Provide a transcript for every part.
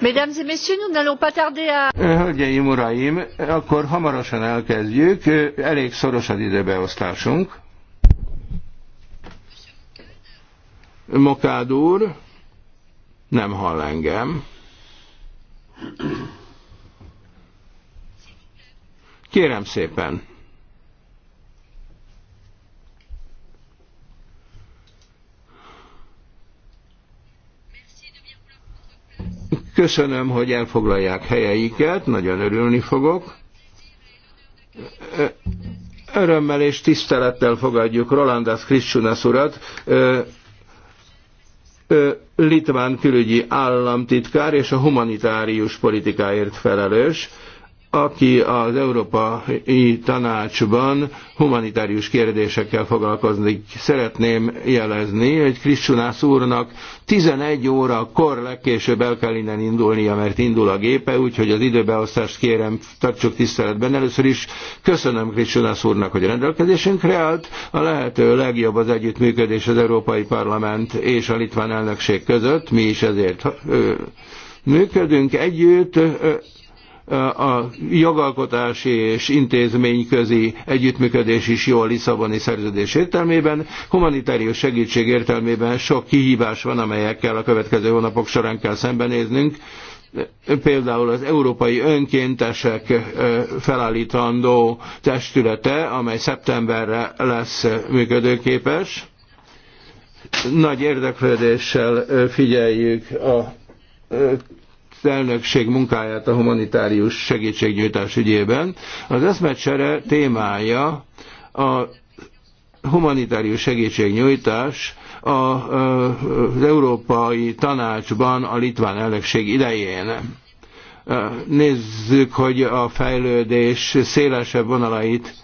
Mesdames et messieurs, nous n'allons pas tarder à... Hölgyeim, uraim, akkor hamarosan elkezdjük. Elég szoros az időbeosztásunk. Mokád úr nem hall engem. Kérem szépen. Köszönöm, hogy elfoglalják helyeiket, nagyon örülni fogok. Örömmel és tisztelettel fogadjuk Rolandas Kriszunas urat, litván külügyi államtitkár és a humanitárius politikáért felelős aki az Európai Tanácsban humanitárius kérdésekkel foglalkozni. Szeretném jelezni, hogy Kriscsunász úrnak 11 órakor legkésőbb el kell innen indulnia, mert indul a gépe, úgyhogy az időbeosztást kérem, tartsuk tiszteletben. Először is köszönöm Kriscsunász úrnak, hogy a rendelkezésünkre állt. A lehető legjobb az együttműködés az Európai Parlament és a Litván elnökség között. Mi is ezért működünk együtt, a jogalkotási és intézményközi együttműködés is jó a Lisszaboni szerződés értelmében. Humanitárius segítség értelmében sok kihívás van, amelyekkel a következő hónapok során kell szembenéznünk például az Európai Önkéntesek felállítandó testülete, amely szeptemberre lesz működőképes. Nagy érdeklődéssel figyeljük a elnökség munkáját a humanitárius segítségnyújtás ügyében. Az eszmecsere témája a humanitárius segítségnyújtás az Európai Tanácsban a litván elnökség idején. Nézzük, hogy a fejlődés szélesebb vonalait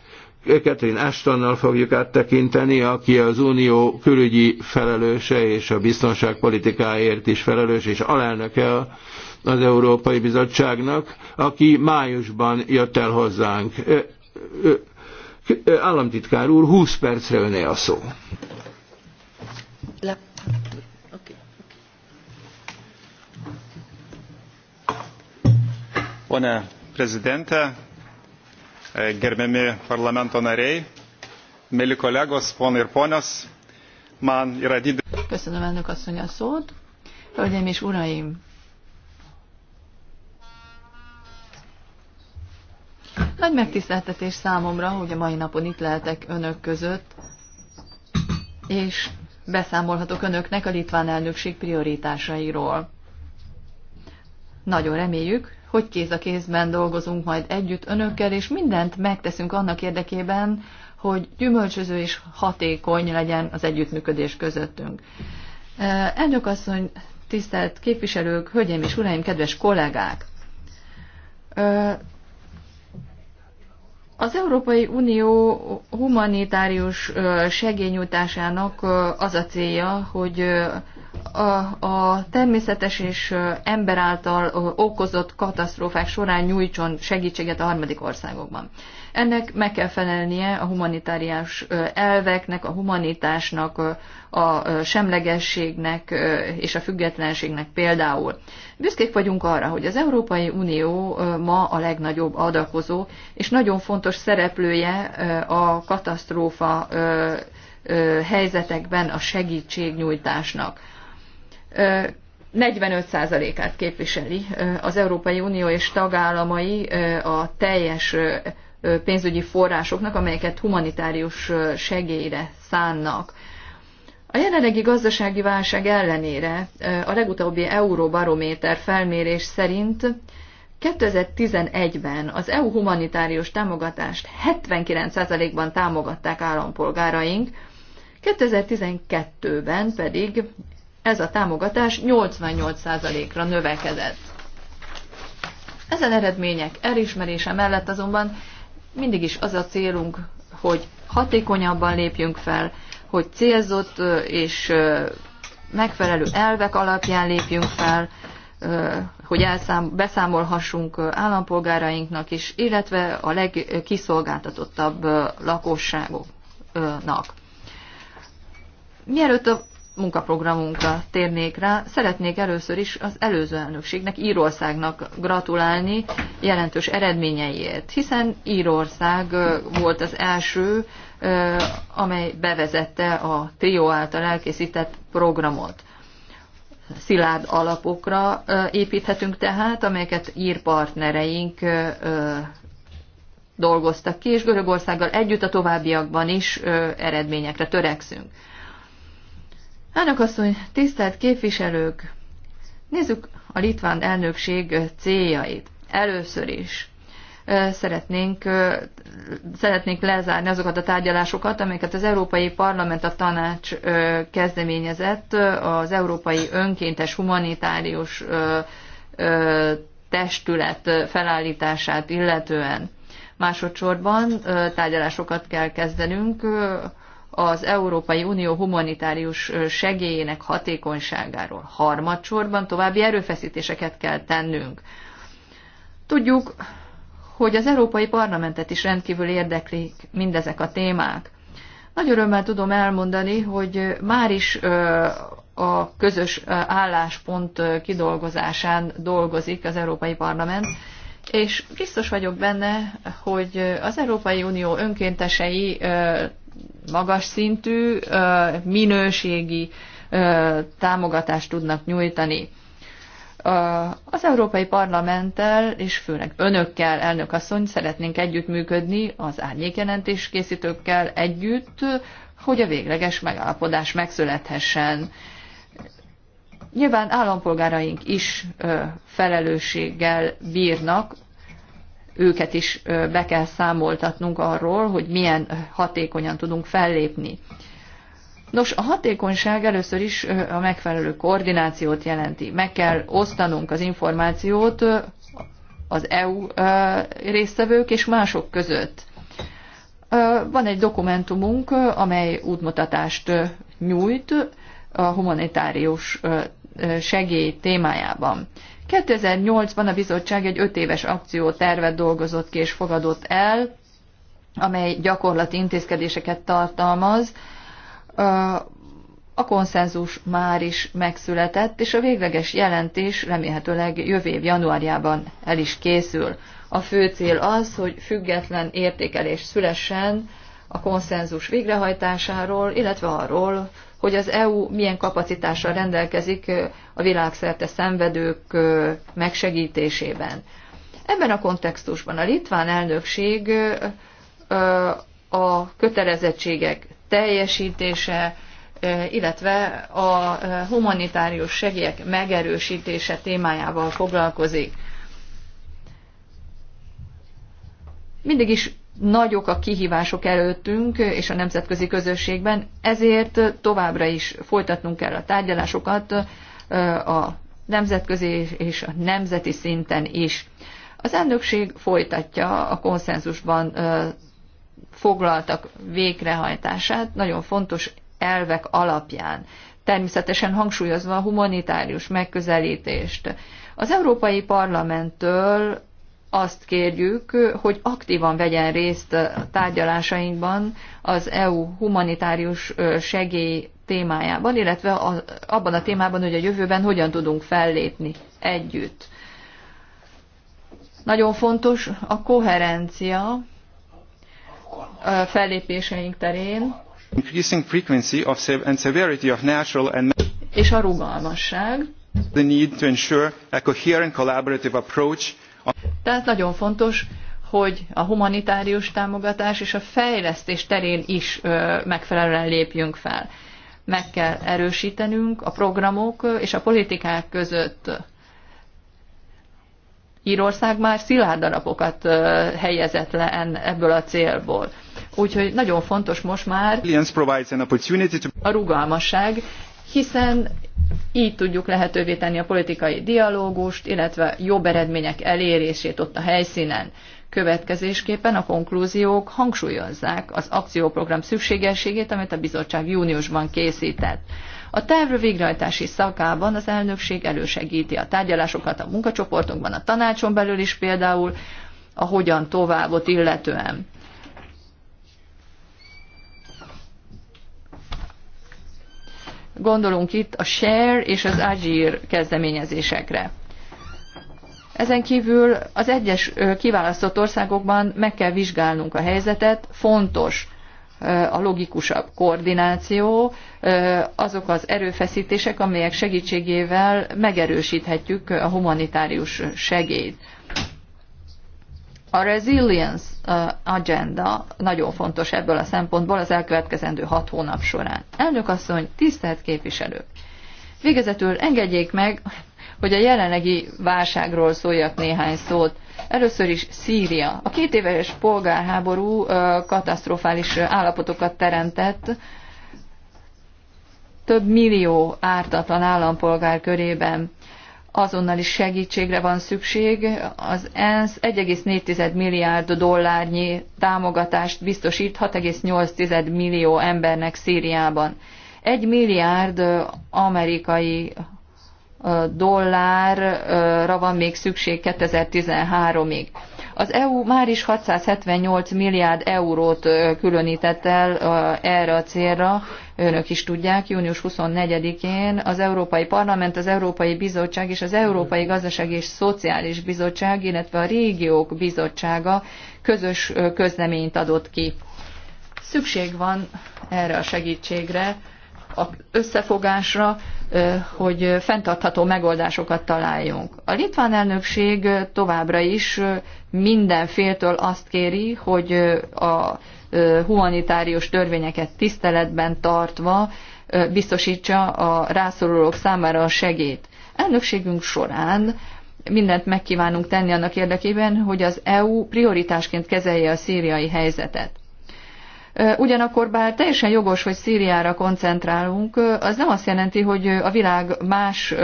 Catherine Ashtonnal fogjuk áttekinteni, aki az Unió külügyi felelőse és a biztonságpolitikáért is felelős, és alelnöke az Európai Bizottságnak, aki májusban jött el hozzánk. Államtitkár úr, 20 percre öné a szó. Pone prezidente, gerbiami parlamento nariai, mėly kolegos, ponai ir ponios, man yra didelis. Köszönöm elnök asszony a szót. Hölgyeim és uraim, Nagy megtiszteltetés számomra, hogy a mai napon itt lehetek önök között, és beszámolhatok önöknek a litván elnökség prioritásairól. Nagyon reméljük, hogy kéz a kézben dolgozunk majd együtt önökkel, és mindent megteszünk annak érdekében, hogy gyümölcsöző és hatékony legyen az együttműködés közöttünk. Elnök asszony, tisztelt képviselők, hölgyeim és uraim, kedves kollégák! Az Európai Unió humanitárius segényújtásának az a célja, hogy a természetes és ember által okozott katasztrófák során nyújtson segítséget a harmadik országokban. Ennek meg kell felelnie a humanitáriás elveknek, a humanitásnak, a semlegességnek és a függetlenségnek például. Büszkék vagyunk arra, hogy az Európai Unió ma a legnagyobb adakozó, és nagyon fontos szereplője a katasztrófa helyzetekben a segítségnyújtásnak. 45%-át képviseli az Európai Unió és tagállamai a teljes pénzügyi forrásoknak, amelyeket humanitárius segélyre szánnak. A jelenlegi gazdasági válság ellenére a legutóbbi Euróbarométer felmérés szerint 2011-ben az EU humanitárius támogatást 79%-ban támogatták állampolgáraink, 2012-ben pedig ez a támogatás 88%-ra növekedett. Ezen eredmények elismerése mellett azonban mindig is az a célunk, hogy hatékonyabban lépjünk fel, hogy célzott és megfelelő elvek alapján lépjünk fel, hogy elszám, beszámolhassunk állampolgárainknak is, illetve a legkiszolgáltatottabb lakosságoknak. Mielőtt a munkaprogramunkra térnék rá. Szeretnék először is az előző elnökségnek, Írországnak gratulálni jelentős eredményeiért, hiszen Írország volt az első, amely bevezette a trió által elkészített programot. Szilárd alapokra építhetünk tehát, amelyeket ír partnereink dolgoztak ki, és Görögországgal együtt a továbbiakban is eredményekre törekszünk. Elnök asszony, tisztelt képviselők! Nézzük a litván elnökség céljait. Először is szeretnénk, szeretnénk lezárni azokat a tárgyalásokat, amelyeket az Európai Parlament a tanács kezdeményezett az Európai Önkéntes Humanitárius Testület felállítását illetően. Másodszorban tárgyalásokat kell kezdenünk az Európai Unió humanitárius segélyének hatékonyságáról. Harmadsorban további erőfeszítéseket kell tennünk. Tudjuk, hogy az Európai Parlamentet is rendkívül érdeklik mindezek a témák. Nagy örömmel tudom elmondani, hogy már is a közös álláspont kidolgozásán dolgozik az Európai Parlament, és biztos vagyok benne, hogy az Európai Unió önkéntesei magas szintű, minőségi támogatást tudnak nyújtani. Az Európai Parlamenttel és főleg önökkel, elnök asszony, szeretnénk együttműködni az árnyékjelentés készítőkkel együtt, hogy a végleges megállapodás megszülethessen. Nyilván állampolgáraink is felelősséggel bírnak őket is be kell számoltatnunk arról, hogy milyen hatékonyan tudunk fellépni. Nos, a hatékonyság először is a megfelelő koordinációt jelenti. Meg kell osztanunk az információt az EU résztvevők és mások között. Van egy dokumentumunk, amely útmutatást nyújt a humanitárius segély témájában. 2008-ban a bizottság egy öt éves akciótervet dolgozott ki és fogadott el, amely gyakorlati intézkedéseket tartalmaz. A konszenzus már is megszületett, és a végleges jelentés remélhetőleg jövő év januárjában el is készül. A fő cél az, hogy független értékelés szülessen a konszenzus végrehajtásáról, illetve arról, hogy az EU milyen kapacitással rendelkezik a világszerte szenvedők megsegítésében. Ebben a kontextusban a litván elnökség a kötelezettségek teljesítése, illetve a humanitárius segélyek megerősítése témájával foglalkozik. Mindig is nagyok a kihívások előttünk és a nemzetközi közösségben, ezért továbbra is folytatnunk kell a tárgyalásokat a nemzetközi és a nemzeti szinten is. Az elnökség folytatja a konszenzusban foglaltak végrehajtását nagyon fontos elvek alapján, természetesen hangsúlyozva a humanitárius megközelítést. Az Európai Parlamenttől azt kérjük, hogy aktívan vegyen részt a tárgyalásainkban az EU humanitárius segély témájában, illetve abban a témában, hogy a jövőben hogyan tudunk fellépni együtt. Nagyon fontos a koherencia fellépéseink terén, increasing frequency of and severity of natural and és a rugalmasság. The need to ensure a coherent collaborative approach tehát nagyon fontos, hogy a humanitárius támogatás és a fejlesztés terén is megfelelően lépjünk fel. Meg kell erősítenünk a programok és a politikák között. Írország már szilárd alapokat helyezett le ebből a célból. Úgyhogy nagyon fontos most már a rugalmasság, hiszen így tudjuk lehetővé tenni a politikai dialógust, illetve jobb eredmények elérését ott a helyszínen. Következésképpen a konklúziók hangsúlyozzák az akcióprogram szükségességét, amit a bizottság júniusban készített. A terv végrehajtási szakában az elnökség elősegíti a tárgyalásokat a munkacsoportokban, a tanácson belül is például, a hogyan továbbot illetően. Gondolunk itt a Share és az Agir kezdeményezésekre. Ezen kívül az egyes kiválasztott országokban meg kell vizsgálnunk a helyzetet, fontos a logikusabb koordináció, azok az erőfeszítések, amelyek segítségével megerősíthetjük a humanitárius segélyt. A resilience agenda nagyon fontos ebből a szempontból az elkövetkezendő hat hónap során. Elnök asszony, tisztelt képviselők! Végezetül engedjék meg, hogy a jelenlegi válságról szóljak néhány szót. Először is Szíria. A két éves polgárháború katasztrofális állapotokat teremtett, több millió ártatlan állampolgár körében azonnali segítségre van szükség. Az ENSZ 1,4 milliárd dollárnyi támogatást biztosít 6,8 millió embernek Szíriában. Egy milliárd amerikai dollárra van még szükség 2013-ig. Az EU már is 678 milliárd eurót különített el erre a célra, önök is tudják, június 24-én az Európai Parlament, az Európai Bizottság és az Európai Gazdasági és Szociális Bizottság, illetve a Régiók Bizottsága közös közleményt adott ki. Szükség van erre a segítségre, összefogásra, hogy fenntartható megoldásokat találjunk. A litván elnökség továbbra is mindenféltől azt kéri, hogy a humanitárius törvényeket tiszteletben tartva biztosítsa a rászorulók számára a segét. Elnökségünk során mindent megkívánunk tenni annak érdekében, hogy az EU prioritásként kezelje a szíriai helyzetet. Ugyanakkor bár teljesen jogos, hogy Szíriára koncentrálunk, az nem azt jelenti, hogy a világ más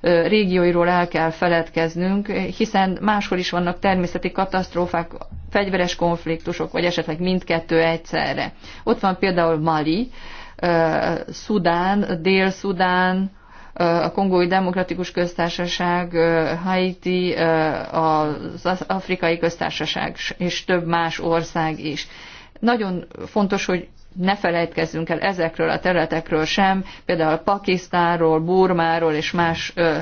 régióiról el kell feledkeznünk, hiszen máshol is vannak természeti katasztrófák, fegyveres konfliktusok, vagy esetleg mindkettő egyszerre. Ott van például Mali, Szudán, Dél-Szudán, a Kongói Demokratikus Köztársaság, Haiti, az Afrikai Köztársaság és több más ország is. Nagyon fontos, hogy ne felejtkezzünk el ezekről a területekről sem, például Pakisztánról, Burmáról és más ö,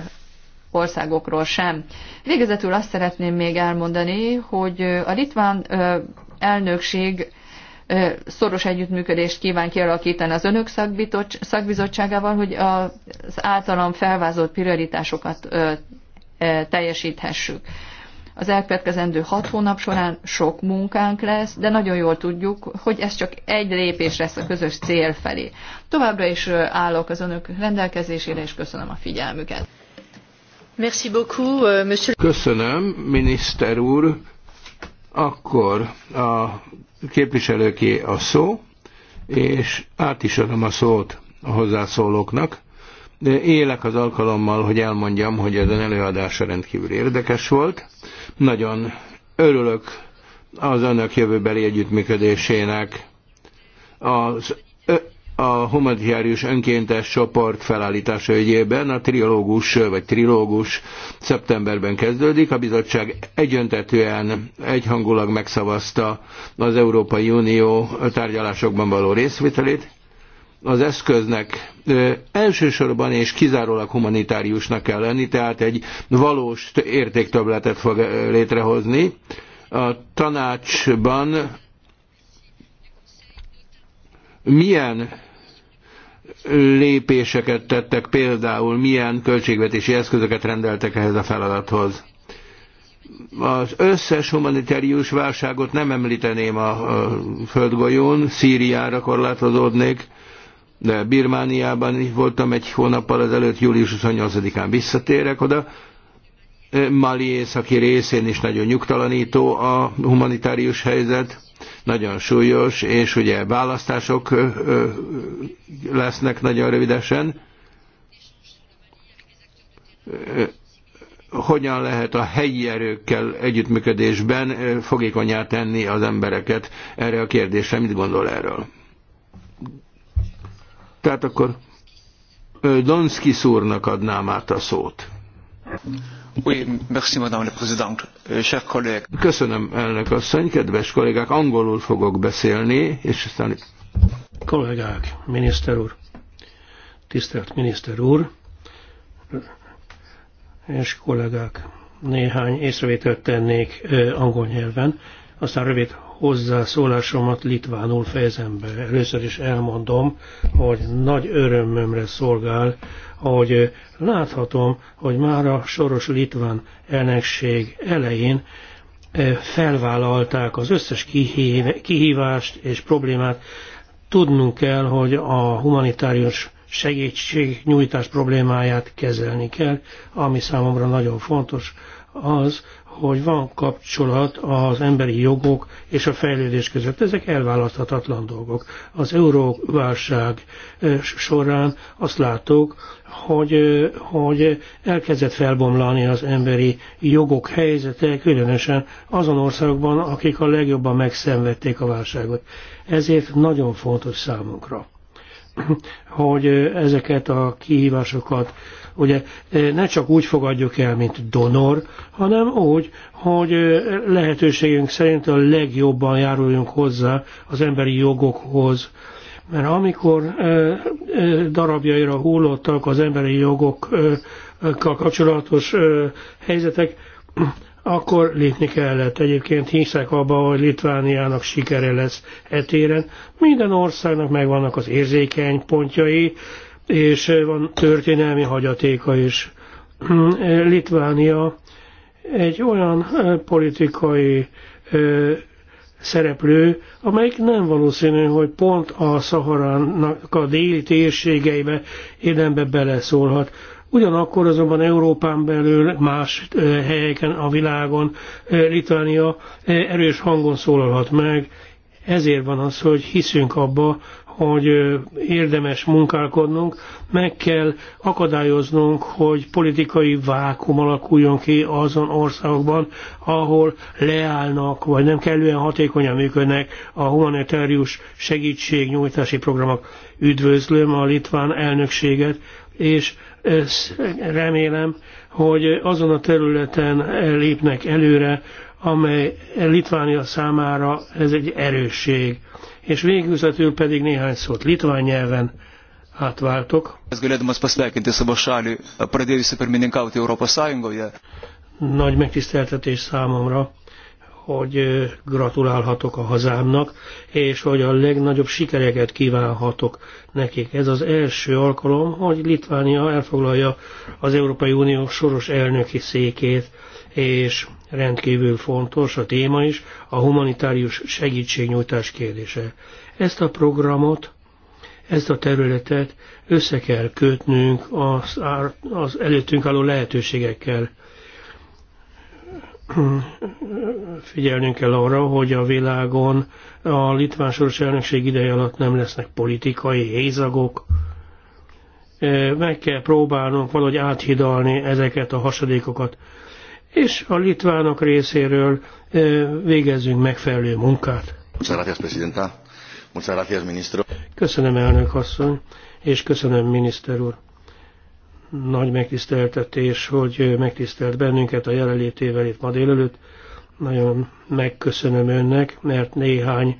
országokról sem. Végezetül azt szeretném még elmondani, hogy a litván ö, elnökség ö, szoros együttműködést kíván kialakítani az önök szakbizottságával, hogy az általam felvázolt prioritásokat ö, teljesíthessük. Az elkövetkezendő hat hónap során sok munkánk lesz, de nagyon jól tudjuk, hogy ez csak egy lépés lesz a közös cél felé. Továbbra is állok az önök rendelkezésére, és köszönöm a figyelmüket. Merci beaucoup, euh, monsieur... Köszönöm, miniszter úr. Akkor a képviselőké a szó, és át is adom a szót a hozzászólóknak. élek az alkalommal, hogy elmondjam, hogy az előadása rendkívül érdekes volt, nagyon örülök az önök jövőbeli együttműködésének. Az a humanitárius önkéntes csoport felállítása ügyében a trilógus vagy trilógus szeptemberben kezdődik. A bizottság egyöntetően, egyhangulag megszavazta az Európai Unió tárgyalásokban való részvételét az eszköznek elsősorban és kizárólag humanitáriusnak kell lenni, tehát egy valós értéktöbletet fog létrehozni. A tanácsban milyen lépéseket tettek például, milyen költségvetési eszközöket rendeltek ehhez a feladathoz? az összes humanitárius válságot nem említeném a, a földgolyón, Szíriára korlátozódnék, de Birmániában voltam egy hónappal ezelőtt, július 28-án visszatérek oda. Mali északi részén is nagyon nyugtalanító a humanitárius helyzet, nagyon súlyos, és ugye választások lesznek nagyon rövidesen. Hogyan lehet a helyi erőkkel együttműködésben fogékonyá tenni az embereket? Erre a kérdésre mit gondol erről? Tehát akkor Donski szúrnak adnám át a szót. Oui, merci, madame la présidente. Euh, Köszönöm, elnök asszony, kedves kollégák, angolul fogok beszélni, és aztán... Kollégák, miniszter úr, tisztelt miniszter úr, és kollégák, néhány észrevételt tennék angol nyelven, aztán rövid hozzászólásomat litvánul fejezem be. Először is elmondom, hogy nagy örömömre szolgál, hogy láthatom, hogy már a soros litván elnökség elején eh, felvállalták az összes kihívást és problémát. Tudnunk kell, hogy a humanitárius segítségnyújtás problémáját kezelni kell, ami számomra nagyon fontos, az, hogy van kapcsolat az emberi jogok és a fejlődés között. Ezek elválaszthatatlan dolgok. Az euróválság során azt látok, hogy, hogy elkezdett felbomlani az emberi jogok helyzete, különösen azon országokban, akik a legjobban megszenvedték a válságot. Ezért nagyon fontos számunkra, hogy ezeket a kihívásokat Ugye ne csak úgy fogadjuk el, mint donor, hanem úgy, hogy lehetőségünk szerint a legjobban járuljunk hozzá az emberi jogokhoz. Mert amikor darabjaira hullottak az emberi jogokkal kapcsolatos helyzetek, akkor lépni kellett. Egyébként hiszek abba, hogy Litvániának sikere lesz etéren. Minden országnak megvannak az érzékeny pontjai, és van történelmi hagyatéka is. Litvánia egy olyan politikai szereplő, amelyik nem valószínű, hogy pont a Szaharának a déli térségeibe érdembe beleszólhat. Ugyanakkor azonban Európán belül, más helyeken a világon Litvánia erős hangon szólalhat meg, ezért van az, hogy hiszünk abba, hogy érdemes munkálkodnunk, meg kell akadályoznunk, hogy politikai vákum alakuljon ki azon országokban, ahol leállnak, vagy nem kellően hatékonyan működnek a humanitárius segítségnyújtási programok. Üdvözlöm a litván elnökséget, és remélem, hogy azon a területen lépnek előre, amely Litvánia számára ez egy erősség és végüzetül pedig néhány szót litván nyelven átváltok. Mes galėdamas pasveikinti a šalį, pradėjusi pirmininkauti Europos Sąjungoje. Nagy megtiszteltetés számomra, hogy gratulálhatok a hazámnak, és hogy a legnagyobb sikereket kívánhatok nekik. Ez az első alkalom, hogy Litvánia elfoglalja az Európai Unió soros elnöki székét és rendkívül fontos a téma is, a humanitárius segítségnyújtás kérdése. Ezt a programot, ezt a területet össze kell kötnünk az, az előttünk álló lehetőségekkel. Figyelnünk kell arra, hogy a világon a litván soros elnökség ideje alatt nem lesznek politikai hézagok, meg kell próbálnunk valahogy áthidalni ezeket a hasadékokat és a litvánok részéről végezzünk megfelelő munkát. Köszönöm, elnök asszony, és köszönöm, miniszter úr. Nagy megtiszteltetés, hogy megtisztelt bennünket a jelenlétével itt ma délelőtt. Nagyon megköszönöm önnek, mert néhány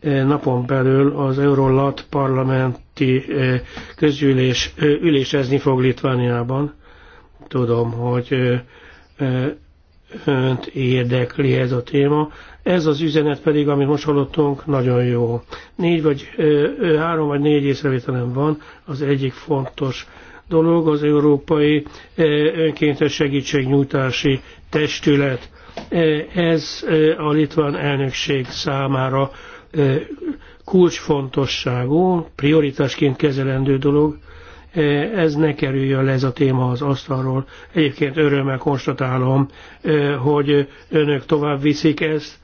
napon belül az Eurolat parlamenti közgyűlés ülésezni fog Litvániában Tudom, hogy önt érdekli ez a téma. Ez az üzenet pedig, amit most hallottunk, nagyon jó. Négy vagy három vagy négy észrevételem van. Az egyik fontos dolog az Európai Önkéntes Segítségnyújtási Testület. Ez a litván elnökség számára kulcsfontosságú, prioritásként kezelendő dolog. E, ez ne kerüljön le ez a téma az asztalról. Egyébként örömmel konstatálom, e, hogy önök tovább viszik ezt,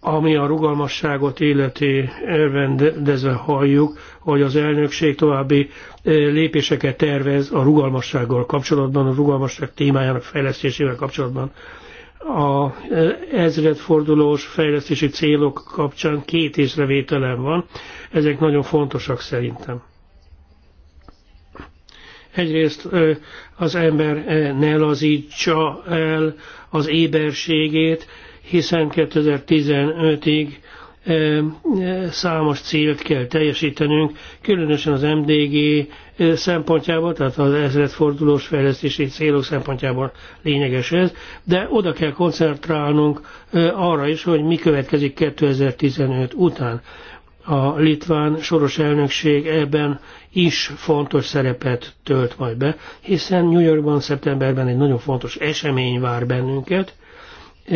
ami a rugalmasságot illeti örvendezve halljuk, hogy az elnökség további e, lépéseket tervez a rugalmassággal kapcsolatban, a rugalmasság témájának fejlesztésével kapcsolatban. A ezredfordulós fejlesztési célok kapcsán két észrevételem van, ezek nagyon fontosak szerintem. Egyrészt az ember ne lazítsa el az éberségét, hiszen 2015-ig számos célt kell teljesítenünk, különösen az MDG szempontjából, tehát az ezredfordulós fejlesztési célok szempontjából lényeges ez, de oda kell koncentrálnunk arra is, hogy mi következik 2015 után. A litván soros elnökség ebben is fontos szerepet tölt majd be, hiszen New Yorkban szeptemberben egy nagyon fontos esemény vár bennünket, e,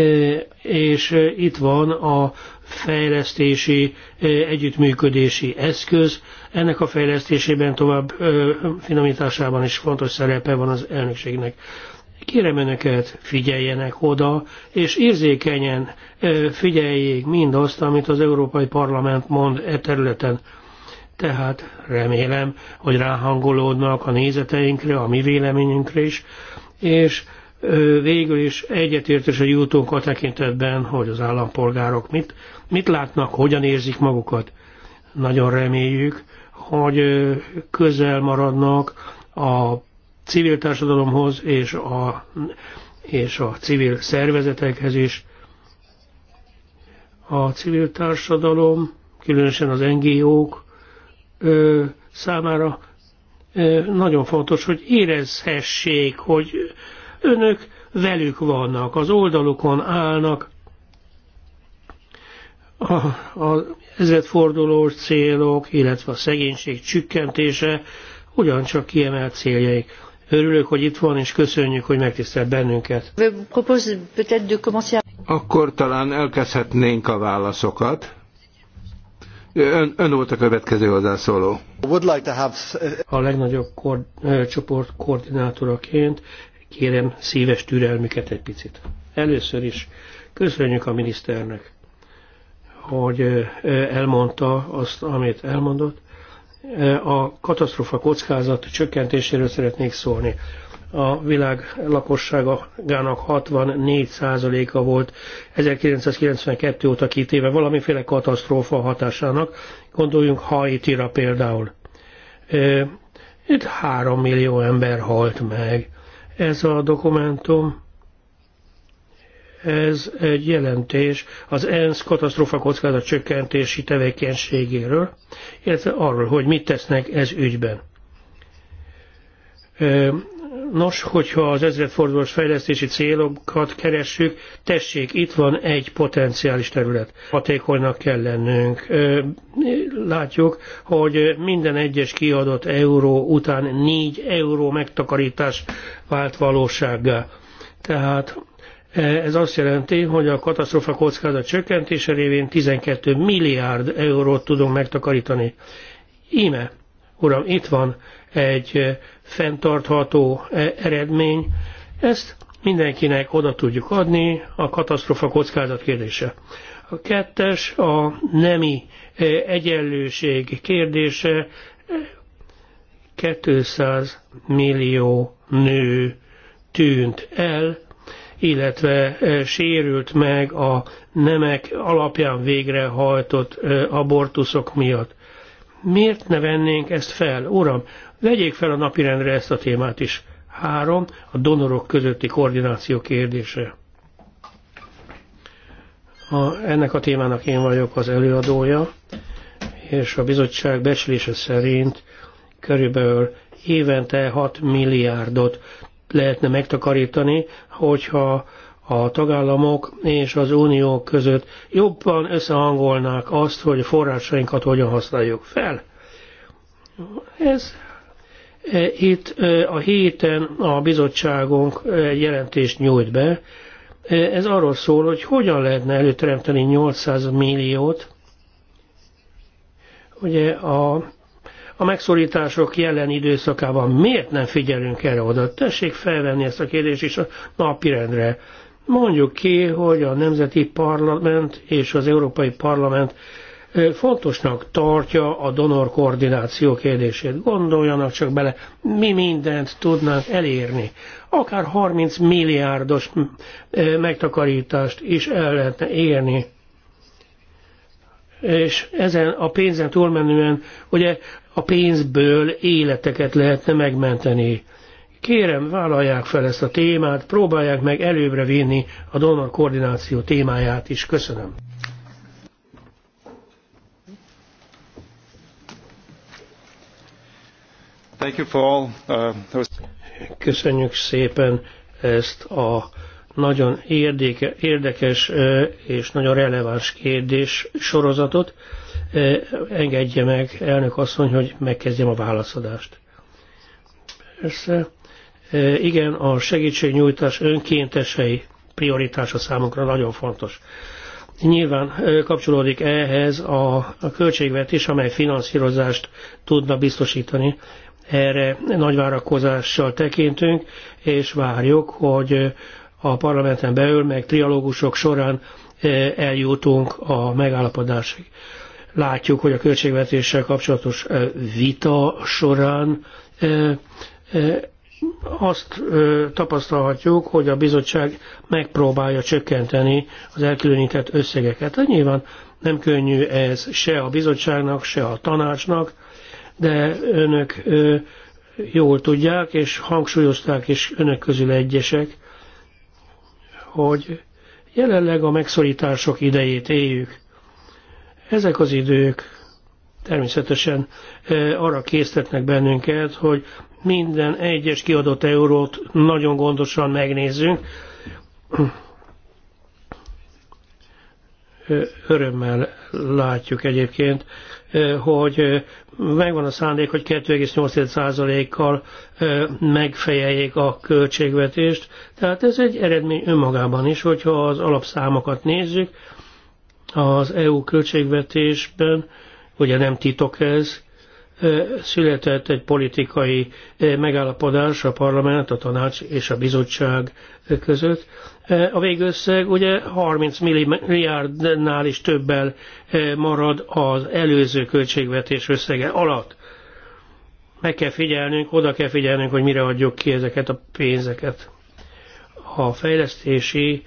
és itt van a fejlesztési, e, együttműködési eszköz. Ennek a fejlesztésében tovább e, finomításában is fontos szerepe van az elnökségnek. Kérem önöket, figyeljenek oda, és érzékenyen figyeljék mindazt, amit az Európai Parlament mond e területen tehát remélem, hogy ráhangolódnak a nézeteinkre, a mi véleményünkre is, és végül is a jutunk a tekintetben, hogy az állampolgárok mit, mit látnak, hogyan érzik magukat. Nagyon reméljük, hogy közel maradnak a civil társadalomhoz és a, és a civil szervezetekhez is. A civil társadalom, különösen az NGO-k, ö, számára ö, nagyon fontos, hogy érezhessék, hogy önök velük vannak, az oldalukon állnak, a, a ezredfordulós célok, illetve a szegénység csükkentése ugyancsak kiemelt céljaik. Örülök, hogy itt van, és köszönjük, hogy megtisztelt bennünket. Akkor talán elkezdhetnénk a válaszokat. Ön, ön volt a következő hozzászóló. Uh, a legnagyobb kor, csoport koordinátoraként kérem szíves türelmüket egy picit. Először is köszönjük a miniszternek, hogy elmondta azt, amit elmondott. A katasztrófa kockázat csökkentéséről szeretnék szólni a világ lakosságának 64%-a volt 1992 óta kitéve valamiféle katasztrófa hatásának. Gondoljunk Haiti-ra például. Itt 3 millió ember halt meg. Ez a dokumentum, ez egy jelentés az ENSZ katasztrófa kockázat csökkentési tevékenységéről, illetve arról, hogy mit tesznek ez ügyben Nos, hogyha az ezredfordulós fejlesztési célokat keressük, tessék, itt van egy potenciális terület. Hatékonynak kell lennünk. Látjuk, hogy minden egyes kiadott euró után négy euró megtakarítás vált valósággá. Tehát e, ez azt jelenti, hogy a katasztrófa kockázat csökkentése révén 12 milliárd eurót tudunk megtakarítani. Íme, uram, itt van egy fenntartható e, eredmény. Ezt mindenkinek oda tudjuk adni a katasztrofa kockázat kérdése. A kettes a nemi e, egyenlőség kérdése 200 millió nő tűnt el, illetve e, sérült meg a nemek alapján végrehajtott abortuszok miatt. Miért ne vennénk ezt fel? Uram, Vegyék fel a napirendre ezt a témát is. Három, a donorok közötti koordináció kérdése. A, ennek a témának én vagyok az előadója, és a bizottság becslése szerint körülbelül évente 6 milliárdot lehetne megtakarítani, hogyha a tagállamok és az unió között jobban összehangolnák azt, hogy a forrásainkat hogyan használjuk fel. Ez E, itt e, a héten a bizottságunk e, jelentést nyújt be. Ez arról szól, hogy hogyan lehetne előteremteni 800 milliót. Ugye a, a megszorítások jelen időszakában miért nem figyelünk erre oda? Tessék felvenni ezt a kérdést is a napirendre. Mondjuk ki, hogy a Nemzeti Parlament és az Európai Parlament fontosnak tartja a donor koordináció kérdését. Gondoljanak csak bele, mi mindent tudnánk elérni. Akár 30 milliárdos megtakarítást is el lehetne érni. És ezen a pénzen túlmenően ugye a pénzből életeket lehetne megmenteni. Kérem, vállalják fel ezt a témát, próbálják meg előbbre vinni a donor koordináció témáját is. Köszönöm. Uh, Köszönjük szépen ezt a nagyon érdeke, érdekes és nagyon releváns kérdés sorozatot. Engedje meg, elnök asszony, hogy megkezdjem a válaszadást. Persze. Igen, a segítségnyújtás önkéntesei prioritása számunkra nagyon fontos. Nyilván kapcsolódik ehhez a, a költségvetés, amely finanszírozást tudna biztosítani erre nagy várakozással tekintünk, és várjuk, hogy a parlamenten belül, meg trialógusok során eh, eljutunk a megállapodásig. Látjuk, hogy a költségvetéssel kapcsolatos eh, vita során eh, azt tapasztalhatjuk, hogy a bizottság megpróbálja csökkenteni az elkülönített összegeket. Hát nyilván nem könnyű ez se a bizottságnak, se a tanácsnak, de önök jól tudják, és hangsúlyozták is önök közül egyesek, hogy jelenleg a megszorítások idejét éljük. Ezek az idők természetesen arra késztetnek bennünket, hogy minden egyes kiadott eurót nagyon gondosan megnézzünk. Örömmel látjuk egyébként, hogy megvan a szándék, hogy 2,8%-kal megfejeljék a költségvetést. Tehát ez egy eredmény önmagában is, hogyha az alapszámokat nézzük, az EU költségvetésben, ugye nem titok ez, született egy politikai megállapodás a parlament, a tanács és a bizottság között. A végösszeg ugye 30 milliárdnál is többel marad az előző költségvetés összege alatt. Meg kell figyelnünk, oda kell figyelnünk, hogy mire adjuk ki ezeket a pénzeket. A fejlesztési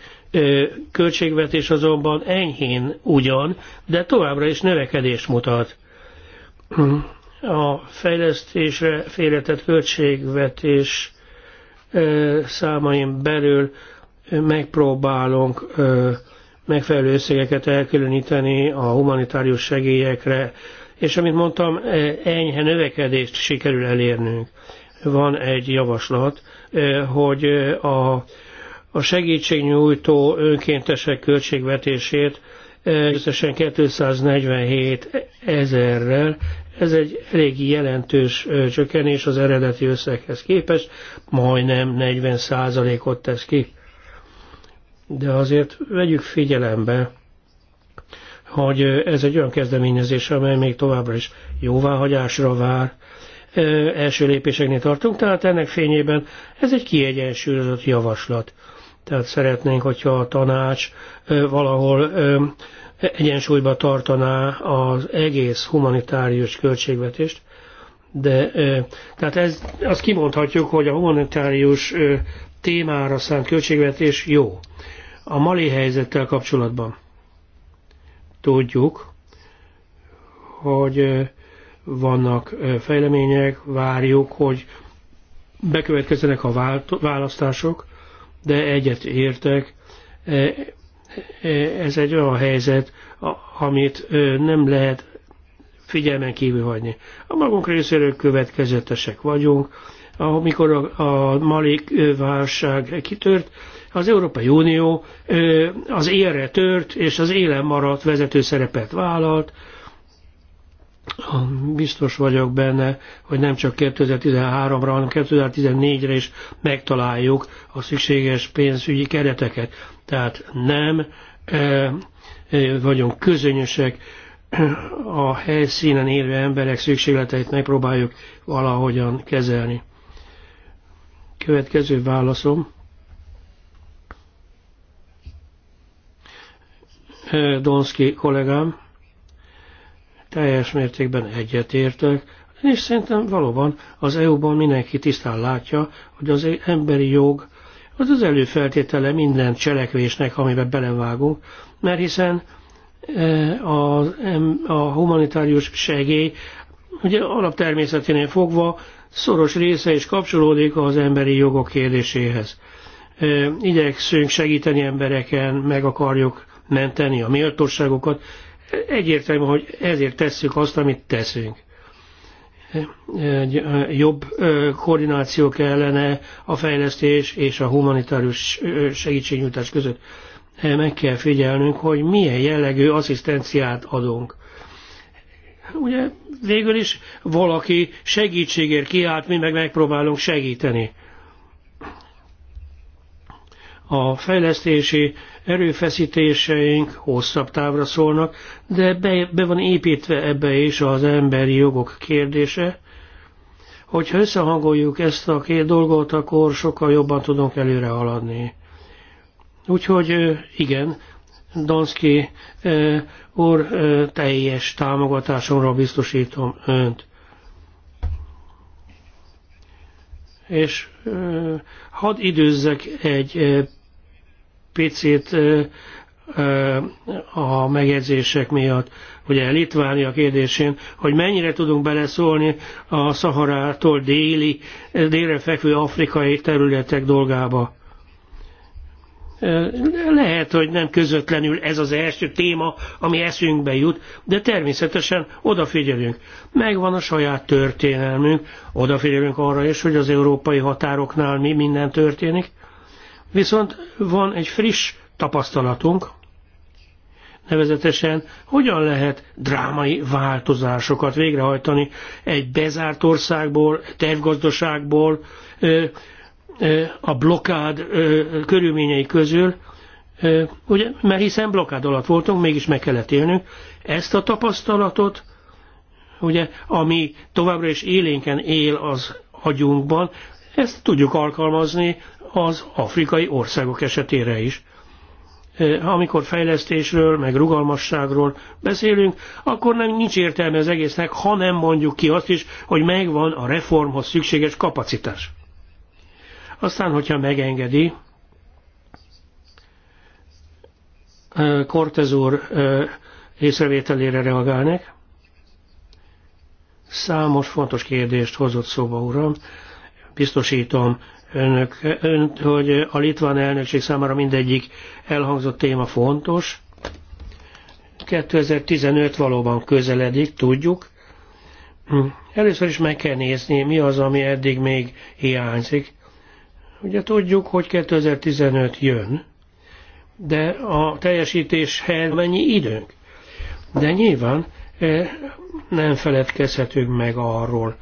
költségvetés azonban enyhén ugyan, de továbbra is növekedést mutat a fejlesztésre félretett költségvetés számaim belül megpróbálunk megfelelő összegeket elkülöníteni a humanitárius segélyekre, és amit mondtam, enyhe növekedést sikerül elérnünk. Van egy javaslat, hogy a, a segítségnyújtó önkéntesek költségvetését összesen 247 ezerrel ez egy elég jelentős csökkenés az eredeti összeghez képest, majdnem 40%-ot tesz ki. De azért vegyük figyelembe, hogy ez egy olyan kezdeményezés, amely még továbbra is jóváhagyásra vár, első lépéseknél tartunk, tehát ennek fényében ez egy kiegyensúlyozott javaslat. Tehát szeretnénk, hogyha a tanács valahol egyensúlyba tartaná az egész humanitárius költségvetést, de tehát ez, azt kimondhatjuk, hogy a humanitárius témára szánt költségvetés jó. A mali helyzettel kapcsolatban tudjuk, hogy vannak fejlemények, várjuk, hogy bekövetkezzenek a választások, de egyet értek, ez egy olyan helyzet, amit nem lehet figyelmen kívül hagyni. A magunk részéről következetesek vagyunk. Amikor a, a Mali válság kitört, az Európai Unió az élre tört, és az élen maradt vezető szerepet vállalt. Biztos vagyok benne, hogy nem csak 2013-ra, hanem 2014-re is megtaláljuk a szükséges pénzügyi kereteket. Tehát nem e, e, vagyunk közönösek a helyszínen élő emberek szükségleteit megpróbáljuk valahogyan kezelni. Következő válaszom. E, Donski kollégám, teljes mértékben egyetértek, és szerintem valóban az EU-ban mindenki tisztán látja, hogy az emberi jog az az előfeltétele minden cselekvésnek, amiben belevágunk, mert hiszen e, a, a humanitárius segély ugye alaptermészeténél fogva szoros része is kapcsolódik az emberi jogok kérdéséhez. E, igyekszünk segíteni embereken, meg akarjuk menteni a méltóságokat. E, egyértelmű, hogy ezért tesszük azt, amit teszünk jobb koordináció kellene a fejlesztés és a humanitárius segítségnyújtás között. Meg kell figyelnünk, hogy milyen jellegű asszisztenciát adunk. Ugye végül is valaki segítségért kiállt, mi meg megpróbálunk segíteni. A fejlesztési erőfeszítéseink hosszabb távra szólnak, de be, be van építve ebbe is az emberi jogok kérdése. Hogyha összehangoljuk ezt a két dolgot, akkor sokkal jobban tudunk előre haladni. Úgyhogy igen, Donszki úr, teljes támogatásomra biztosítom önt. és hadd időzzek egy picit a megjegyzések miatt, ugye Litvánia kérdésén, hogy mennyire tudunk beleszólni a Szaharától déli, délre fekvő afrikai területek dolgába. Lehet, hogy nem közvetlenül ez az első téma, ami eszünkbe jut, de természetesen odafigyelünk. Megvan a saját történelmünk, odafigyelünk arra is, hogy az európai határoknál mi minden történik, Viszont van egy friss tapasztalatunk, nevezetesen hogyan lehet drámai változásokat végrehajtani egy bezárt országból, tervgazdaságból, a blokád körülményei közül, ugye, mert hiszen blokád alatt voltunk, mégis meg kellett élnünk. Ezt a tapasztalatot, ugye, ami továbbra is élénken él az agyunkban, ezt tudjuk alkalmazni az afrikai országok esetére is. E, amikor fejlesztésről, meg rugalmasságról beszélünk, akkor nem nincs értelme az egésznek, ha nem mondjuk ki azt is, hogy megvan a reformhoz szükséges kapacitás. Aztán, hogyha megengedi, e, Cortez úr e, észrevételére reagálnak. Számos fontos kérdést hozott szóba, uram. Biztosítom önök, önt, hogy a litván elnökség számára mindegyik elhangzott téma fontos. 2015 valóban közeledik, tudjuk. Hm. Először is meg kell nézni, mi az, ami eddig még hiányzik. Ugye tudjuk, hogy 2015 jön, de a teljesítéshez mennyi időnk? De nyilván eh, nem feledkezhetünk meg arról,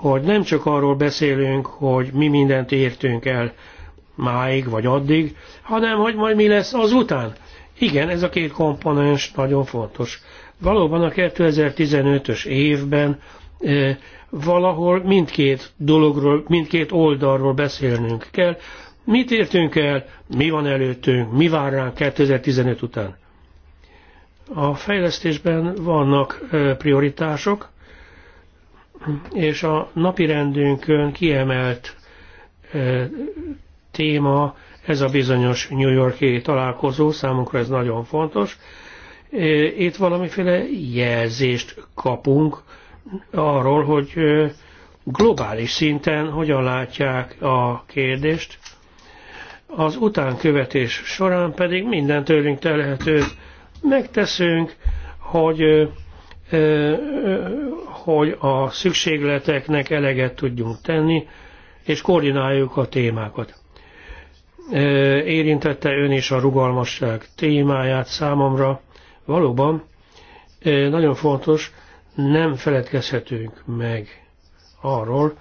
hogy nem csak arról beszélünk, hogy mi mindent értünk el máig vagy addig, hanem hogy majd mi lesz azután. Igen, ez a két komponens nagyon fontos. Valóban a 2015-ös évben e, valahol mindkét dologról, mindkét oldalról beszélnünk kell. Mit értünk el, mi van előttünk, mi vár ránk 2015 után? A fejlesztésben vannak prioritások, és a rendünkön kiemelt eh, téma ez a bizonyos New Yorki találkozó, számunkra ez nagyon fontos. Eh, itt valamiféle jelzést kapunk arról, hogy eh, globális szinten hogyan látják a kérdést, az utánkövetés során pedig minden tőlünk telhetőt megteszünk, hogy hogy a szükségleteknek eleget tudjunk tenni, és koordináljuk a témákat. Érintette ön is a rugalmasság témáját számomra. Valóban nagyon fontos, nem feledkezhetünk meg arról,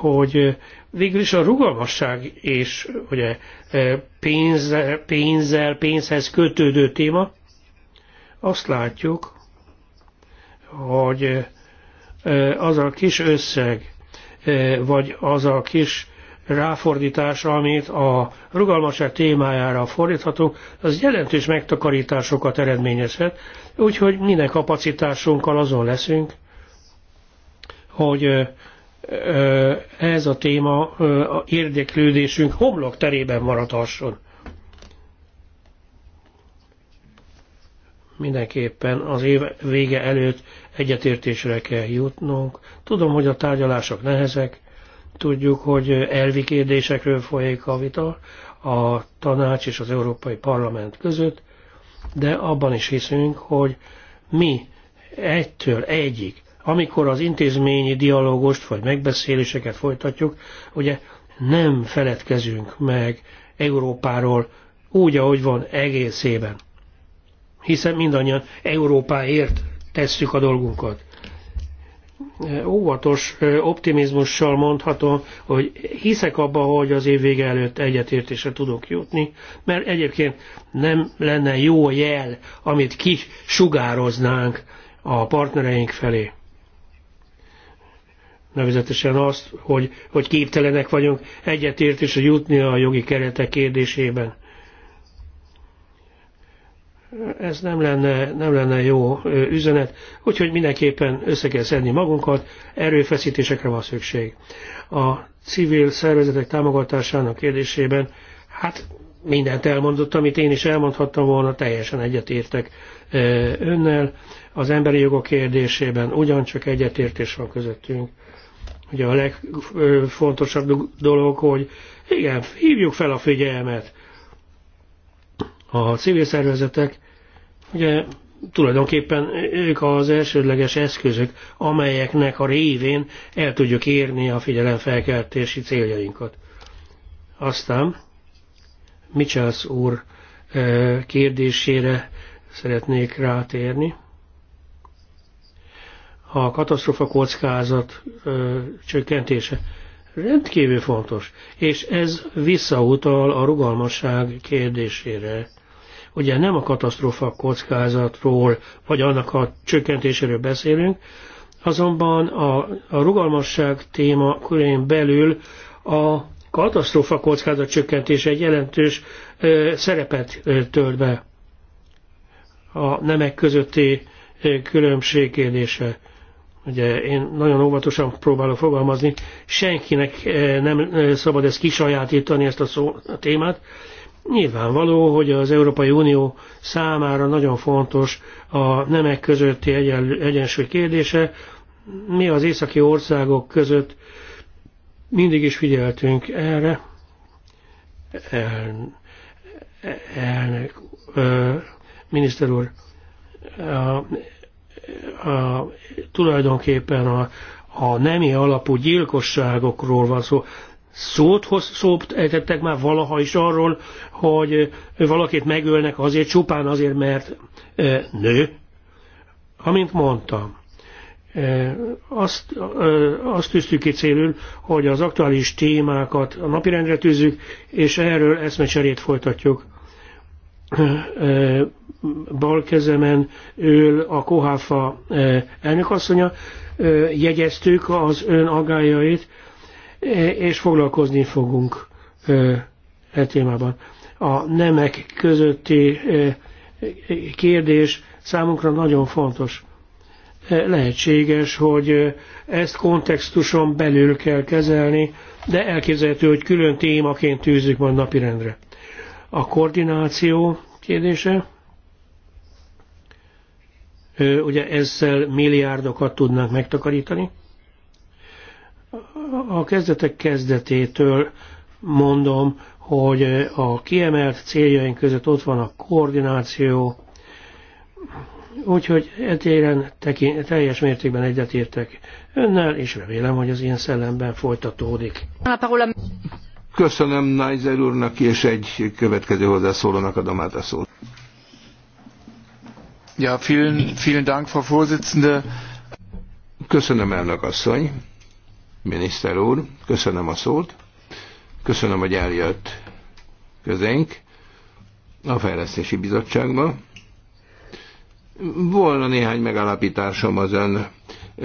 hogy végül is a rugalmasság és ugye, pénz pénzzel, pénzhez kötődő téma, azt látjuk, hogy az a kis összeg, vagy az a kis ráfordítás, amit a rugalmasság témájára fordíthatunk, az jelentős megtakarításokat eredményezhet, úgyhogy minden kapacitásunkkal azon leszünk, hogy ez a téma a érdeklődésünk homlok terében maradhasson. mindenképpen az év vége előtt egyetértésre kell jutnunk. Tudom, hogy a tárgyalások nehezek, tudjuk, hogy elvi kérdésekről folyik a vita a tanács és az Európai Parlament között, de abban is hiszünk, hogy mi egytől egyik, amikor az intézményi dialógust vagy megbeszéléseket folytatjuk, ugye nem feledkezünk meg Európáról úgy, ahogy van egészében hiszen mindannyian Európáért tesszük a dolgunkat. Óvatos optimizmussal mondhatom, hogy hiszek abba, hogy az év vége előtt egyetértésre tudok jutni, mert egyébként nem lenne jó jel, amit kisugároznánk a partnereink felé nevezetesen azt, hogy, hogy képtelenek vagyunk egyetértésre jutni a jogi keretek kérdésében ez nem lenne, nem lenne jó üzenet, úgyhogy mindenképpen össze kell szedni magunkat, erőfeszítésekre van szükség. A civil szervezetek támogatásának kérdésében, hát mindent elmondott, amit én is elmondhattam volna, teljesen egyetértek önnel. Az emberi jogok kérdésében ugyancsak egyetértés van közöttünk. Ugye a legfontosabb dolog, hogy igen, hívjuk fel a figyelmet, a civil szervezetek Ugye tulajdonképpen ők az elsődleges eszközök, amelyeknek a révén el tudjuk érni a figyelemfelkeltési céljainkat. Aztán Michels úr kérdésére szeretnék rátérni. A katasztrofa kockázat csökkentése rendkívül fontos, és ez visszautal a rugalmasság kérdésére Ugye nem a katasztrófa kockázatról, vagy annak a csökkentéséről beszélünk, azonban a, a rugalmasság téma körén belül a katasztrófa kockázat csökkentése egy jelentős ö, szerepet ö, tölt be a nemek közötti ö, különbség kérdése ugye én nagyon óvatosan próbálok fogalmazni, senkinek nem szabad ezt kisajátítani, ezt a, szó, a témát, Nyilvánvaló, hogy az Európai Unió számára nagyon fontos a nemek közötti egyenl- egyensúly kérdése. Mi az északi országok között mindig is figyeltünk erre. El, elnök, ö, miniszter úr, a, a, tulajdonképpen a, a nemi alapú gyilkosságokról van szó szót, hoz, szót ejtettek már valaha is arról, hogy valakit megölnek azért csupán azért, mert e, nő. Amint mondtam, e, azt, e, azt tűztük ki célül, hogy az aktuális témákat a napirendre tűzzük, és erről eszmecserét folytatjuk. E, bal kezemen ül a Koháfa elnökasszonya, jegyeztük az ön agájait, és foglalkozni fogunk e témában. A nemek közötti kérdés számunkra nagyon fontos. Lehetséges, hogy ezt kontextuson belül kell kezelni, de elképzelhető, hogy külön témaként tűzzük majd napirendre. A koordináció kérdése, ugye ezzel milliárdokat tudnánk megtakarítani, a kezdetek kezdetétől mondom, hogy a kiemelt céljaink között ott van a koordináció, úgyhogy etéren teljes mértékben egyetértek önnel, és remélem, hogy az ilyen szellemben folytatódik. Köszönöm Nájzer úrnak, és egy következő hozzászólónak adom át a szót. Ja, vielen, vielen Dank, Frau Vorsitzende. Köszönöm, elnök asszony. Miniszter úr, köszönöm a szót, köszönöm, hogy eljött közénk a Fejlesztési Bizottságba. Volna néhány megállapításom az ön e,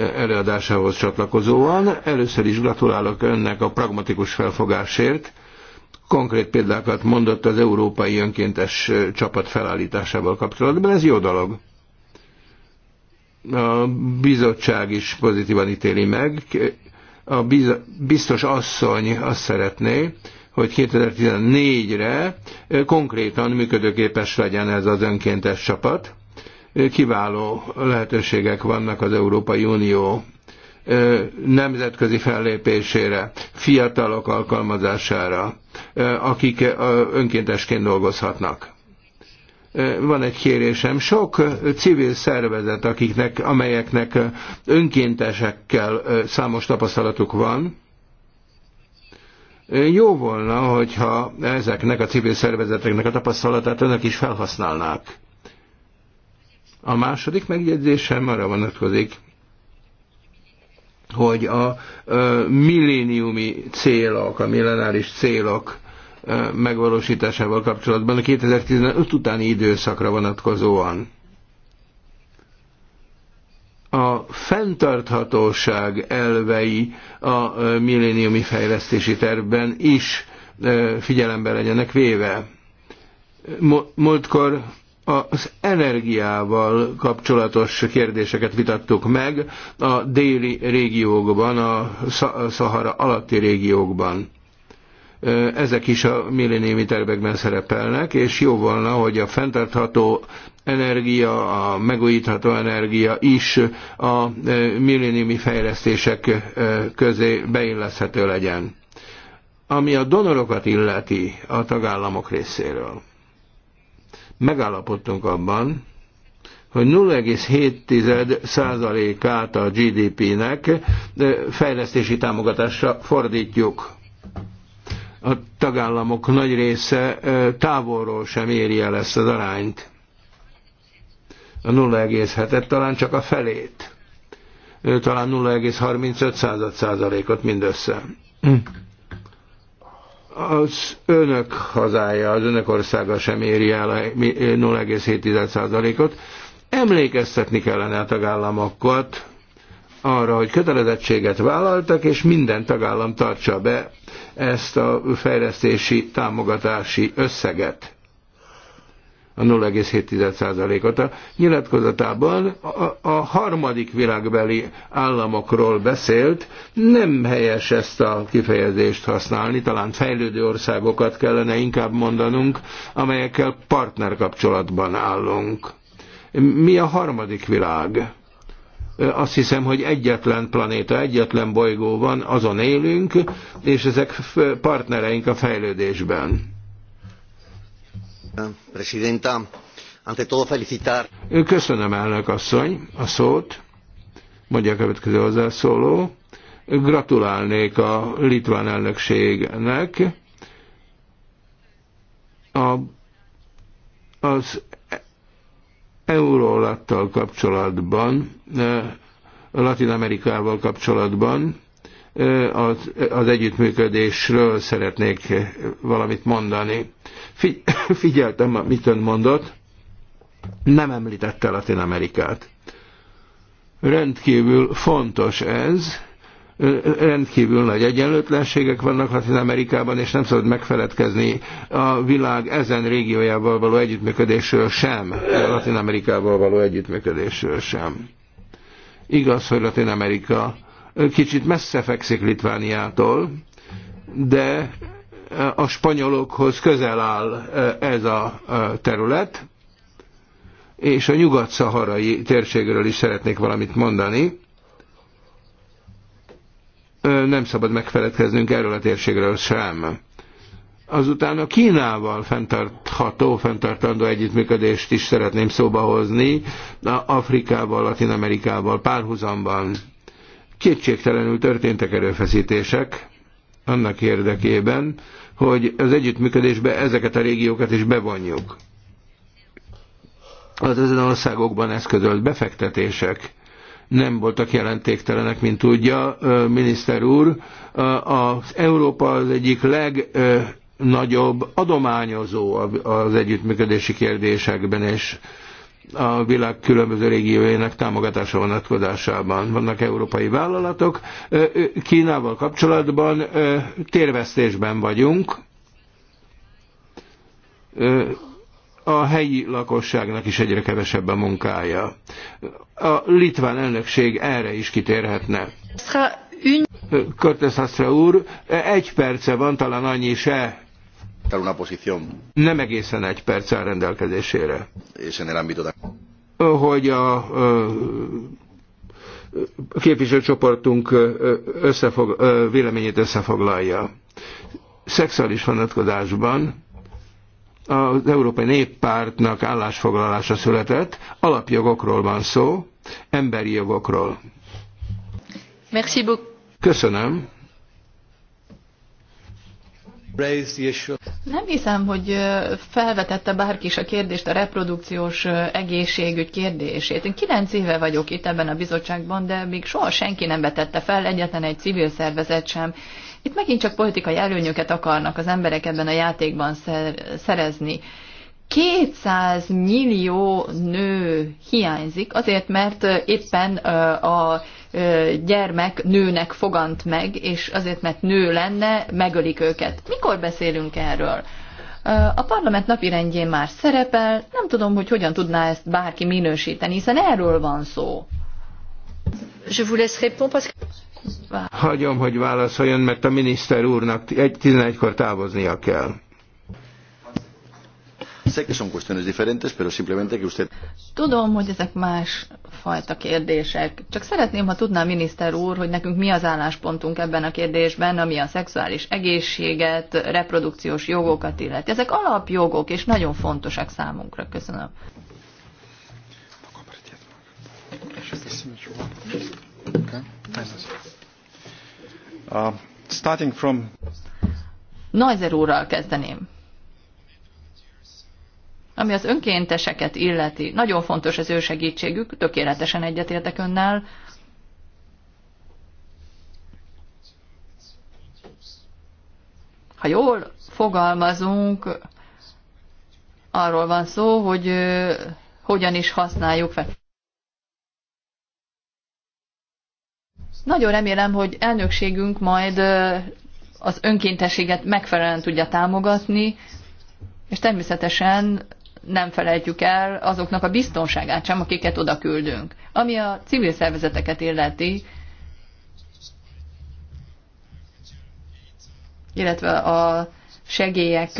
előadásához csatlakozóan. Először is gratulálok önnek a pragmatikus felfogásért. Konkrét példákat mondott az európai önkéntes e, csapat felállításával kapcsolatban. Ez jó dolog. A bizottság is pozitívan ítéli meg. A biztos asszony azt szeretné, hogy 2014-re konkrétan működőképes legyen ez az önkéntes csapat. Kiváló lehetőségek vannak az Európai Unió nemzetközi fellépésére, fiatalok alkalmazására, akik önkéntesként dolgozhatnak van egy kérésem. Sok civil szervezet, akiknek, amelyeknek önkéntesekkel számos tapasztalatuk van, jó volna, hogyha ezeknek a civil szervezeteknek a tapasztalatát önök is felhasználnák. A második megjegyzésem arra vonatkozik, hogy a ö, milléniumi célok, a millenáris célok megvalósításával kapcsolatban a 2015 utáni időszakra vonatkozóan. A fenntarthatóság elvei a milléniumi fejlesztési tervben is figyelembe legyenek véve. Múltkor az energiával kapcsolatos kérdéseket vitattuk meg a déli régiókban, a Szahara alatti régiókban ezek is a milléniumi tervekben szerepelnek, és jó volna, hogy a fenntartható energia, a megújítható energia is a milléniumi fejlesztések közé beilleszthető legyen. Ami a donorokat illeti a tagállamok részéről. Megállapodtunk abban, hogy 0,7%-át a GDP-nek fejlesztési támogatásra fordítjuk a tagállamok nagy része távolról sem éri el ezt az arányt. A 0,7-et talán csak a felét. Talán 0,35 százalékot mindössze. Az önök hazája, az önök országa sem éri el a 0,7 százalékot. Emlékeztetni kellene a tagállamokat arra, hogy kötelezettséget vállaltak, és minden tagállam tartsa be ezt a fejlesztési támogatási összeget a 0,7%-ot. A nyilatkozatában a, a harmadik világbeli államokról beszélt, nem helyes ezt a kifejezést használni, talán fejlődő országokat kellene inkább mondanunk, amelyekkel partnerkapcsolatban állunk. Mi a harmadik világ? Azt hiszem, hogy egyetlen planéta, egyetlen bolygó van, azon élünk, és ezek partnereink a fejlődésben. Presidenta, ante todo felicitar. Köszönöm, elnök asszony, a szót. Mondja a következő hozzászóló. Gratulálnék a litván elnökségnek. A, az Eurólattal kapcsolatban, Latin Amerikával kapcsolatban az, az együttműködésről szeretnék valamit mondani. Figy figyeltem, mit ön mondott, nem említette Latin Amerikát. Rendkívül fontos ez, rendkívül nagy egyenlőtlenségek vannak Latin Amerikában, és nem szabad megfeledkezni a világ ezen régiójával való együttműködésről sem, Latin Amerikával való együttműködésről sem. Igaz, hogy Latin Amerika kicsit messze fekszik Litvániától, de a spanyolokhoz közel áll ez a terület, és a nyugat-szaharai térségről is szeretnék valamit mondani nem szabad megfeledkeznünk erről a térségről sem. Azután a Kínával fenntartható, fenntartandó együttműködést is szeretném szóba hozni, A Afrikával, Latin Amerikával párhuzamban. Kétségtelenül történtek erőfeszítések annak érdekében, hogy az együttműködésbe ezeket a régiókat is bevonjuk. Az ezen országokban eszközölt befektetések nem voltak jelentéktelenek, mint tudja miniszter úr. Az Európa az egyik legnagyobb adományozó az együttműködési kérdésekben, és a világ különböző régióinak támogatása vonatkozásában. Vannak európai vállalatok. Kínával kapcsolatban térvesztésben vagyunk a helyi lakosságnak is egyre kevesebb a munkája. A litván elnökség erre is kitérhetne. Körteszasztra úr, egy perce van, talán annyi se. Nem egészen egy perc áll rendelkezésére. Hogy a képviselőcsoportunk összefog, véleményét összefoglalja. Szexuális vonatkozásban az Európai Néppártnak állásfoglalása született. Alapjogokról van szó, emberi jogokról. Merci Köszönöm. Nem hiszem, hogy felvetette bárki is a kérdést, a reprodukciós egészségügy kérdését. Én kilenc éve vagyok itt ebben a bizottságban, de még soha senki nem vetette fel, egyetlen egy civil szervezet sem. Itt megint csak politikai előnyöket akarnak az emberek ebben a játékban szerezni. 200 millió nő hiányzik, azért mert éppen a gyermek nőnek fogant meg, és azért mert nő lenne, megölik őket. Mikor beszélünk erről? A parlament napirendjén már szerepel, nem tudom, hogy hogyan tudná ezt bárki minősíteni, hiszen erről van szó. Je vous laisse répondre parce que... Hagyom, hogy válaszoljon, mert a miniszter úrnak egy 11-kor távoznia kell. Tudom, hogy ezek más fajta kérdések. Csak szeretném, ha tudná a miniszter úr, hogy nekünk mi az álláspontunk ebben a kérdésben, ami a szexuális egészséget, reprodukciós jogokat illeti. Ezek alapjogok, és nagyon fontosak számunkra. Köszönöm. Köszönöm. Uh, starting from... Neuser úrral kezdeném. Ami az önkénteseket illeti, nagyon fontos az ő segítségük, tökéletesen egyetértek önnel. Ha jól fogalmazunk, arról van szó, hogy hogyan is használjuk fel. Nagyon remélem, hogy elnökségünk majd az önkéntességet megfelelően tudja támogatni, és természetesen nem felejtjük el azoknak a biztonságát sem, akiket oda küldünk. Ami a civil szervezeteket illeti, illetve a segélyek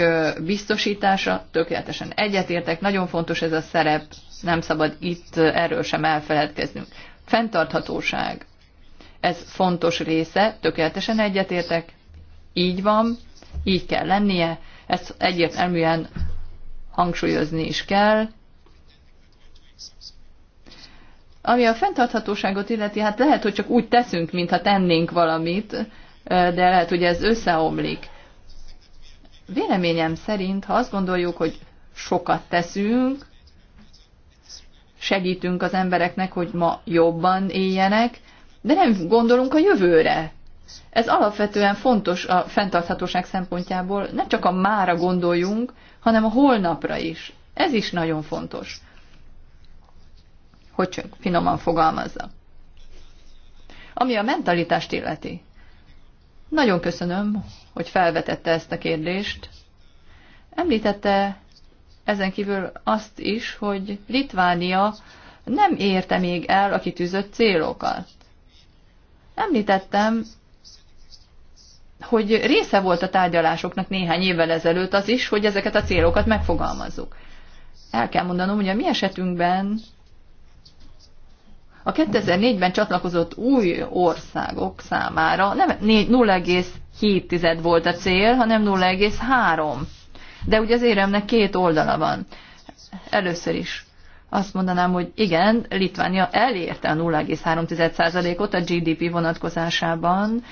biztosítása, tökéletesen egyetértek, nagyon fontos ez a szerep, nem szabad itt erről sem elfeledkeznünk. Fentarthatóság. Ez fontos része, tökéletesen egyetértek, így van, így kell lennie, ezt egyértelműen hangsúlyozni is kell. Ami a fenntarthatóságot illeti, hát lehet, hogy csak úgy teszünk, mintha tennénk valamit, de lehet, hogy ez összeomlik. Véleményem szerint, ha azt gondoljuk, hogy sokat teszünk, segítünk az embereknek, hogy ma jobban éljenek, de nem gondolunk a jövőre. Ez alapvetően fontos a fenntarthatóság szempontjából, nem csak a mára gondoljunk, hanem a holnapra is. Ez is nagyon fontos. Hogy csak finoman fogalmazza. Ami a mentalitást illeti. Nagyon köszönöm, hogy felvetette ezt a kérdést. Említette ezen kívül azt is, hogy Litvánia nem érte még el a kitűzött célokat. Említettem, hogy része volt a tárgyalásoknak néhány évvel ezelőtt az is, hogy ezeket a célokat megfogalmazzuk. El kell mondanom, hogy a mi esetünkben a 2004-ben csatlakozott új országok számára nem 0,7 volt a cél, hanem 0,3. De ugye az éremnek két oldala van. Először is azt mondanám, hogy igen, Litvánia elérte a 0,3%-ot a GDP vonatkozásában,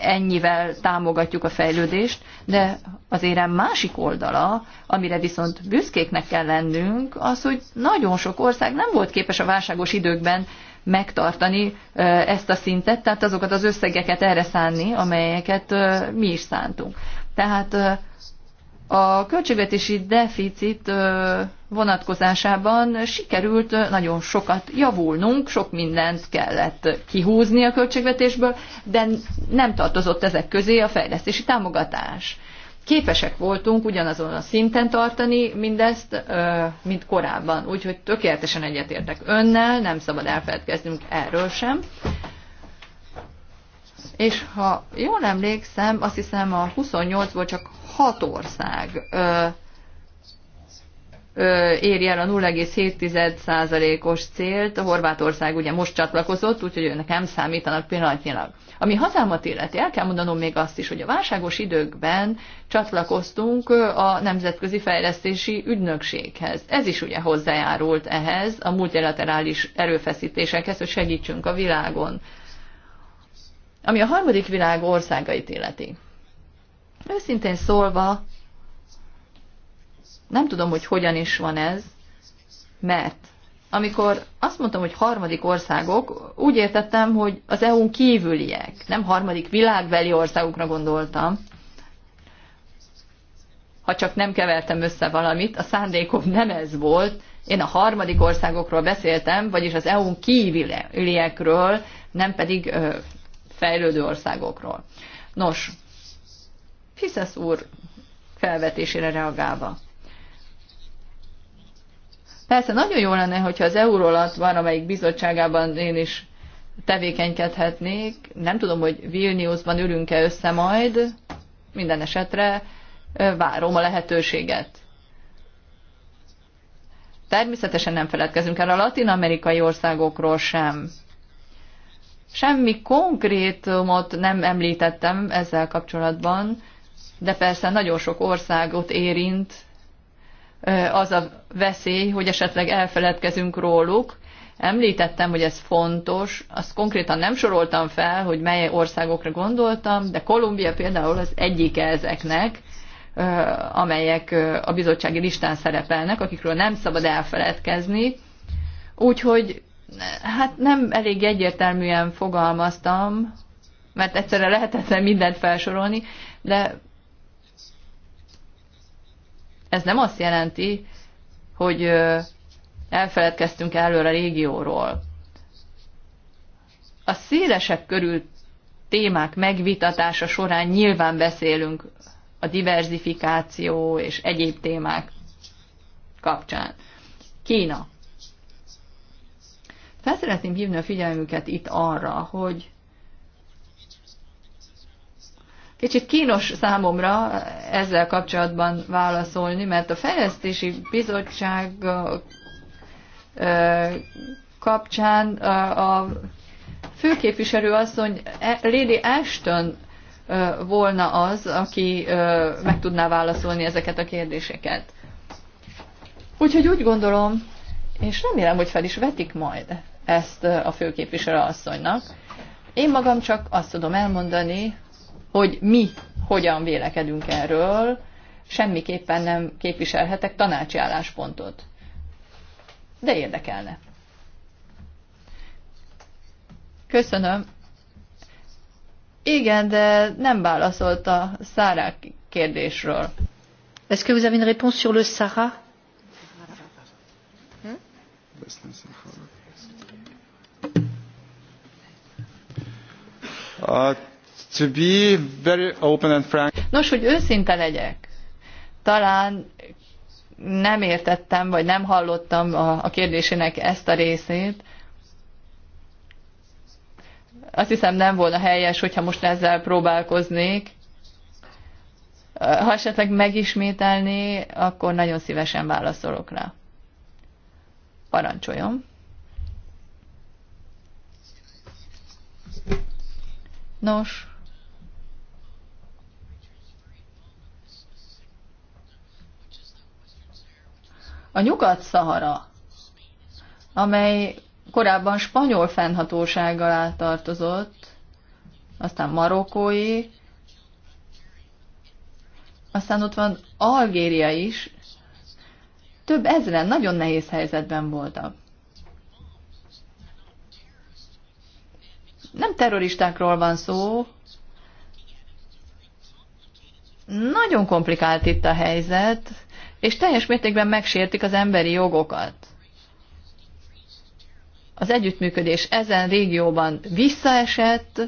ennyivel támogatjuk a fejlődést, de az érem másik oldala, amire viszont büszkéknek kell lennünk, az, hogy nagyon sok ország nem volt képes a válságos időkben megtartani ezt a szintet, tehát azokat az összegeket erre szánni, amelyeket mi is szántunk. Tehát a költségvetési deficit vonatkozásában sikerült nagyon sokat javulnunk, sok mindent kellett kihúzni a költségvetésből, de nem tartozott ezek közé a fejlesztési támogatás. Képesek voltunk ugyanazon a szinten tartani mindezt, mint korábban. Úgyhogy tökéletesen egyetértek önnel, nem szabad elfeledkeznünk erről sem. És ha jól emlékszem, azt hiszem a 28-ból csak hat ország ö, ö, érje el a 0,7%-os célt. A Horvátország ugye most csatlakozott, úgyhogy őnek nem számítanak pillanatnyilag. Ami hazámat illeti, el kell mondanom még azt is, hogy a válságos időkben csatlakoztunk a Nemzetközi Fejlesztési Ügynökséghez. Ez is ugye hozzájárult ehhez, a multilaterális erőfeszítésekhez, hogy segítsünk a világon. Ami a harmadik világ országait illeti. Őszintén szólva, nem tudom, hogy hogyan is van ez, mert amikor azt mondtam, hogy harmadik országok, úgy értettem, hogy az EU-n kívüliek, nem harmadik világbeli országokra gondoltam. Ha csak nem kevertem össze valamit, a szándékom nem ez volt. Én a harmadik országokról beszéltem, vagyis az EU-n kívüliekről, nem pedig ö, fejlődő országokról. Nos, Fiszesz úr felvetésére reagálva. Persze nagyon jó lenne, hogyha az Eurolat amelyik bizottságában én is tevékenykedhetnék. Nem tudom, hogy Vilniusban ülünk-e össze majd. Minden esetre várom a lehetőséget. Természetesen nem feledkezünk el a latin-amerikai országokról sem. Semmi konkrétumot nem említettem ezzel kapcsolatban, de persze nagyon sok országot érint az a veszély, hogy esetleg elfeledkezünk róluk. Említettem, hogy ez fontos, azt konkrétan nem soroltam fel, hogy mely országokra gondoltam, de Kolumbia például az egyike ezeknek, amelyek a bizottsági listán szerepelnek, akikről nem szabad elfeledkezni. Úgyhogy hát nem elég egyértelműen fogalmaztam, mert egyszerre lehetetlen mindent felsorolni, de ez nem azt jelenti, hogy elfeledkeztünk előre a régióról. A szélesebb körül témák megvitatása során nyilván beszélünk a diversifikáció és egyéb témák kapcsán. Kína. Felszeretném hívni a figyelmüket itt arra, hogy Kicsit kínos számomra ezzel kapcsolatban válaszolni, mert a Fejlesztési Bizottság kapcsán a főképviselő asszony e, Lady Ashton volna az, aki meg tudná válaszolni ezeket a kérdéseket. Úgyhogy úgy gondolom, és remélem, hogy fel is vetik majd ezt a főképviselő asszonynak. Én magam csak azt tudom elmondani, hogy mi hogyan vélekedünk erről, semmiképpen nem képviselhetek tanácsi álláspontot. De érdekelne. Köszönöm. Igen, de nem válaszolt a Szárák kérdésről. Est-ce que vous avez une réponse sur le Sahara? Hmm? Uh, To be very open and frank. Nos, hogy őszinte legyek, talán nem értettem, vagy nem hallottam a, a kérdésének ezt a részét. Azt hiszem nem volna helyes, hogyha most ezzel próbálkoznék. Ha esetleg megismételné, akkor nagyon szívesen válaszolok rá. Parancsoljon. Nos, A Nyugat-Szahara, amely korábban spanyol fennhatóság alá tartozott, aztán marokkói, aztán ott van Algéria is, több ezeren nagyon nehéz helyzetben voltak. Nem terroristákról van szó, nagyon komplikált itt a helyzet, és teljes mértékben megsértik az emberi jogokat. Az együttműködés ezen régióban visszaesett,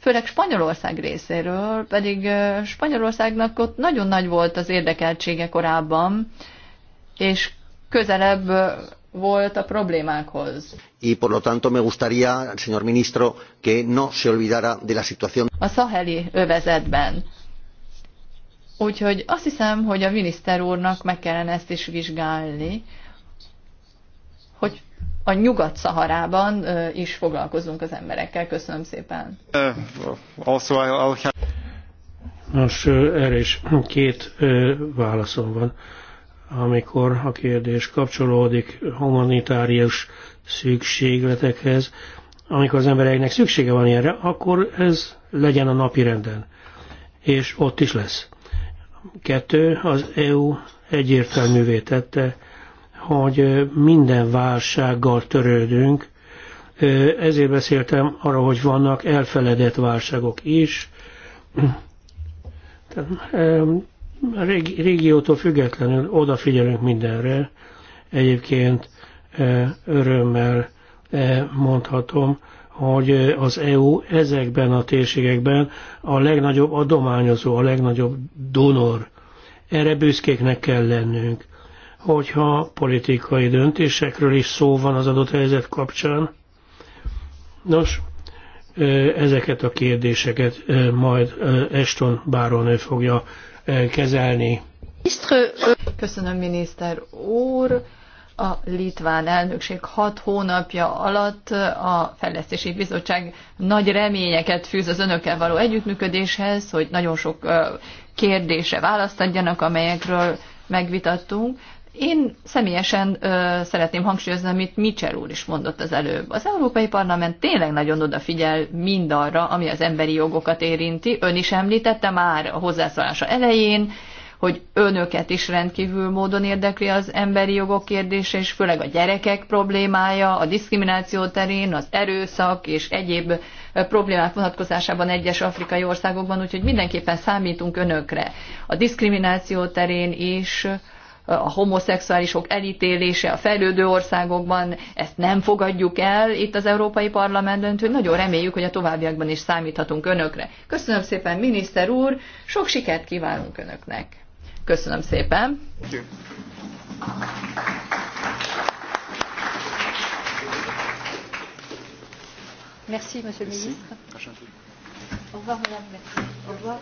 főleg Spanyolország részéről, pedig Spanyolországnak ott nagyon nagy volt az érdekeltsége korábban, és közelebb volt a problémákhoz. Y por lo tanto me gustaría, señor ministro, que no se olvidara de la situación. A Saheli övezetben Úgyhogy azt hiszem, hogy a miniszter úrnak meg kellene ezt is vizsgálni, hogy a Nyugat-Szaharában is foglalkozunk az emberekkel. Köszönöm szépen. Most erre is két válaszom van. Amikor a kérdés kapcsolódik humanitárius szükségletekhez, amikor az embereknek szüksége van ilyenre, akkor ez legyen a napi renden. És ott is lesz. Kettő, az EU egyértelművé tette, hogy minden válsággal törődünk, ezért beszéltem arra, hogy vannak elfeledett válságok is. Régiótól függetlenül odafigyelünk mindenre. Egyébként örömmel mondhatom, hogy az EU ezekben a térségekben a legnagyobb adományozó, a legnagyobb donor. Erre büszkéknek kell lennünk, hogyha politikai döntésekről is szó van az adott helyzet kapcsán. Nos, ezeket a kérdéseket majd Eston Báronő fogja kezelni. Köszönöm, miniszter úr! a litván elnökség hat hónapja alatt a Fejlesztési Bizottság nagy reményeket fűz az önökkel való együttműködéshez, hogy nagyon sok kérdése választ adjanak, amelyekről megvitattunk. Én személyesen ö, szeretném hangsúlyozni, amit Mitchell úr is mondott az előbb. Az Európai Parlament tényleg nagyon odafigyel mindarra, ami az emberi jogokat érinti. Ön is említette már a hozzászólása elején, hogy önöket is rendkívül módon érdekli az emberi jogok kérdése, és főleg a gyerekek problémája, a diszkrimináció terén, az erőszak és egyéb problémák vonatkozásában egyes afrikai országokban, úgyhogy mindenképpen számítunk önökre. A diszkrimináció terén is a homoszexuálisok elítélése a fejlődő országokban, ezt nem fogadjuk el itt az Európai Parlamentben, úgyhogy nagyon reméljük, hogy a továbbiakban is számíthatunk önökre. Köszönöm szépen, miniszter úr, sok sikert kívánunk önöknek! Köszönöm szépen. Merci, monsieur le ministre. Au revoir, madame. Merci. Au revoir.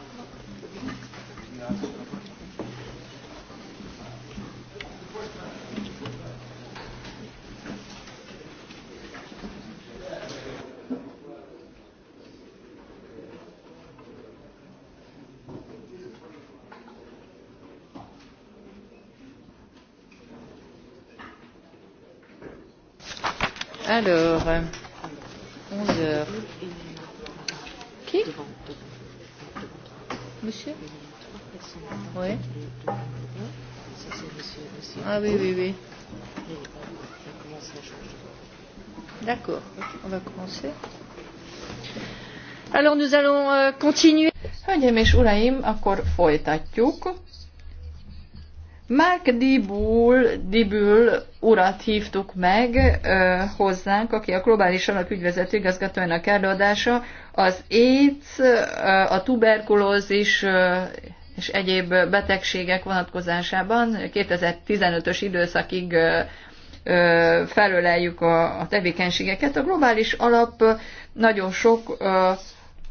Alors, 11 heures. Qui Monsieur Oui. Ah oui, oui, oui. D'accord, on va commencer. Alors nous allons euh, continuer. Hölgyeim és uraim, akkor folytatjuk. Mark Dibul, Dibul urat hívtuk meg ö, hozzánk, aki a globális alap ügyvezető igazgatójának előadása az AIDS, a tuberkulózis és egyéb betegségek vonatkozásában 2015-ös időszakig felöleljük a, a tevékenységeket. A globális alap nagyon sok ö,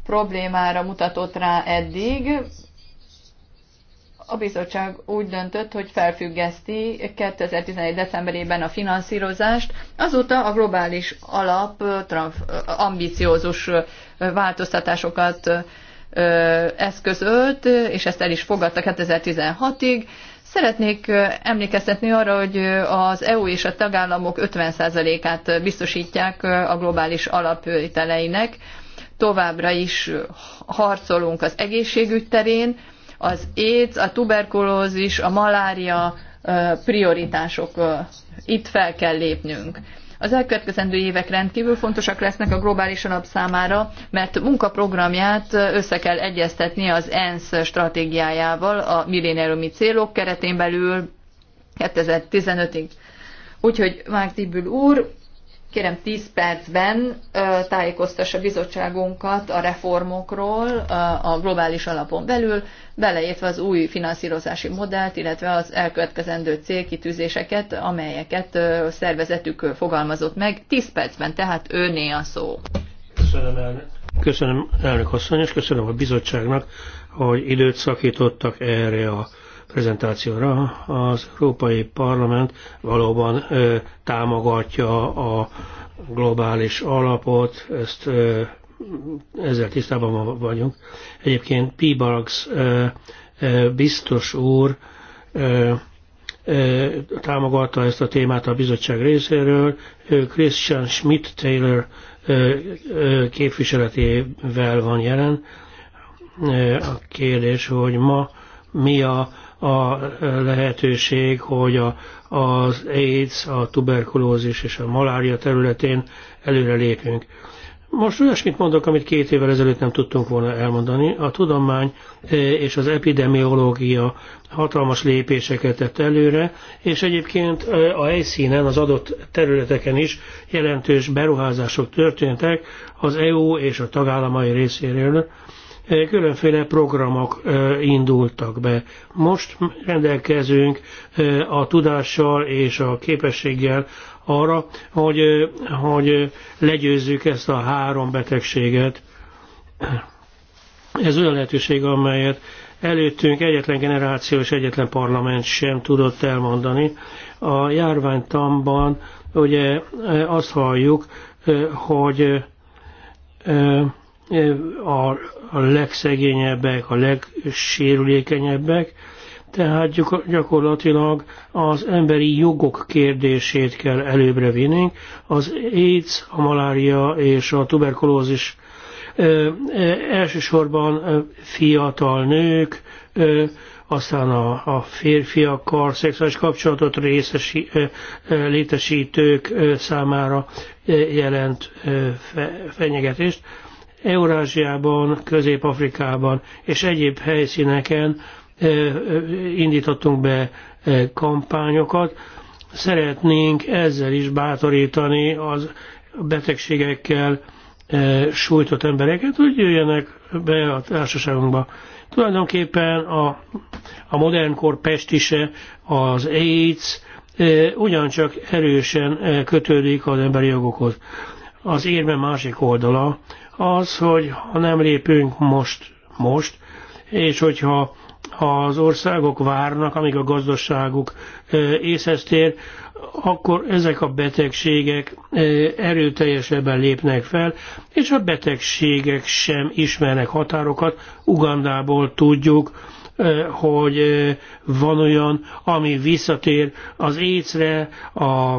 problémára mutatott rá eddig, a bizottság úgy döntött, hogy felfüggeszti 2011. decemberében a finanszírozást. Azóta a globális alap ambiciózus változtatásokat eszközölt, és ezt el is fogadta 2016-ig. Szeretnék emlékeztetni arra, hogy az EU és a tagállamok 50%-át biztosítják a globális alapőteleinek. Továbbra is harcolunk az egészségügy terén, az AIDS, a tuberkulózis, a malária prioritások. Itt fel kell lépnünk. Az elkövetkezendő évek rendkívül fontosak lesznek a globális alap számára, mert munkaprogramját össze kell egyeztetni az ENSZ stratégiájával a milléniumi célok keretén belül 2015-ig. Úgyhogy Márk Tibül úr, Kérem 10 percben tájékoztassa bizottságunkat a reformokról a globális alapon belül, beleértve az új finanszírozási modellt, illetve az elkövetkezendő célkitűzéseket, amelyeket szervezetük fogalmazott meg. 10 percben tehát őné a szó. Köszönöm elnök. Köszönöm elnök asszony, és köszönöm a bizottságnak, hogy időt szakítottak erre a prezentációra. Az Európai Parlament valóban támogatja a globális alapot, ezt ezzel tisztában vagyunk. Egyébként P-Barks biztos úr támogatta ezt a témát a bizottság részéről. Christian Schmidt-Taylor képviseletével van jelen. A kérdés, hogy ma mi a a lehetőség, hogy a, az AIDS, a tuberkulózis és a malária területén előre lépünk. Most olyasmit mondok, amit két évvel ezelőtt nem tudtunk volna elmondani. A tudomány e, és az epidemiológia hatalmas lépéseket tett előre, és egyébként e, a helyszínen, az adott területeken is jelentős beruházások történtek az EU és a tagállamai részéről különféle programok indultak be. Most rendelkezünk a tudással és a képességgel arra, hogy, hogy legyőzzük ezt a három betegséget. Ez olyan lehetőség, amelyet előttünk egyetlen generáció és egyetlen parlament sem tudott elmondani. A járványtamban ugye azt halljuk, hogy a, a legszegényebbek, a legsérülékenyebbek, tehát gyakorlatilag az emberi jogok kérdését kell előbbre vinnünk. Az AIDS, a malária és a tuberkulózis elsősorban fiatal nők, aztán a, a férfiakkal szexuális kapcsolatot részesi, létesítők számára jelent fenyegetést. Eurázsiában, Közép-Afrikában és egyéb helyszíneken indítottunk be kampányokat. Szeretnénk ezzel is bátorítani az betegségekkel sújtott embereket, hogy jöjjenek be a társaságunkba. Tulajdonképpen a, a modern kor pestise, az AIDS ugyancsak erősen kötődik az emberi jogokhoz. Az érme másik oldala, az, hogy ha nem lépünk most, most, és hogyha ha az országok várnak, amíg a gazdaságuk észhez tér, akkor ezek a betegségek erőteljesebben lépnek fel, és a betegségek sem ismernek határokat. Ugandából tudjuk, hogy van olyan, ami visszatér az écre, a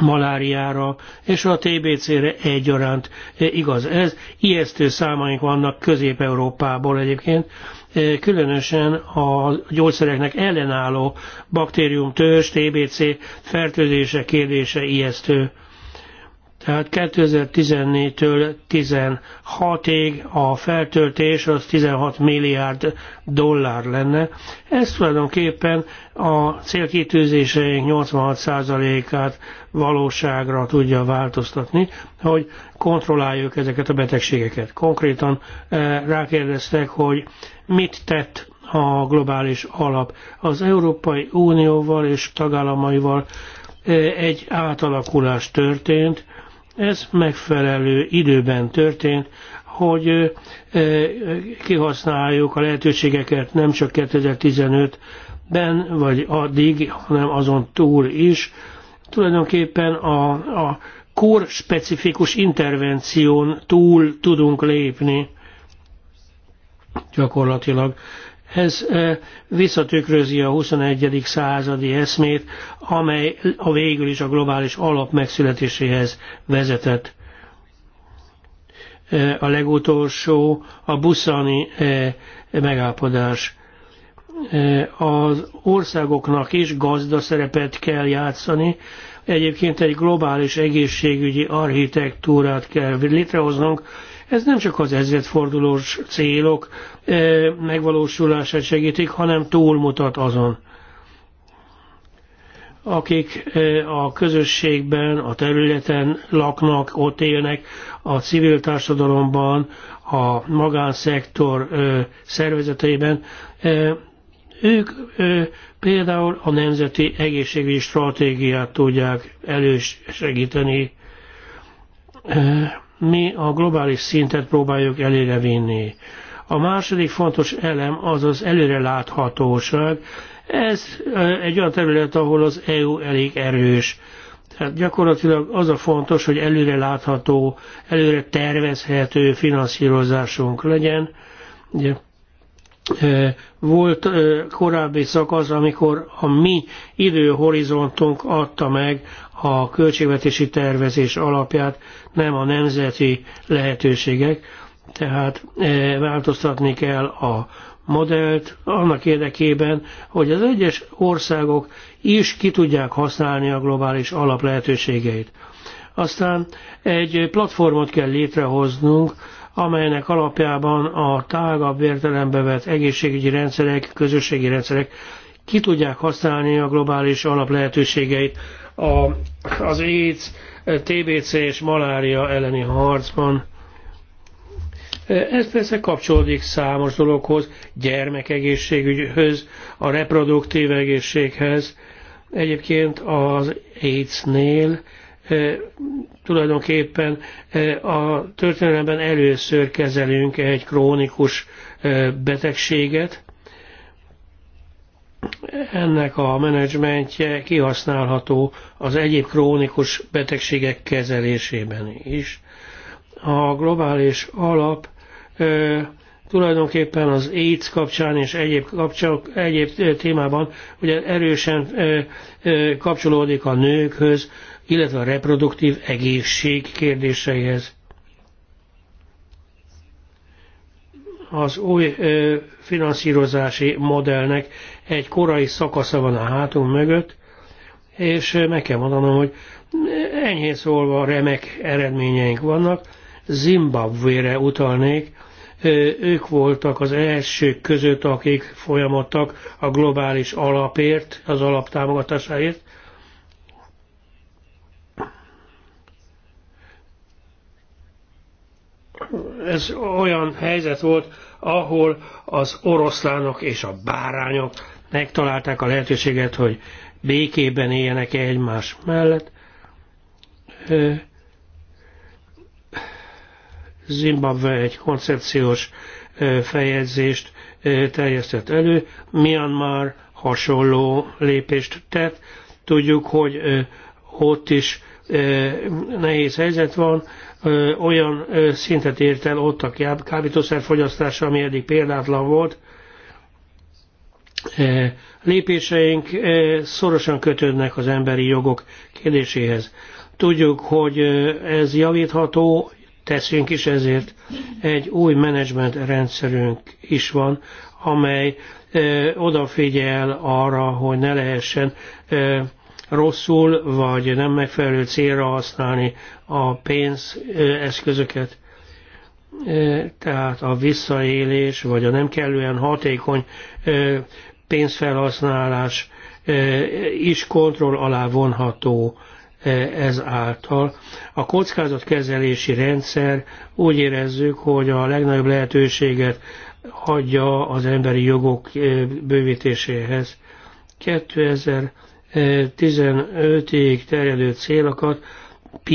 maláriára és a TBC-re egyaránt e, igaz ez. Ijesztő számaink vannak Közép-Európából egyébként, e, különösen a gyógyszereknek ellenálló baktérium törzs, TBC fertőzése kérdése ijesztő. Tehát 2014-től 16-ig a feltöltés az 16 milliárd dollár lenne. Ez tulajdonképpen a célkitűzéseink 86%-át valóságra tudja változtatni, hogy kontrolláljuk ezeket a betegségeket. Konkrétan eh, rákérdeztek, hogy mit tett a globális alap. Az Európai Unióval és tagállamaival eh, egy átalakulás történt, ez megfelelő időben történt, hogy kihasználjuk a lehetőségeket nem csak 2015-ben, vagy addig, hanem azon túl is. Tulajdonképpen a, a specifikus intervención túl tudunk lépni gyakorlatilag ez visszatükrözi a 21. századi eszmét, amely a végül is a globális alap megszületéséhez vezetett. A legutolsó a buszani megállapodás az országoknak is gazda szerepet kell játszani. Egyébként egy globális egészségügyi architektúrát kell létrehoznunk, ez nem csak az ezredfordulós célok eh, megvalósulását segítik, hanem túlmutat azon. Akik eh, a közösségben, a területen laknak, ott élnek, a civil társadalomban, a magánszektor eh, szervezeteiben, ők például a nemzeti egészségügyi stratégiát tudják elősegíteni mi a globális szintet próbáljuk előre vinni. A második fontos elem az az előreláthatóság. Ez egy olyan terület, ahol az EU elég erős. Tehát gyakorlatilag az a fontos, hogy előre látható, előre tervezhető finanszírozásunk legyen. Ugye, volt korábbi szakasz, amikor a mi időhorizontunk adta meg a költségvetési tervezés alapját, nem a nemzeti lehetőségek, tehát eh, változtatni kell a modellt annak érdekében, hogy az egyes országok is ki tudják használni a globális alap lehetőségeit. Aztán egy platformot kell létrehoznunk, amelynek alapjában a tágabb értelembe vett egészségügyi rendszerek, közösségi rendszerek ki tudják használni a globális alap lehetőségeit a, az AIDS, TBC és malária elleni harcban. Ez persze kapcsolódik számos dologhoz, gyermekegészségügyhöz, a reproduktív egészséghez. Egyébként az AIDS-nél e, tulajdonképpen e, a történelemben először kezelünk egy krónikus e, betegséget, ennek a menedzsmentje kihasználható az egyéb krónikus betegségek kezelésében is. A globális alap ö, tulajdonképpen az AIDS kapcsán és egyéb, kapcsán, egyéb témában ugye erősen ö, ö, kapcsolódik a nőkhöz, illetve a reproduktív egészség kérdéseihez. az új finanszírozási modellnek egy korai szakasza van a hátunk mögött, és meg kell mondanom, hogy enyhén szólva remek eredményeink vannak. Zimbabvére utalnék, ők voltak az elsők között, akik folyamodtak a globális alapért, az alaptámogatásáért, ez olyan helyzet volt, ahol az oroszlánok és a bárányok megtalálták a lehetőséget, hogy békében éljenek -e egymás mellett. Zimbabwe egy koncepciós fejezést terjesztett elő, Myanmar hasonló lépést tett. Tudjuk, hogy ott is nehéz helyzet van, olyan szintet ért el ott a kábítószer fogyasztása, ami eddig példátlan volt. Lépéseink szorosan kötődnek az emberi jogok kérdéséhez. Tudjuk, hogy ez javítható, teszünk is ezért. Egy új menedzsment rendszerünk is van, amely odafigyel arra, hogy ne lehessen rosszul vagy nem megfelelő célra használni a pénzeszközöket. Tehát a visszaélés vagy a nem kellően hatékony pénzfelhasználás is kontroll alá vonható ez által. A kockázatkezelési rendszer úgy érezzük, hogy a legnagyobb lehetőséget hagyja az emberi jogok bővítéséhez. 2000 15-ig terjedő célokat p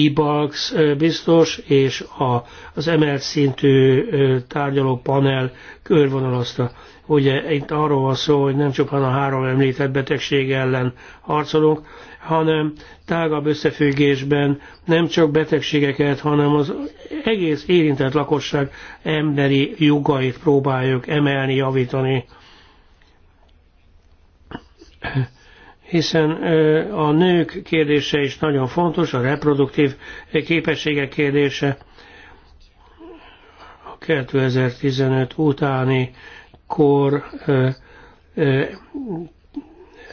biztos és a, az emelt szintű tárgyaló panel körvonalazta. Ugye itt arról van szó, hogy nem csupán a három említett betegség ellen harcolunk, hanem tágabb összefüggésben nem csak betegségeket, hanem az egész érintett lakosság emberi jogait próbáljuk emelni, javítani hiszen a nők kérdése is nagyon fontos, a reproduktív képességek kérdése a 2015 utáni kor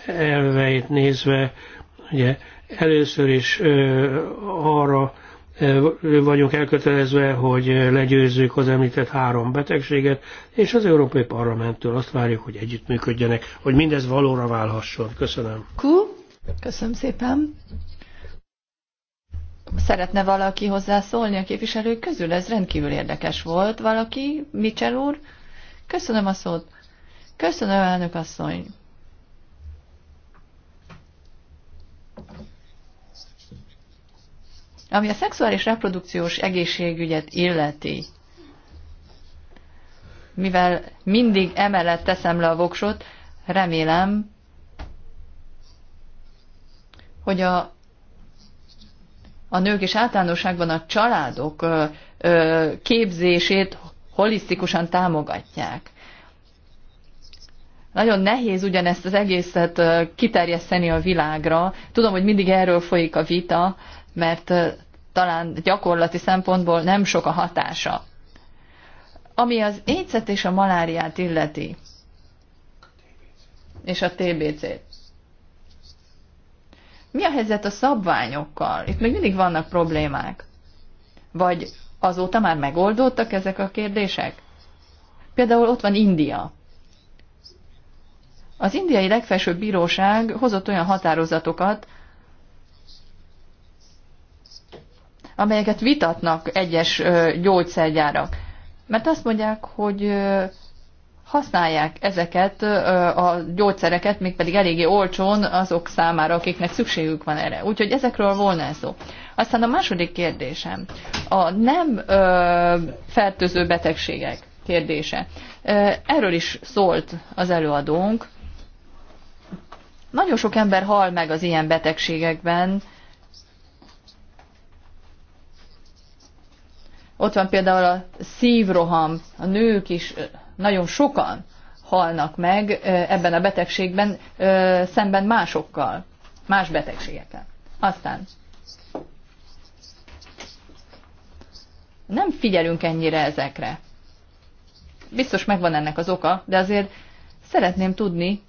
elveit nézve, ugye először is arra vagyunk elkötelezve, hogy legyőzzük az említett három betegséget, és az Európai Parlamenttől azt várjuk, hogy együttműködjenek, hogy mindez valóra válhasson. Köszönöm. Kú, Köszönöm szépen. Szeretne valaki hozzászólni a képviselők közül? Ez rendkívül érdekes volt. Valaki? Mitchell úr? Köszönöm a szót. Köszönöm, elnök asszony. Ami a szexuális reprodukciós egészségügyet illeti, mivel mindig emellett teszem le a voksot, remélem, hogy a, a nők és általánosságban a családok ö, ö, képzését holisztikusan támogatják. Nagyon nehéz ugyanezt az egészet kiterjeszteni a világra. Tudom, hogy mindig erről folyik a vita, mert talán gyakorlati szempontból nem sok a hatása. Ami az éjszet és a maláriát illeti, és a TBC-t. Mi a helyzet a szabványokkal? Itt még mindig vannak problémák. Vagy azóta már megoldódtak ezek a kérdések? Például ott van India. Az indiai legfelsőbb bíróság hozott olyan határozatokat, amelyeket vitatnak egyes gyógyszergyárak. Mert azt mondják, hogy használják ezeket a gyógyszereket, pedig eléggé olcsón azok számára, akiknek szükségük van erre. Úgyhogy ezekről volna szó. Aztán a második kérdésem, a nem fertőző betegségek kérdése. Erről is szólt az előadónk. Nagyon sok ember hal meg az ilyen betegségekben, Ott van például a szívroham, a nők is nagyon sokan halnak meg ebben a betegségben szemben másokkal, más betegségekkel. Aztán nem figyelünk ennyire ezekre. Biztos megvan ennek az oka, de azért szeretném tudni,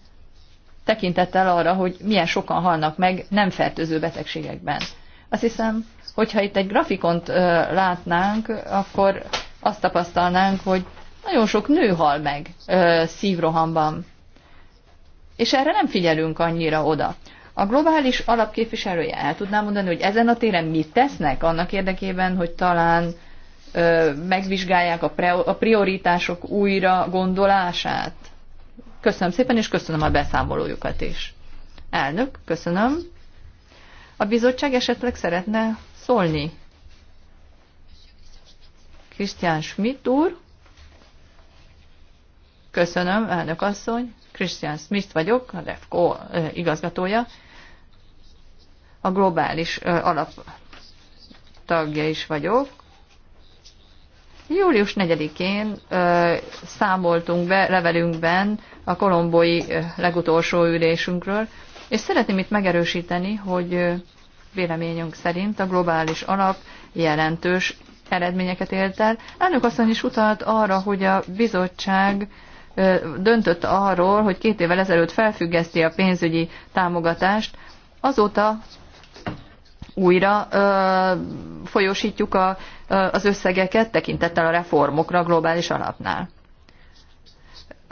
tekintettel arra, hogy milyen sokan halnak meg nem fertőző betegségekben. Azt hiszem, Hogyha itt egy grafikont látnánk, akkor azt tapasztalnánk, hogy nagyon sok nő hal meg szívrohamban. És erre nem figyelünk annyira oda. A globális alapképviselője el tudná mondani, hogy ezen a téren mit tesznek annak érdekében, hogy talán ö, megvizsgálják a, pre, a prioritások újra gondolását? Köszönöm szépen, és köszönöm a beszámolójukat is. Elnök, köszönöm. A bizottság esetleg szeretne szólni. Krisztián Schmidt úr. Köszönöm, elnök asszony. Krisztián Smith vagyok, a DEFCO igazgatója. A globális alap tagja is vagyok. Július 4-én számoltunk be levelünkben a kolombói legutolsó ülésünkről, és szeretném itt megerősíteni, hogy véleményünk szerint a globális alap jelentős eredményeket ért el. Elnök asszony is utalt arra, hogy a bizottság döntött arról, hogy két évvel ezelőtt felfüggeszti a pénzügyi támogatást, azóta újra ö, folyosítjuk a, ö, az összegeket tekintettel a reformokra a globális alapnál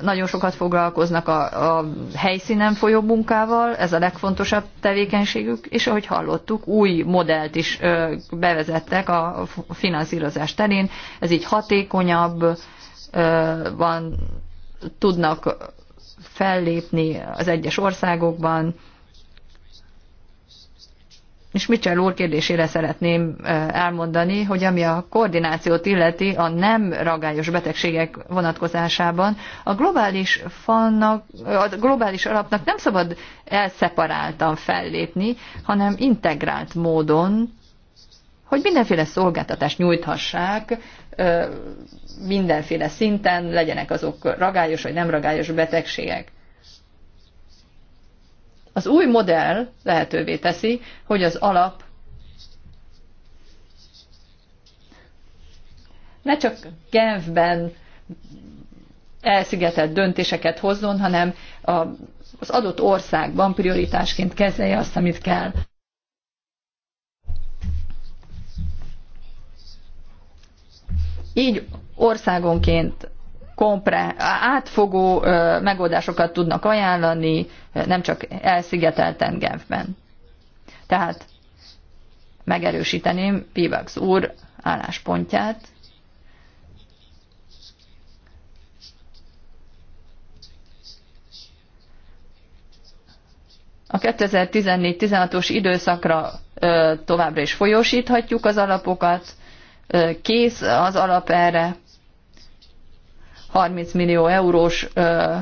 nagyon sokat foglalkoznak a, a helyszínen folyó munkával, ez a legfontosabb tevékenységük, és ahogy hallottuk, új modellt is ö, bevezettek a finanszírozás terén, ez így hatékonyabb, ö, van, tudnak fellépni az egyes országokban, és Mitchell úr kérdésére szeretném elmondani, hogy ami a koordinációt illeti a nem ragályos betegségek vonatkozásában, a globális, fannak, a globális alapnak nem szabad elszeparáltan fellépni, hanem integrált módon, hogy mindenféle szolgáltatást nyújthassák, mindenféle szinten, legyenek azok ragályos vagy nem ragályos betegségek. Az új modell lehetővé teszi, hogy az alap ne csak Genfben elszigetelt döntéseket hozzon, hanem a, az adott országban prioritásként kezelje azt, amit kell. Így országonként kompre, átfogó megoldásokat tudnak ajánlani, nem csak elszigetelten Genfben. Tehát megerősíteném Pivax úr álláspontját, A 2014-16-os időszakra továbbra is folyósíthatjuk az alapokat, kész az alap erre, 30 millió eurós ö,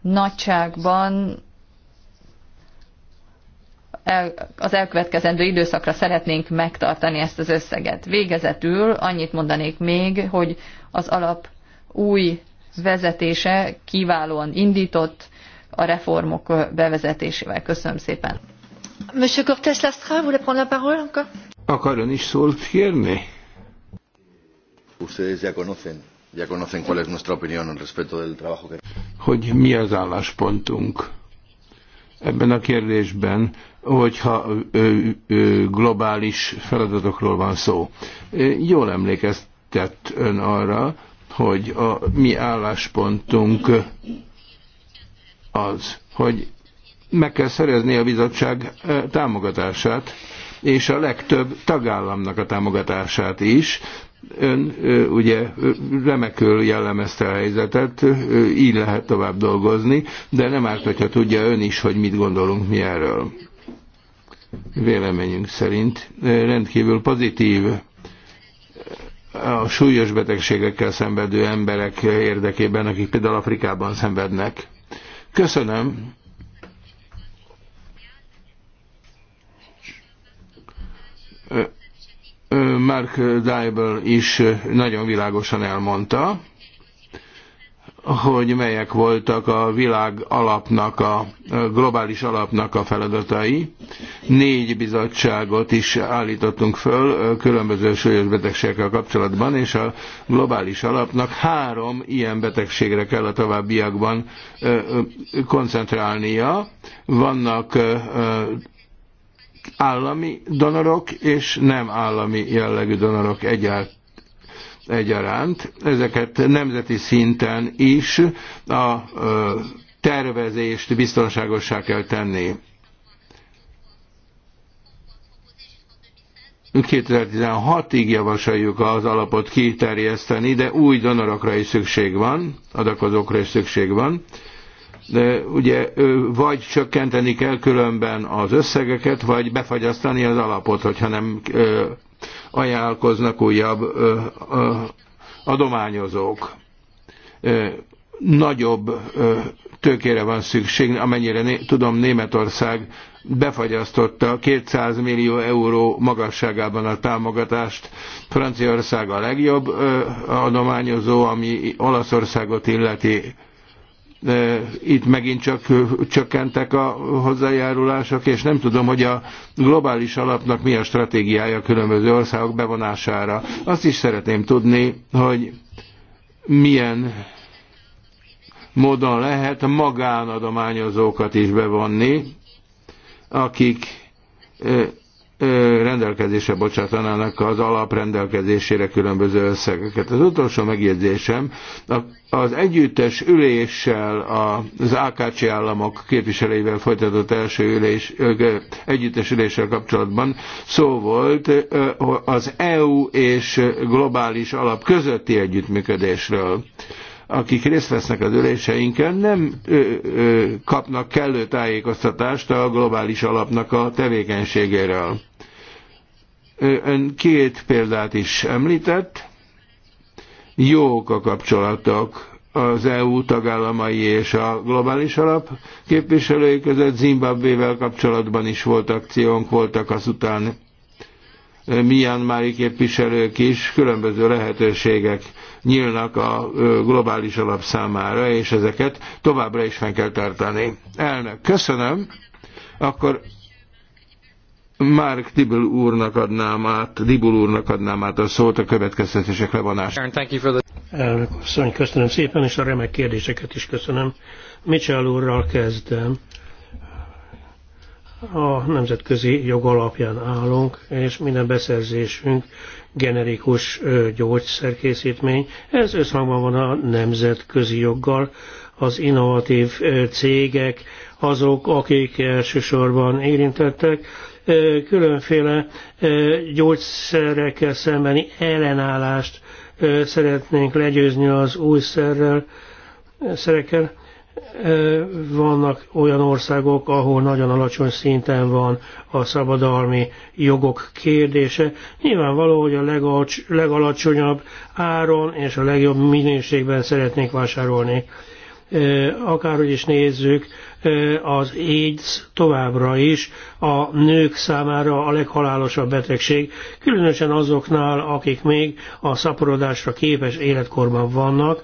nagyságban el, az elkövetkezendő időszakra szeretnénk megtartani ezt az összeget. Végezetül annyit mondanék még, hogy az alap új vezetése kiválóan indított a reformok bevezetésével. Köszönöm szépen. Monsieur Cortés Lastra, vous voulez prendre la parole encore? Akar ön is szólt kérni? Ustedes ya conocen ya conocen cuál es nuestra opinión al respecto del trabajo que... Hogy mi az álláspontunk ebben a kérdésben, hogyha ö, ö, globális feladatokról van szó. Jól emlékeztett ön arra, hogy a mi álláspontunk az, hogy meg kell szerezni a bizottság támogatását, és a legtöbb tagállamnak a támogatását is, Ön ugye remekül jellemezte a helyzetet, így lehet tovább dolgozni, de nem árt, hogyha tudja ön is, hogy mit gondolunk mi erről. Véleményünk szerint rendkívül pozitív a súlyos betegségekkel szenvedő emberek érdekében, akik például Afrikában szenvednek. Köszönöm. Ö Mark Dybel is nagyon világosan elmondta, hogy melyek voltak a világ alapnak, a globális alapnak a feladatai. Négy bizottságot is állítottunk föl különböző súlyos betegségekkel kapcsolatban, és a globális alapnak három ilyen betegségre kell a továbbiakban koncentrálnia. Vannak állami donorok és nem állami jellegű donorok egyaránt egyaránt. Ezeket nemzeti szinten is a tervezést biztonságossá kell tenni. 2016-ig javasoljuk az alapot kiterjeszteni, de új donorokra is szükség van, adakozókra is szükség van ugye vagy csökkenteni kell különben az összegeket, vagy befagyasztani az alapot, hogyha nem ajánlkoznak újabb adományozók. Nagyobb tőkére van szükség, amennyire tudom Németország befagyasztotta 200 millió euró magasságában a támogatást. Franciaország a legjobb adományozó, ami Olaszországot illeti itt megint csak csökkentek a hozzájárulások, és nem tudom, hogy a globális alapnak mi a stratégiája a különböző országok bevonására. Azt is szeretném tudni, hogy milyen módon lehet magánadományozókat is bevonni, akik rendelkezésre bocsátanának az alaprendelkezésére különböző összegeket. Az utolsó megjegyzésem, az együttes üléssel az AKC államok képviselőivel folytatott első ülés, együttes üléssel kapcsolatban szó volt az EU és globális alap közötti együttműködésről akik részt vesznek az üléseinken, nem ö, ö, kapnak kellő tájékoztatást a globális alapnak a tevékenységéről. Ön két példát is említett. Jók a kapcsolatok az EU tagállamai és a globális alap képviselői között Zimbabvével kapcsolatban is volt akciónk, voltak azután Myanmari képviselők is, különböző lehetőségek nyílnak a globális alap számára, és ezeket továbbra is fenn kell tartani. Elnök, köszönöm. Akkor már Dibul úrnak adnám át, Dibul úrnak adnám át a szót a következtetések levonás. Elnök asszony, köszönöm szépen, és a remek kérdéseket is köszönöm. Mitchell úrral kezdem. A nemzetközi jog alapján állunk, és minden beszerzésünk generikus gyógyszerkészítmény. Ez összhangban van a nemzetközi joggal. Az innovatív cégek azok, akik elsősorban érintettek, különféle gyógyszerekkel szembeni ellenállást szeretnénk legyőzni az újszerrel, szerekkel. Vannak olyan országok, ahol nagyon alacsony szinten van a szabadalmi jogok kérdése. Nyilvánvaló, hogy a legalacsonyabb áron és a legjobb minőségben szeretnék vásárolni akárhogy is nézzük, az AIDS továbbra is a nők számára a leghalálosabb betegség, különösen azoknál, akik még a szaporodásra képes életkorban vannak.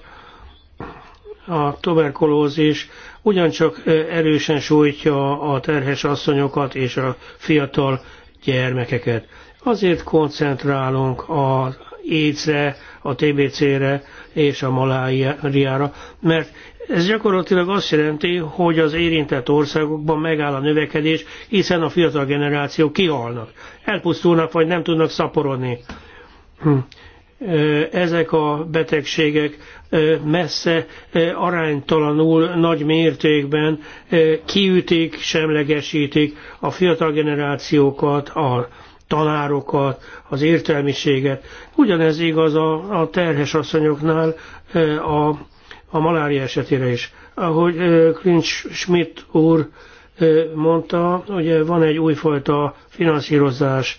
A tuberkulózis ugyancsak erősen sújtja a terhes asszonyokat és a fiatal gyermekeket. Azért koncentrálunk az AIDS-re, a TBC-re és a maláriára, mert ez gyakorlatilag azt jelenti, hogy az érintett országokban megáll a növekedés, hiszen a fiatal generációk kihalnak, elpusztulnak, vagy nem tudnak szaporodni. Hm. Ezek a betegségek messze aránytalanul nagy mértékben kiütik, semlegesítik a fiatal generációkat, a tanárokat, az értelmiséget. Ugyanez igaz a, a terhes asszonyoknál, a a malária esetére is. Ahogy Klincs Schmidt úr mondta, hogy van egy újfajta finanszírozási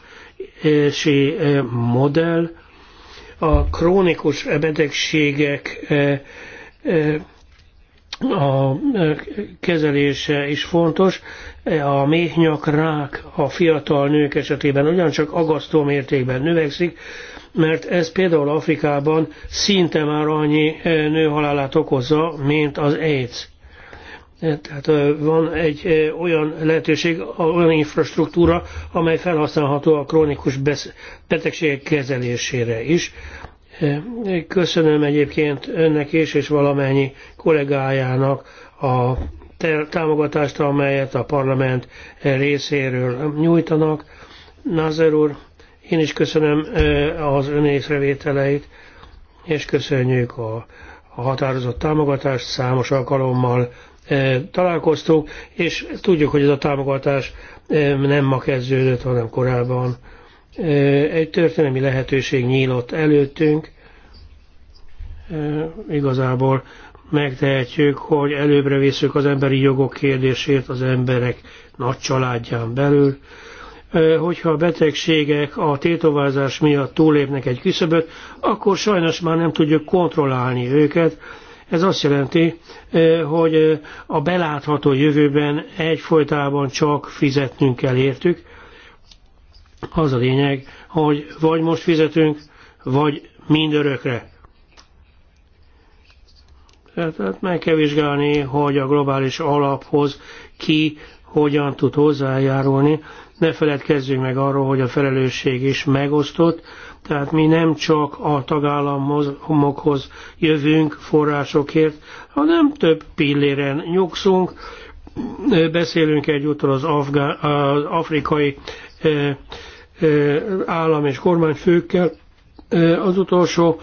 modell, a krónikus betegségek a kezelése is fontos. A méhnyak rák a fiatal nők esetében ugyancsak agasztó mértékben növekszik, mert ez például Afrikában szinte már annyi nő halálát okozza, mint az AIDS. Tehát van egy olyan lehetőség, olyan infrastruktúra, amely felhasználható a krónikus betegségek kezelésére is. Köszönöm egyébként önnek is, és valamennyi kollégájának a támogatást, amelyet a parlament részéről nyújtanak. Názer úr, én is köszönöm az ön észrevételeit, és köszönjük a, a határozott támogatást, számos alkalommal találkoztunk, és tudjuk, hogy ez a támogatás nem ma kezdődött, hanem korábban egy történelmi lehetőség nyílott előttünk. Igazából megtehetjük, hogy előbbre visszük az emberi jogok kérdését az emberek nagy családján belül. Hogyha a betegségek a tétovázás miatt túlépnek egy küszöböt, akkor sajnos már nem tudjuk kontrollálni őket. Ez azt jelenti, hogy a belátható jövőben egyfolytában csak fizetnünk kell értük. Az a lényeg, hogy vagy most fizetünk, vagy mindörökre. Tehát hát meg kell vizsgálni, hogy a globális alaphoz ki hogyan tud hozzájárulni. Ne feledkezzünk meg arról, hogy a felelősség is megosztott, tehát mi nem csak a tagállamokhoz jövünk forrásokért, hanem több pilléren nyugszunk. Beszélünk egyúttal az, az afrikai eh, állam és kormányfőkkel, az utolsó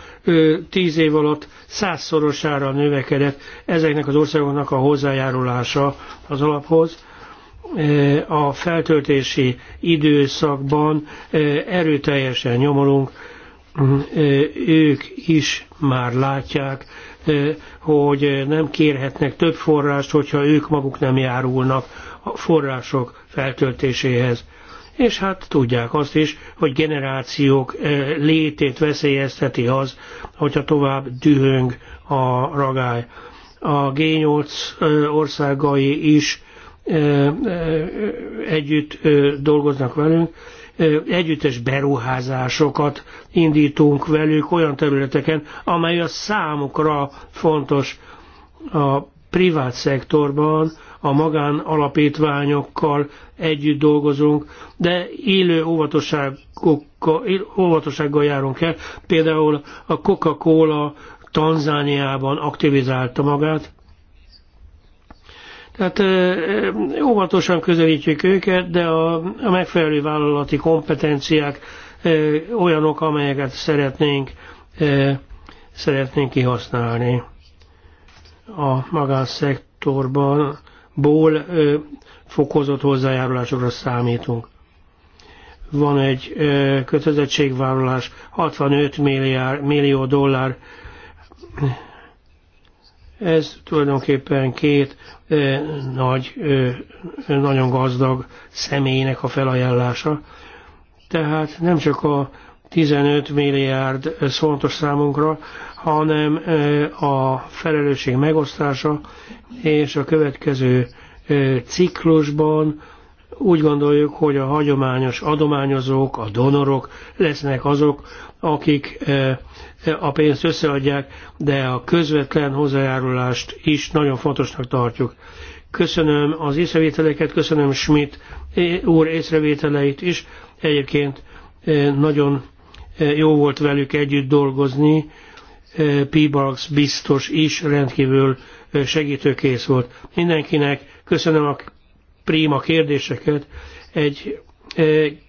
tíz év alatt százszorosára növekedett ezeknek az országoknak a hozzájárulása az alaphoz. A feltöltési időszakban erőteljesen nyomolunk, ők is már látják, hogy nem kérhetnek több forrást, hogyha ők maguk nem járulnak a források feltöltéséhez és hát tudják azt is, hogy generációk eh, létét veszélyezteti az, hogyha tovább dühöng a ragály. A G8 eh, országai is eh, együtt dolgoznak velünk, együttes beruházásokat indítunk velük olyan területeken, amely a számukra fontos a privát szektorban, a magán alapítványokkal együtt dolgozunk, de élő óvatossággal járunk el. Például a Coca-Cola Tanzániában aktivizálta magát, tehát óvatosan közelítjük őket, de a, a megfelelő vállalati kompetenciák olyanok, amelyeket szeretnénk, szeretnénk kihasználni a magánszektorban ból fokozott hozzájárulásokra számítunk. Van egy kötelezettségvállalás 65 milliárd, millió dollár. Ez tulajdonképpen két nagy, nagyon gazdag személynek a felajánlása. Tehát nem csak a 15 milliárd fontos számunkra, hanem a felelősség megosztása és a következő ciklusban úgy gondoljuk, hogy a hagyományos adományozók, a donorok lesznek azok, akik a pénzt összeadják, de a közvetlen hozzájárulást is nagyon fontosnak tartjuk. Köszönöm az észrevételeket, köszönöm Schmidt úr észrevételeit is. Egyébként nagyon jó volt velük együtt dolgozni, Pibalks biztos is rendkívül segítőkész volt. Mindenkinek köszönöm a prima kérdéseket. Egy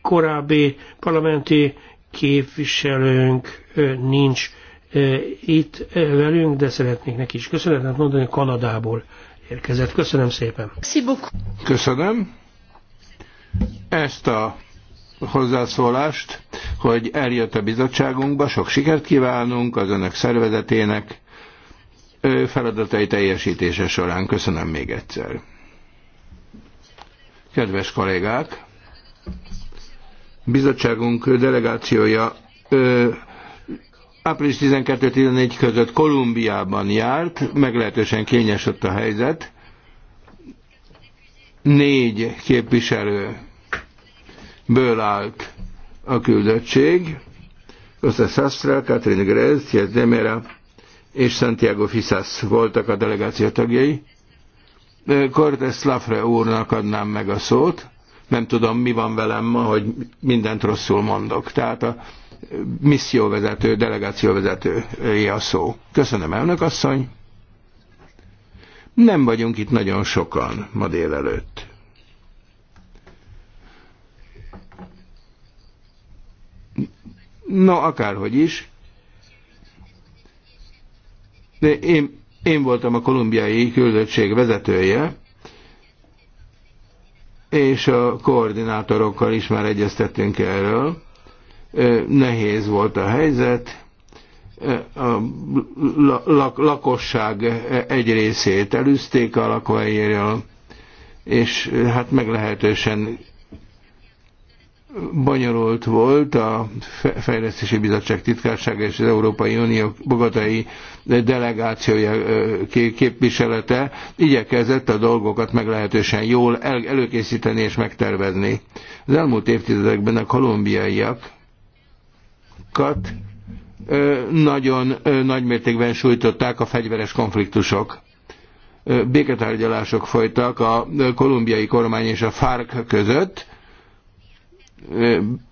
korábbi parlamenti képviselőnk nincs itt velünk, de szeretnék neki is köszönetet mondani, Kanadából érkezett. Köszönöm szépen. Köszönöm. Ezt a hozzászólást, hogy eljött a bizottságunkba, sok sikert kívánunk az önök szervezetének feladatai teljesítése során. Köszönöm még egyszer. Kedves kollégák, bizottságunk delegációja ö, április 12-14 között Kolumbiában járt, meglehetősen kényes ott a helyzet. Négy képviselő ből állt a küldöttség, Össze Sastra, Catherine Grez, Ties Demera és Santiago Fisas voltak a delegáció tagjai. Cortes Lafre úrnak adnám meg a szót. Nem tudom, mi van velem ma, hogy mindent rosszul mondok. Tehát a misszióvezető, delegációvezető a szó. Köszönöm, elnök asszony. Nem vagyunk itt nagyon sokan ma délelőtt. Na, akárhogy is. De én, én voltam a kolumbiai küldöttség vezetője, és a koordinátorokkal is már egyeztettünk erről. Nehéz volt a helyzet, a lakosság egy részét elűzték a lakóhelyéről, és hát meglehetősen bonyolult volt a Fejlesztési Bizottság titkársága és az Európai Unió bogatai delegációja képviselete igyekezett a dolgokat meglehetősen jól el, előkészíteni és megtervezni. Az elmúlt évtizedekben a kolumbiaiakat nagyon nagymértékben sújtották a fegyveres konfliktusok béketárgyalások folytak a kolumbiai kormány és a FARC között,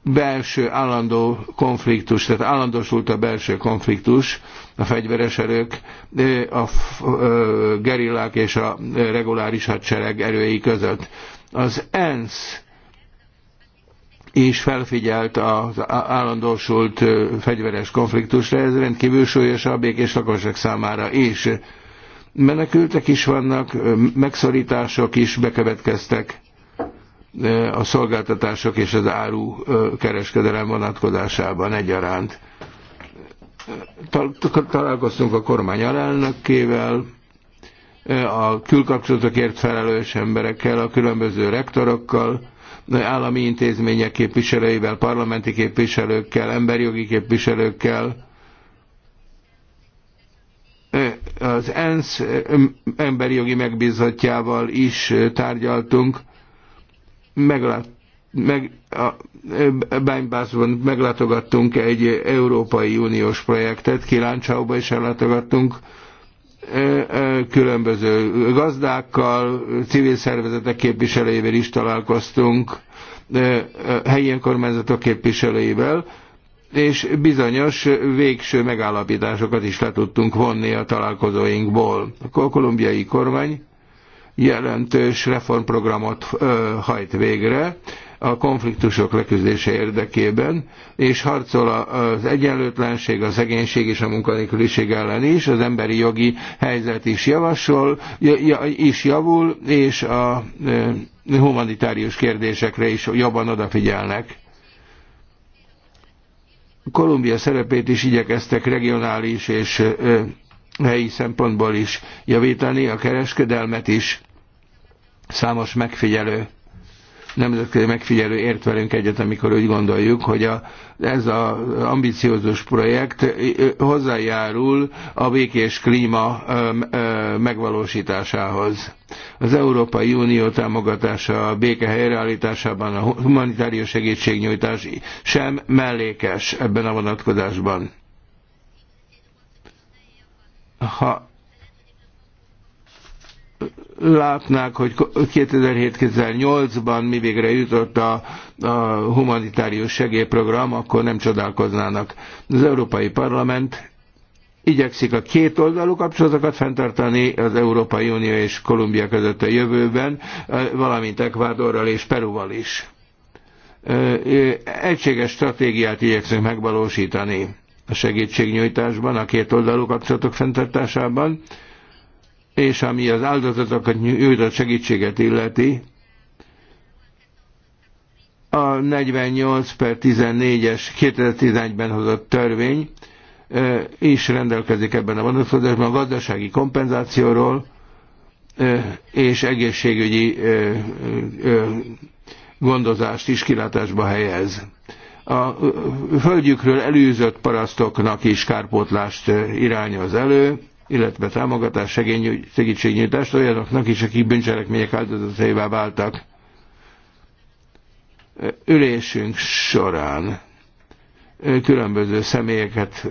belső állandó konfliktus, tehát állandósult a belső konfliktus, a fegyveres erők, a gerillák és a reguláris hadsereg erői között. Az ENSZ és felfigyelt az állandósult fegyveres konfliktusra, ez rendkívül súlyos a békés lakosság számára is. Menekültek is vannak, megszorítások is bekövetkeztek a szolgáltatások és az áru kereskedelem vonatkozásában egyaránt. Találkoztunk a kormány alelnökével, a külkapcsolatokért felelős emberekkel, a különböző rektorokkal, állami intézmények képviselőivel, parlamenti képviselőkkel, emberjogi képviselőkkel, az ENSZ emberi jogi megbízatjával is tárgyaltunk, meglát, meg, a e, Bánybászban meglátogattunk egy Európai Uniós projektet, Kiláncsáóba is ellátogattunk, e, e, különböző gazdákkal, civil szervezetek képviselőjével is találkoztunk, helyi önkormányzatok képviselőivel, és bizonyos végső megállapításokat is le tudtunk vonni a találkozóinkból. A kolumbiai kormány jelentős reformprogramot hajt végre a konfliktusok leküzdése érdekében, és harcol az egyenlőtlenség, a szegénység és a munkanélküliség ellen is, az emberi jogi helyzet is javasol, is javul, és a humanitárius kérdésekre is jobban odafigyelnek. Kolumbia szerepét is igyekeztek regionális és helyi szempontból is javítani, a kereskedelmet is. Számos megfigyelő, nemzetközi megfigyelő ért velünk egyet, amikor úgy gondoljuk, hogy a, ez az ambiciózus projekt hozzájárul a békés klíma megvalósításához. Az Európai Unió támogatása a béke helyreállításában, a humanitárius segítségnyújtás sem mellékes ebben a vonatkozásban ha látnák, hogy 2007-2008-ban mi végre jutott a, a humanitárius segélyprogram, akkor nem csodálkoznának. Az Európai Parlament igyekszik a két oldalú kapcsolatokat fenntartani az Európai Unió és Kolumbia között a jövőben, valamint Ekvádorral és Peruval is. Egységes stratégiát igyekszünk megvalósítani a segítségnyújtásban, a két oldalú kapcsolatok fenntartásában, és ami az áldozatokat nyújtott segítséget illeti, a 48 per 14-es 2011-ben hozott törvény is rendelkezik ebben a vonatkozásban a gazdasági kompenzációról és egészségügyi gondozást is kilátásba helyez a földjükről elűzött parasztoknak is kárpótlást irányoz elő, illetve támogatás, segény, segítségnyújtást olyanoknak is, akik bűncselekmények áldozataivá váltak. Ülésünk során különböző személyeket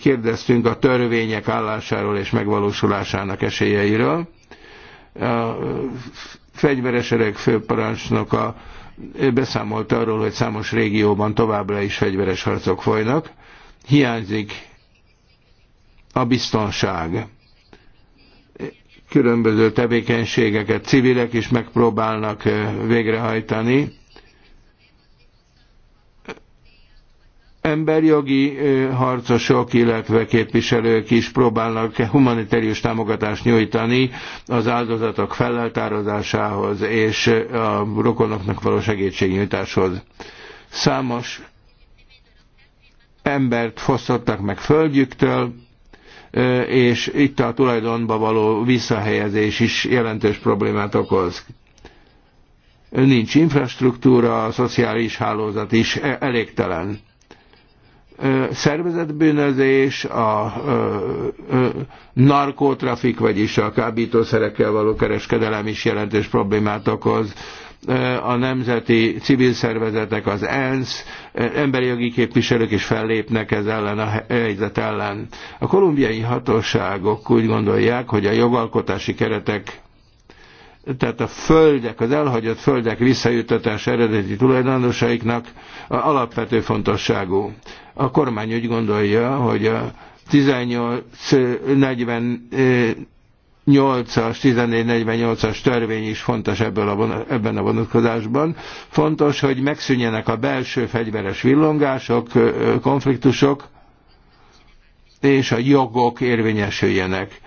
kérdeztünk a törvények állásáról és megvalósulásának esélyeiről. A fegyveres erők főparancsnoka beszámolt arról, hogy számos régióban továbbra is fegyveres harcok folynak. Hiányzik a biztonság. Különböző tevékenységeket civilek is megpróbálnak végrehajtani, emberjogi harcosok, illetve képviselők is próbálnak humanitárius támogatást nyújtani az áldozatok felleltározásához és a rokonoknak való segítségnyújtáshoz. Számos embert fosztottak meg földjüktől, és itt a tulajdonba való visszahelyezés is jelentős problémát okoz nincs infrastruktúra, a szociális hálózat is e- elégtelen szervezetbűnözés, a narkotrafik, vagyis a kábítószerekkel való kereskedelem is jelentős problémát okoz a nemzeti civil szervezetek, az ENSZ, emberi jogi képviselők is fellépnek ez ellen a helyzet ellen. A kolumbiai hatóságok úgy gondolják, hogy a jogalkotási keretek tehát a földek, az elhagyott földek visszajuttatás eredeti tulajdonosaiknak alapvető fontosságú. A kormány úgy gondolja, hogy a 1848 as 1448-as törvény is fontos ebből a, ebben a vonatkozásban. Fontos, hogy megszűnjenek a belső fegyveres villongások, konfliktusok, és a jogok érvényesüljenek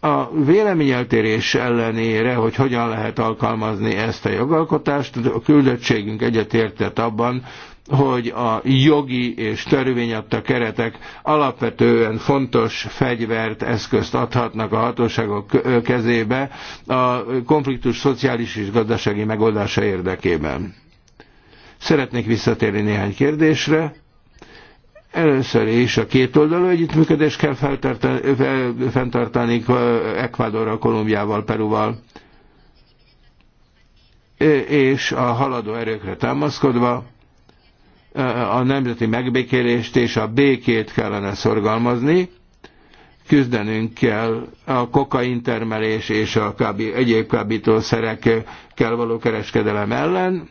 a véleményeltérés ellenére, hogy hogyan lehet alkalmazni ezt a jogalkotást, a küldöttségünk egyetértett abban, hogy a jogi és törvényadta keretek alapvetően fontos fegyvert, eszközt adhatnak a hatóságok kezébe a konfliktus szociális és gazdasági megoldása érdekében. Szeretnék visszatérni néhány kérdésre Először is a két oldalú együttműködést kell fenntartani Ekvádorral, eh, Kolumbiával, Peruval, e, és a haladó erőkre támaszkodva eh, a nemzeti megbékélést és a békét kellene szorgalmazni, küzdenünk kell a termelés és a kábí, egyéb kábítószerekkel való kereskedelem ellen,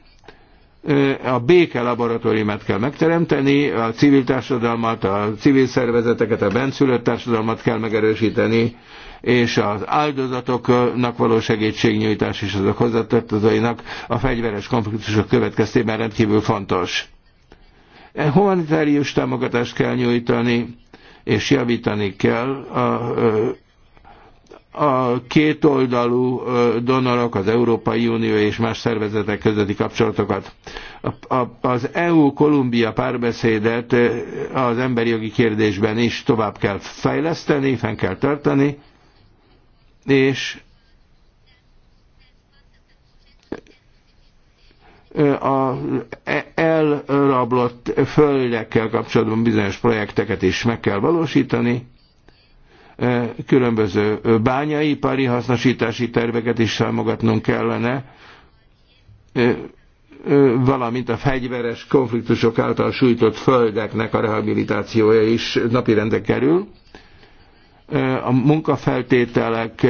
a béke laboratóriumát kell megteremteni, a civil társadalmat, a civil szervezeteket, a benszülött társadalmat kell megerősíteni, és az áldozatoknak való segítségnyújtás és azok hozzátartozóinak a fegyveres konfliktusok következtében rendkívül fontos. E humanitárius támogatást kell nyújtani, és javítani kell a a kétoldalú donorok, az Európai Unió és más szervezetek közötti kapcsolatokat. Az EU-Kolumbia párbeszédet az emberi jogi kérdésben is tovább kell fejleszteni, fenn kell tartani, és a e, elrablott földekkel kapcsolatban bizonyos projekteket is meg kell valósítani, különböző bányaipari hasznosítási terveket is támogatnunk kellene, valamint a fegyveres konfliktusok által sújtott földeknek a rehabilitációja is napirendre kerül. A munkafeltételek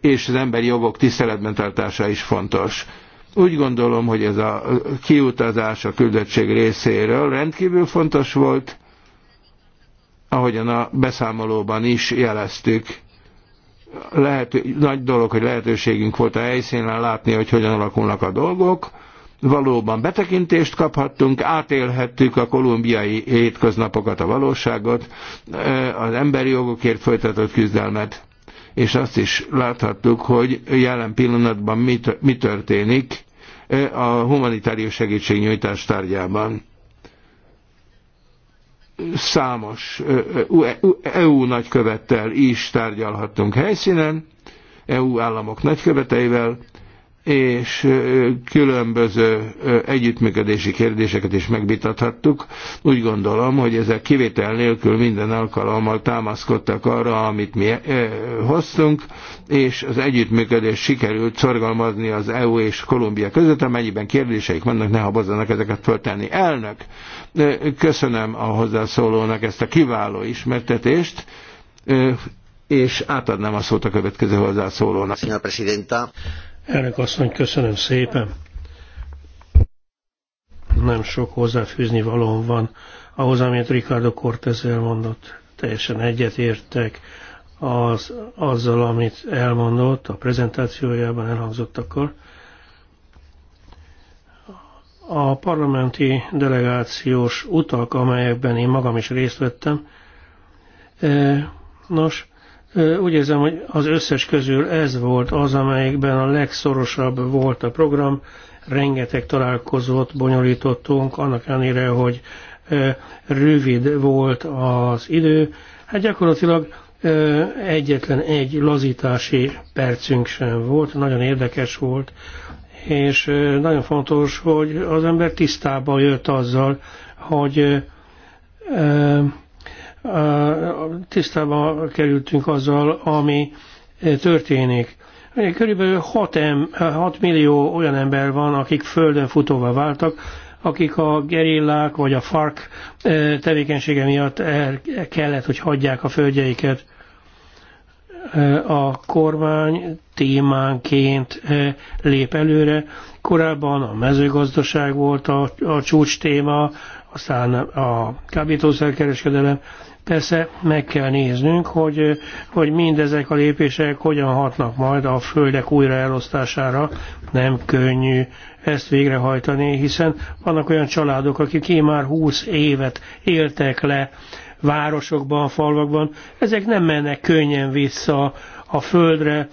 és az emberi jogok tiszteletben tartása is fontos. Úgy gondolom, hogy ez a kiutazás a küldöttség részéről rendkívül fontos volt, ahogyan a beszámolóban is jeleztük, lehető, nagy dolog, hogy lehetőségünk volt a helyszínen látni, hogy hogyan alakulnak a dolgok. Valóban betekintést kaphattunk, átélhettük a kolumbiai hétköznapokat, a valóságot, az emberi jogokért folytatott küzdelmet, és azt is láthattuk, hogy jelen pillanatban mi történik a humanitárius segítségnyújtás tárgyában számos EU e, e nagykövettel is tárgyalhattunk helyszínen, EU államok nagyköveteivel, és különböző együttműködési kérdéseket is megvitathattuk. Úgy gondolom, hogy ezek kivétel nélkül minden alkalommal támaszkodtak arra, amit mi hoztunk, és az együttműködés sikerült szorgalmazni az EU és Kolumbia között, amennyiben kérdéseik vannak, ne habozzanak ezeket föltenni. Elnök, köszönöm a hozzászólónak ezt a kiváló ismertetést és átadnám a szót a következő hozzászólónak. Elnök asszony, köszönöm szépen. Nem sok hozzáfűzni valóm van. Ahhoz, amit Ricardo Cortez elmondott, teljesen egyetértek az, azzal, amit elmondott a prezentációjában elhangzottakkal. A parlamenti delegációs utak, amelyekben én magam is részt vettem, eh, nos, úgy érzem, hogy az összes közül ez volt az, amelyikben a legszorosabb volt a program. Rengeteg találkozót bonyolítottunk, annak ellenére, hogy rövid volt az idő. Hát gyakorlatilag egyetlen egy lazítási percünk sem volt, nagyon érdekes volt, és nagyon fontos, hogy az ember tisztába jött azzal, hogy tisztába kerültünk azzal, ami történik. Körülbelül 6, 6 millió olyan ember van, akik földön futóvá váltak, akik a gerillák vagy a FARC tevékenysége miatt el kellett, hogy hagyják a földjeiket. A kormány témánként lép előre. Korábban a mezőgazdaság volt a, a csúcs téma, aztán a kábítószerkereskedelem, Persze meg kell néznünk, hogy, hogy mindezek a lépések hogyan hatnak majd a földek újraelosztására. Nem könnyű ezt végrehajtani, hiszen vannak olyan családok, akik én már 20 évet éltek le városokban, falvakban. Ezek nem mennek könnyen vissza a földre,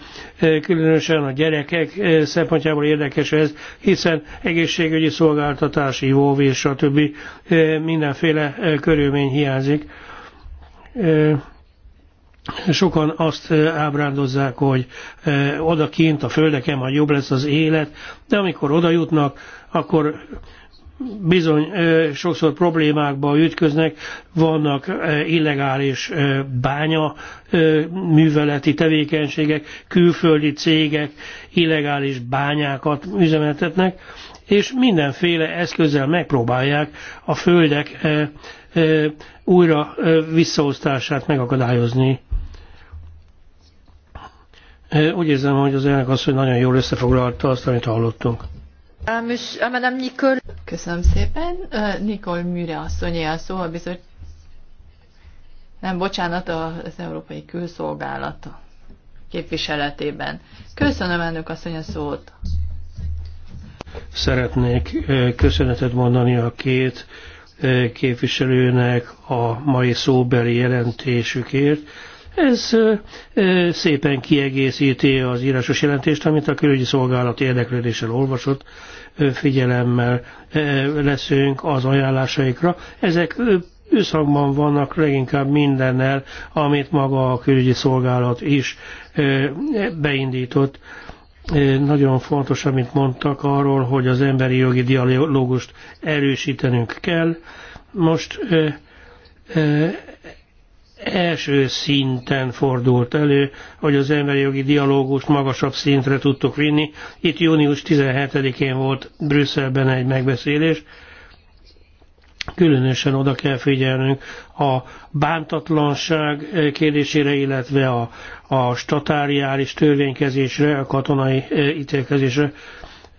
különösen a gyerekek szempontjából érdekes ez, hiszen egészségügyi szolgáltatás, ivóvíz, stb. mindenféle körülmény hiányzik sokan azt ábrándozzák, hogy odakint a földeken majd jobb lesz az élet, de amikor oda jutnak, akkor bizony sokszor problémákba ütköznek, vannak illegális bánya műveleti tevékenységek, külföldi cégek illegális bányákat üzemeltetnek, és mindenféle eszközzel megpróbálják a földek újra visszaosztását megakadályozni. Úgy érzem, hogy az elnök hogy nagyon jól összefoglalta azt, amit hallottunk. Köszönöm szépen. Nikol Műre asszonyé a szó, a bizony... Nem, bocsánat, az Európai Külszolgálat képviseletében. Köszönöm elnök asszony a szót. Szeretnék köszönetet mondani a két képviselőnek a mai szóbeli jelentésükért. Ez szépen kiegészíti az írásos jelentést, amit a külügyi szolgálat érdeklődéssel olvasott, figyelemmel leszünk az ajánlásaikra. Ezek összhangban vannak leginkább mindennel, amit maga a külügyi szolgálat is beindított nagyon fontos, amit mondtak arról, hogy az emberi jogi dialógust erősítenünk kell. Most első szinten fordult elő, hogy az emberi jogi dialógust magasabb szintre tudtuk vinni. Itt június 17-én volt Brüsszelben egy megbeszélés, Különösen oda kell figyelnünk a bántatlanság kérdésére, illetve a, a statáriális törvénykezésre, a katonai e, ítélkezésre.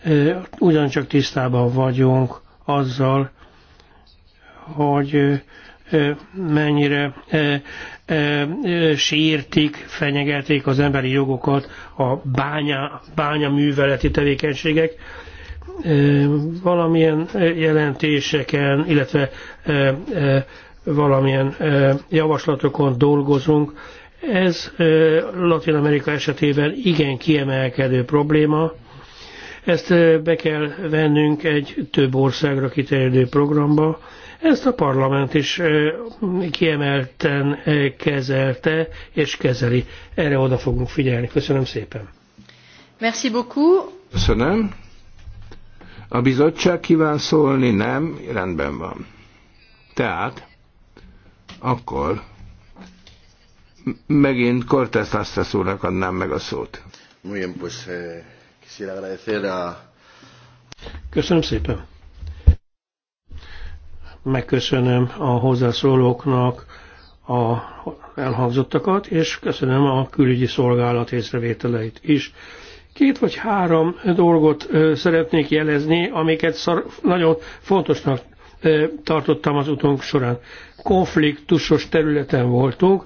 E, ugyancsak tisztában vagyunk azzal, hogy e, mennyire sértik, fenyegetik az emberi jogokat a bánya, bánya műveleti tevékenységek valamilyen jelentéseken, illetve valamilyen javaslatokon dolgozunk. Ez Latin Amerika esetében igen kiemelkedő probléma. Ezt be kell vennünk egy több országra kiterjedő programba. Ezt a parlament is kiemelten kezelte és kezeli. Erre oda fogunk figyelni. Köszönöm szépen. Merci beaucoup. Köszönöm. A bizottság kíván szólni? Nem? Rendben van. Tehát, akkor megint Cortez Lasztasz úrnak adnám meg a szót. Eh, köszönöm szépen. Megköszönöm a hozzászólóknak a elhangzottakat, és köszönöm a külügyi szolgálat észrevételeit is. Két vagy három dolgot szeretnék jelezni, amiket szar, nagyon fontosnak tartottam az utunk során. Konfliktusos területen voltunk,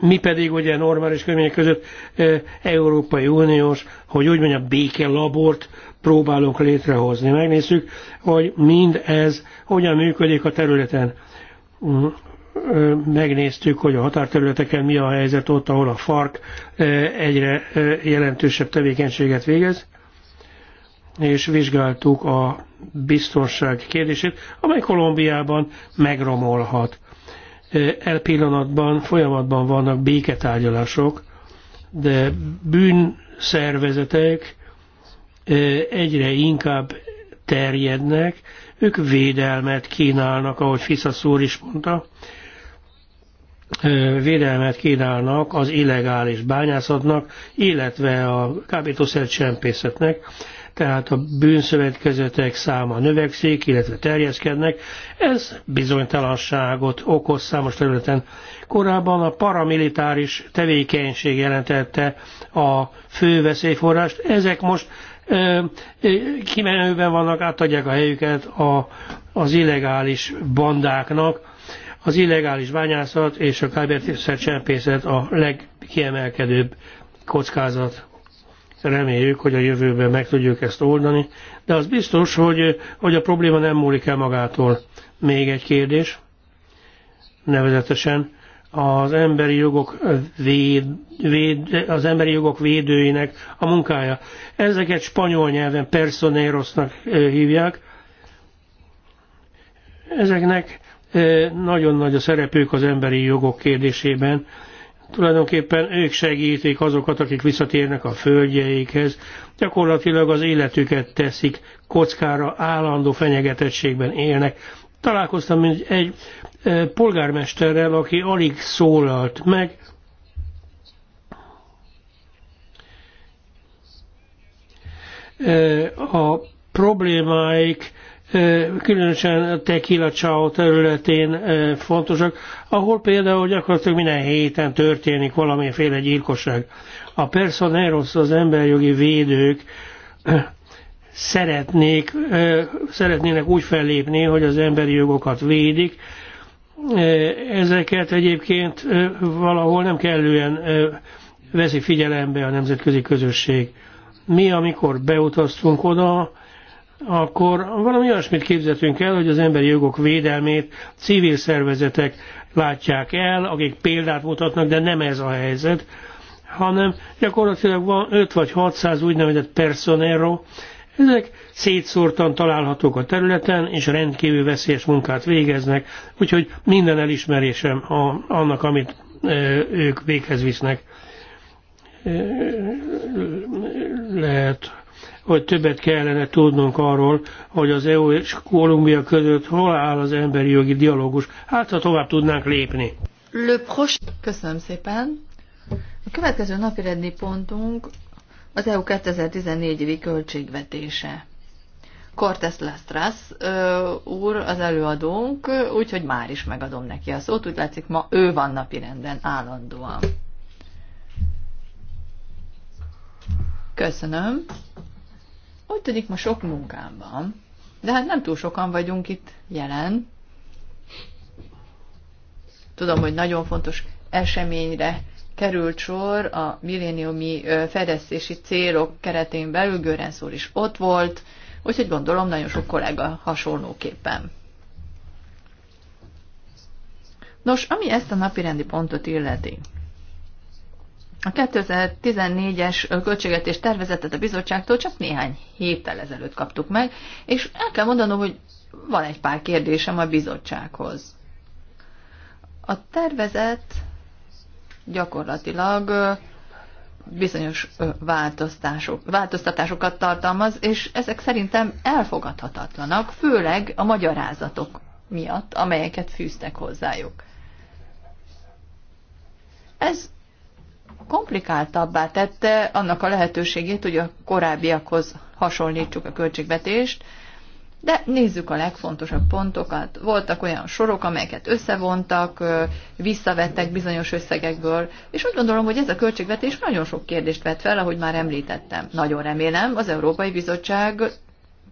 mi pedig ugye normális körülmények között Európai Uniós, hogy úgy mondjam, békelabort próbálunk létrehozni. Megnézzük, hogy mindez hogyan működik a területen. Mm, megnéztük, hogy a határterületeken mi a helyzet ott, ahol a fark egyre jelentősebb tevékenységet végez, és vizsgáltuk a biztonság kérdését, amely Kolumbiában megromolhat. El pillanatban folyamatban vannak béketárgyalások, de bűnszervezetek egyre inkább terjednek, ők védelmet kínálnak, ahogy Fiszasz úr is mondta, védelmet kínálnak az illegális bányászatnak, illetve a kábítószer csempészetnek, tehát a bűnszövetkezetek száma növekszik, illetve terjeszkednek. Ez bizonytalanságot okoz számos területen. Korábban a paramilitáris tevékenység jelentette a fő veszélyforrást, ezek most kimenőben vannak, átadják a helyüket a, az illegális bandáknak, az illegális bányászat és a kábértészer csempészet a legkiemelkedőbb kockázat. Reméljük, hogy a jövőben meg tudjuk ezt oldani, de az biztos, hogy, hogy a probléma nem múlik el magától. Még egy kérdés, nevezetesen az emberi jogok, véd, véd, az emberi jogok védőinek a munkája. Ezeket spanyol nyelven personerosnak hívják. Ezeknek nagyon nagy a szerepük az emberi jogok kérdésében. Tulajdonképpen ők segítik azokat, akik visszatérnek a földjeikhez. Gyakorlatilag az életüket teszik kockára, állandó fenyegetettségben élnek. Találkoztam egy, egy polgármesterrel, aki alig szólalt meg, a problémáik különösen a tequila Chao területén fontosak, ahol például gyakorlatilag minden héten történik valamiféle gyilkosság. A personeros, az emberjogi védők szeretnék, szeretnének úgy fellépni, hogy az emberi jogokat védik, ezeket egyébként valahol nem kellően veszi figyelembe a nemzetközi közösség. Mi, amikor beutaztunk oda, akkor valami olyasmit képzetünk el, hogy az emberi jogok védelmét civil szervezetek látják el, akik példát mutatnak, de nem ez a helyzet, hanem gyakorlatilag van 5 vagy 600 úgynevezett personero, ezek szétszórtan találhatók a területen, és rendkívül veszélyes munkát végeznek, úgyhogy minden elismerésem a, annak, amit ők véghez visznek. Lehet, hogy többet kellene tudnunk arról, hogy az EU és Kolumbia között hol áll az emberi jogi dialógus. Hát, ha tovább tudnánk lépni. Le pros... Köszönöm szépen. A következő napirendi pontunk az EU 2014 évi költségvetése. Cortes Lastras úr az előadónk, úgyhogy már is megadom neki a szót. Úgy látszik, ma ő van napirenden állandóan. Köszönöm. Úgy tűnik, ma sok munkám van, de hát nem túl sokan vagyunk itt jelen. Tudom, hogy nagyon fontos eseményre került sor a milléniumi fedezési célok keretén belül, Görensz úr is ott volt, úgyhogy gondolom nagyon sok kollega hasonlóképpen. Nos, ami ezt a rendi pontot illeti, a 2014-es költségvetés tervezetet a bizottságtól csak néhány héttel ezelőtt kaptuk meg, és el kell mondanom, hogy van egy pár kérdésem a bizottsághoz. A tervezet gyakorlatilag bizonyos változtások, változtatásokat tartalmaz, és ezek szerintem elfogadhatatlanak, főleg a magyarázatok miatt, amelyeket fűztek hozzájuk. Ez komplikáltabbá tette annak a lehetőségét, hogy a korábbiakhoz hasonlítsuk a költségvetést, de nézzük a legfontosabb pontokat. Voltak olyan sorok, amelyeket összevontak, visszavettek bizonyos összegekből, és úgy gondolom, hogy ez a költségvetés nagyon sok kérdést vett fel, ahogy már említettem. Nagyon remélem, az Európai Bizottság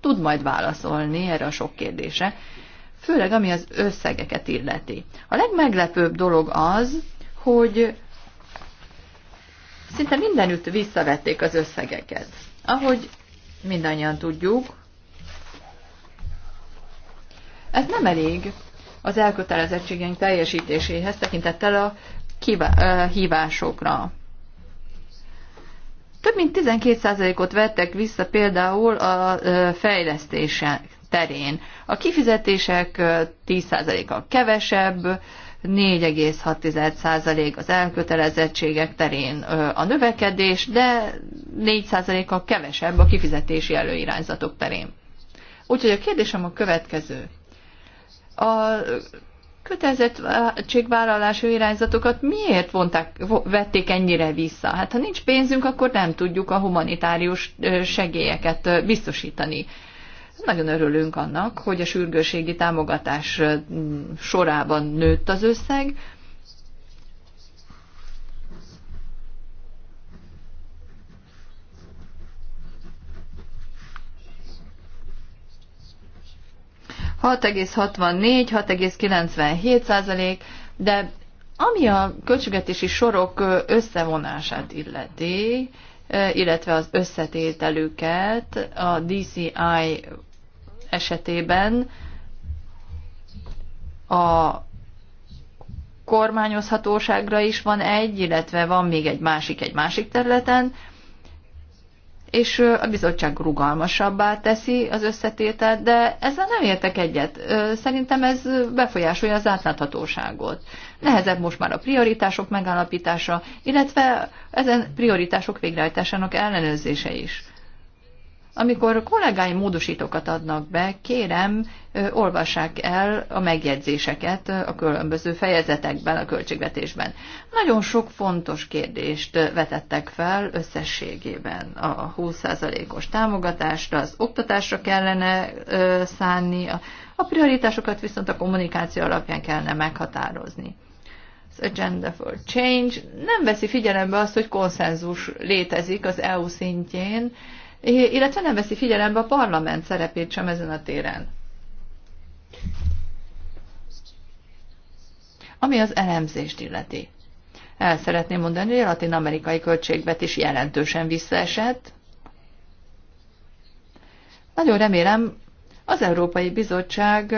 tud majd válaszolni erre a sok kérdése, főleg ami az összegeket illeti. A legmeglepőbb dolog az, hogy Szinte mindenütt visszavették az összegeket. Ahogy mindannyian tudjuk, ez nem elég az elkötelezettségeink teljesítéséhez tekintettel a hívásokra. Több mint 12%-ot vettek vissza például a fejlesztések terén. A kifizetések 10%-a kevesebb, 4,6% az elkötelezettségek terén a növekedés, de 4 a kevesebb a kifizetési előirányzatok terén. Úgyhogy a kérdésem a következő. A kötelezettségvállalási irányzatokat miért vonták, vették ennyire vissza? Hát ha nincs pénzünk, akkor nem tudjuk a humanitárius segélyeket biztosítani. Nagyon örülünk annak, hogy a sürgőségi támogatás sorában nőtt az összeg, százalék, de ami a költségvetési sorok összevonását illeti, illetve az összetételüket a DCI esetében a kormányozhatóságra is van egy, illetve van még egy másik egy másik területen, és a bizottság rugalmasabbá teszi az összetételt, de ezzel nem értek egyet. Szerintem ez befolyásolja az átláthatóságot. Nehezebb most már a prioritások megállapítása, illetve ezen prioritások végrehajtásának ellenőrzése is. Amikor kollégáim módosítókat adnak be, kérem, olvassák el a megjegyzéseket a különböző fejezetekben, a költségvetésben. Nagyon sok fontos kérdést vetettek fel összességében. A 20%-os támogatásra, az oktatásra kellene szánni, a prioritásokat viszont a kommunikáció alapján kellene meghatározni. Az Agenda for Change nem veszi figyelembe azt, hogy konszenzus létezik az EU szintjén, illetve nem veszi figyelembe a parlament szerepét sem ezen a téren. Ami az elemzést illeti. El szeretném mondani, hogy a latin-amerikai is jelentősen visszaesett. Nagyon remélem, az Európai Bizottság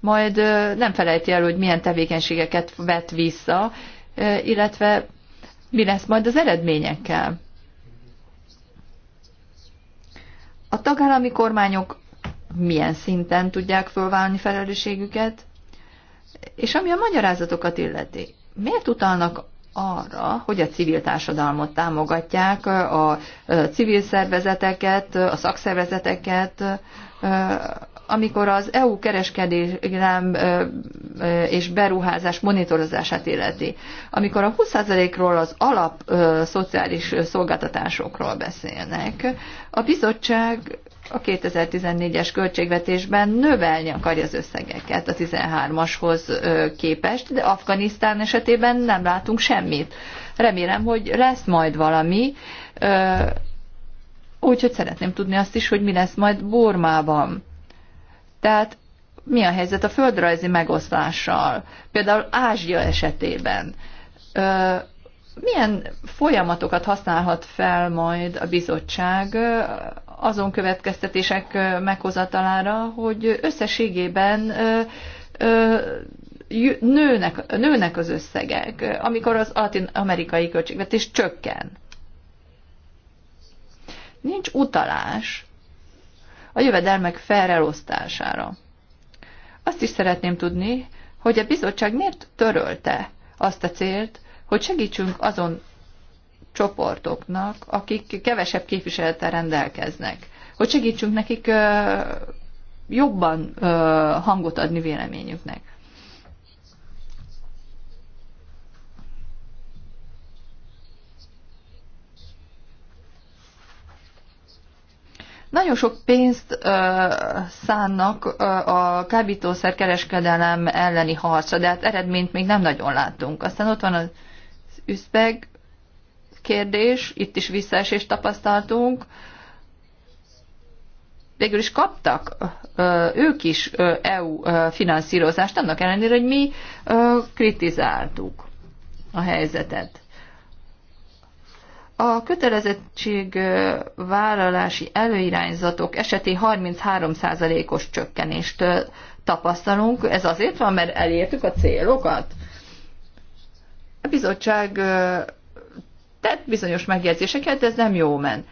majd nem felejti el, hogy milyen tevékenységeket vett vissza, illetve mi lesz majd az eredményekkel. A tagállami kormányok milyen szinten tudják fölválni felelősségüket, és ami a magyarázatokat illeti, miért utalnak arra, hogy a civil társadalmot támogatják, a civil szervezeteket, a szakszervezeteket, amikor az EU kereskedelem és beruházás monitorozását illeti, amikor a 20%-ról az alap szociális szolgáltatásokról beszélnek, a bizottság a 2014-es költségvetésben növelni akarja az összegeket a 13-ashoz képest, de Afganisztán esetében nem látunk semmit. Remélem, hogy lesz majd valami, úgyhogy szeretném tudni azt is, hogy mi lesz majd Burmában. Tehát mi a helyzet a földrajzi megoszlással? Például Ázsia esetében milyen folyamatokat használhat fel majd a bizottság azon következtetések meghozatalára, hogy összességében nőnek, nőnek az összegek, amikor az latin-amerikai költségvetés csökken. Nincs utalás a jövedelmek felelosztására. Azt is szeretném tudni, hogy a bizottság miért törölte azt a célt, hogy segítsünk azon csoportoknak, akik kevesebb képviselettel rendelkeznek, hogy segítsünk nekik jobban hangot adni véleményüknek. Nagyon sok pénzt ö, szánnak ö, a kereskedelem elleni harcra, de hát eredményt még nem nagyon látunk. Aztán ott van az üszpeg kérdés, itt is visszaesést tapasztaltunk. Végül is kaptak ö, ők is ö, EU ö, finanszírozást, annak ellenére, hogy mi ö, kritizáltuk a helyzetet. A kötelezettségvállalási előirányzatok esetén 33%-os csökkenést tapasztalunk. Ez azért van, mert elértük a célokat. A bizottság tett bizonyos megjegyzéseket, ez nem jó men.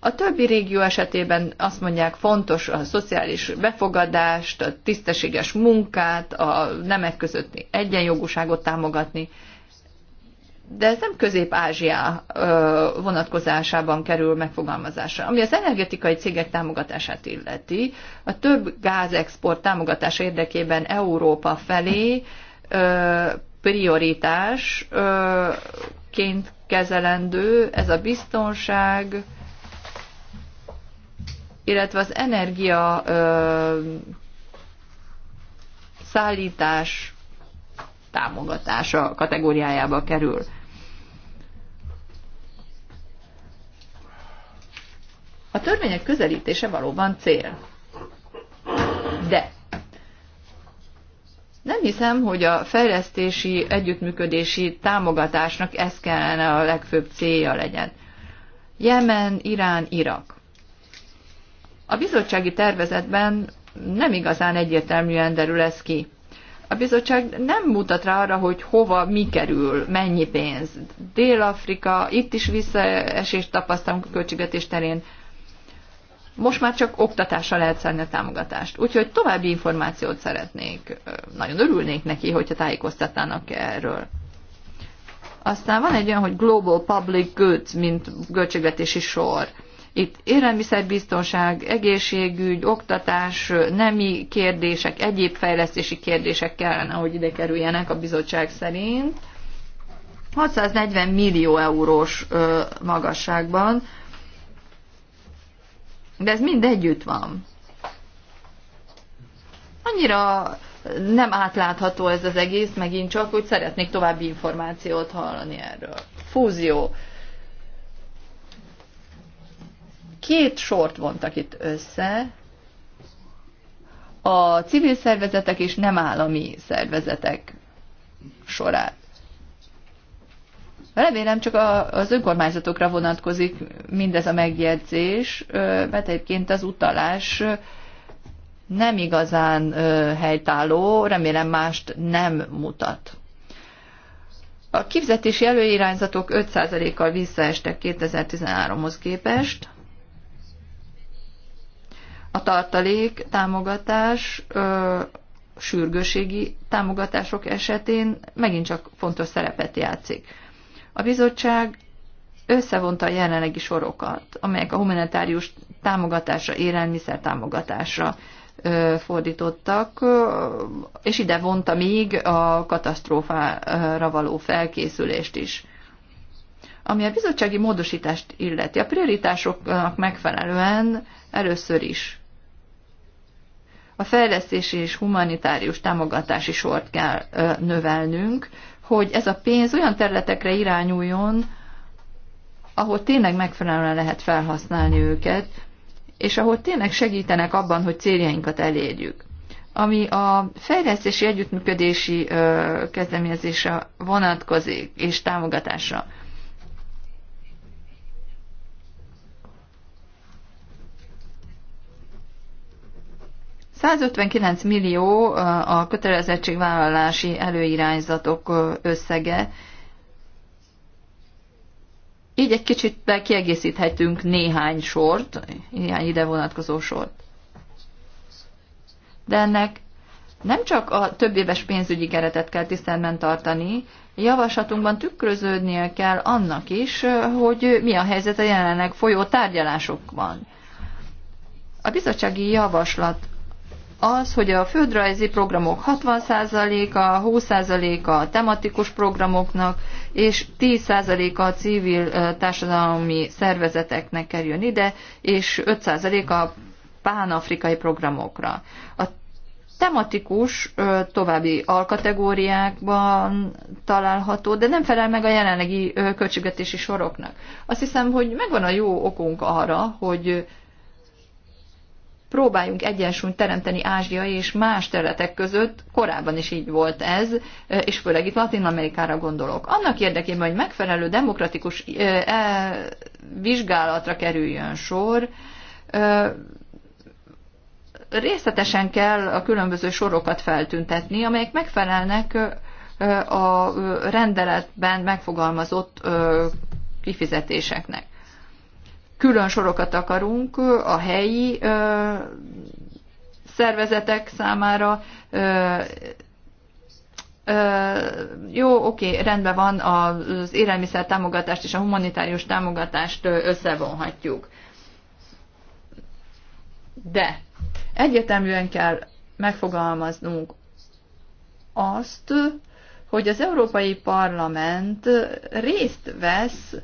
A többi régió esetében azt mondják, fontos a szociális befogadást, a tisztességes munkát, a nemek közötti egyenjogúságot támogatni de ez nem közép ázsia vonatkozásában kerül megfogalmazásra. Ami az energetikai cégek támogatását illeti, a több gázexport támogatása érdekében Európa felé prioritásként kezelendő ez a biztonság, illetve az energia szállítás támogatása kategóriájába kerül. A törvények közelítése valóban cél. De nem hiszem, hogy a fejlesztési, együttműködési támogatásnak ez kellene a legfőbb célja legyen. Jemen, Irán, Irak. A bizottsági tervezetben nem igazán egyértelműen derül ez ki. A bizottság nem mutat rá arra, hogy hova mi kerül, mennyi pénz. Dél-Afrika, itt is visszaesést tapasztalunk a költségvetés terén most már csak oktatásra lehet szerni a támogatást. Úgyhogy további információt szeretnék. Nagyon örülnék neki, hogyha tájékoztatnának erről. Aztán van egy olyan, hogy Global Public Goods, mint költségvetési sor. Itt élelmiszerbiztonság, egészségügy, oktatás, nemi kérdések, egyéb fejlesztési kérdések kellene, hogy ide kerüljenek a bizottság szerint. 640 millió eurós magasságban de ez mind együtt van. Annyira nem átlátható ez az egész, megint csak, hogy szeretnék további információt hallani erről. Fúzió. Két sort vontak itt össze, a civil szervezetek és nem állami szervezetek sorát. Remélem csak a, az önkormányzatokra vonatkozik mindez a megjegyzés, mert egyébként az utalás nem igazán helytálló, remélem mást nem mutat. A kifizetési előirányzatok 5%-kal visszaestek 2013-hoz képest. A tartalék támogatás ö, sürgőségi támogatások esetén megint csak fontos szerepet játszik. A bizottság összevonta a jelenlegi sorokat, amelyek a humanitárius támogatásra, élelmiszer támogatásra fordítottak, és ide vonta még a katasztrófára való felkészülést is. Ami a bizottsági módosítást illeti, a prioritásoknak megfelelően először is a fejlesztési és humanitárius támogatási sort kell növelnünk, hogy ez a pénz olyan területekre irányuljon, ahol tényleg megfelelően lehet felhasználni őket, és ahol tényleg segítenek abban, hogy céljainkat elérjük. Ami a fejlesztési együttműködési kezdeményezésre vonatkozik és támogatásra. 159 millió a kötelezettségvállalási előirányzatok összege, így egy kicsit kiegészíthetünk néhány sort, néhány ide vonatkozó sort. De ennek nem csak a több éves pénzügyi keretet kell tisztelmen tartani, javaslatunkban tükröződnie kell annak is, hogy mi a helyzet a jelenleg folyó tárgyalásokban. A bizottsági javaslat az, hogy a földrajzi programok 60%-a, 20%-a a tematikus programoknak, és 10%-a a civil társadalmi szervezeteknek kerjön ide, és 5%-a a pánafrikai programokra. A tematikus további alkategóriákban található, de nem felel meg a jelenlegi költségvetési soroknak. Azt hiszem, hogy megvan a jó okunk arra, hogy próbáljunk egyensúlyt teremteni Ázsia és más területek között, korábban is így volt ez, e, és főleg itt Latin Amerikára gondolok. Annak érdekében, hogy megfelelő demokratikus e, e, vizsgálatra kerüljön sor, részletesen kell a különböző sorokat feltüntetni, amelyek megfelelnek a rendeletben megfogalmazott kifizetéseknek külön sorokat akarunk a helyi szervezetek számára. Jó, oké, rendben van, az élelmiszer támogatást és a humanitárius támogatást összevonhatjuk. De egyértelműen kell megfogalmaznunk azt, hogy az Európai Parlament részt vesz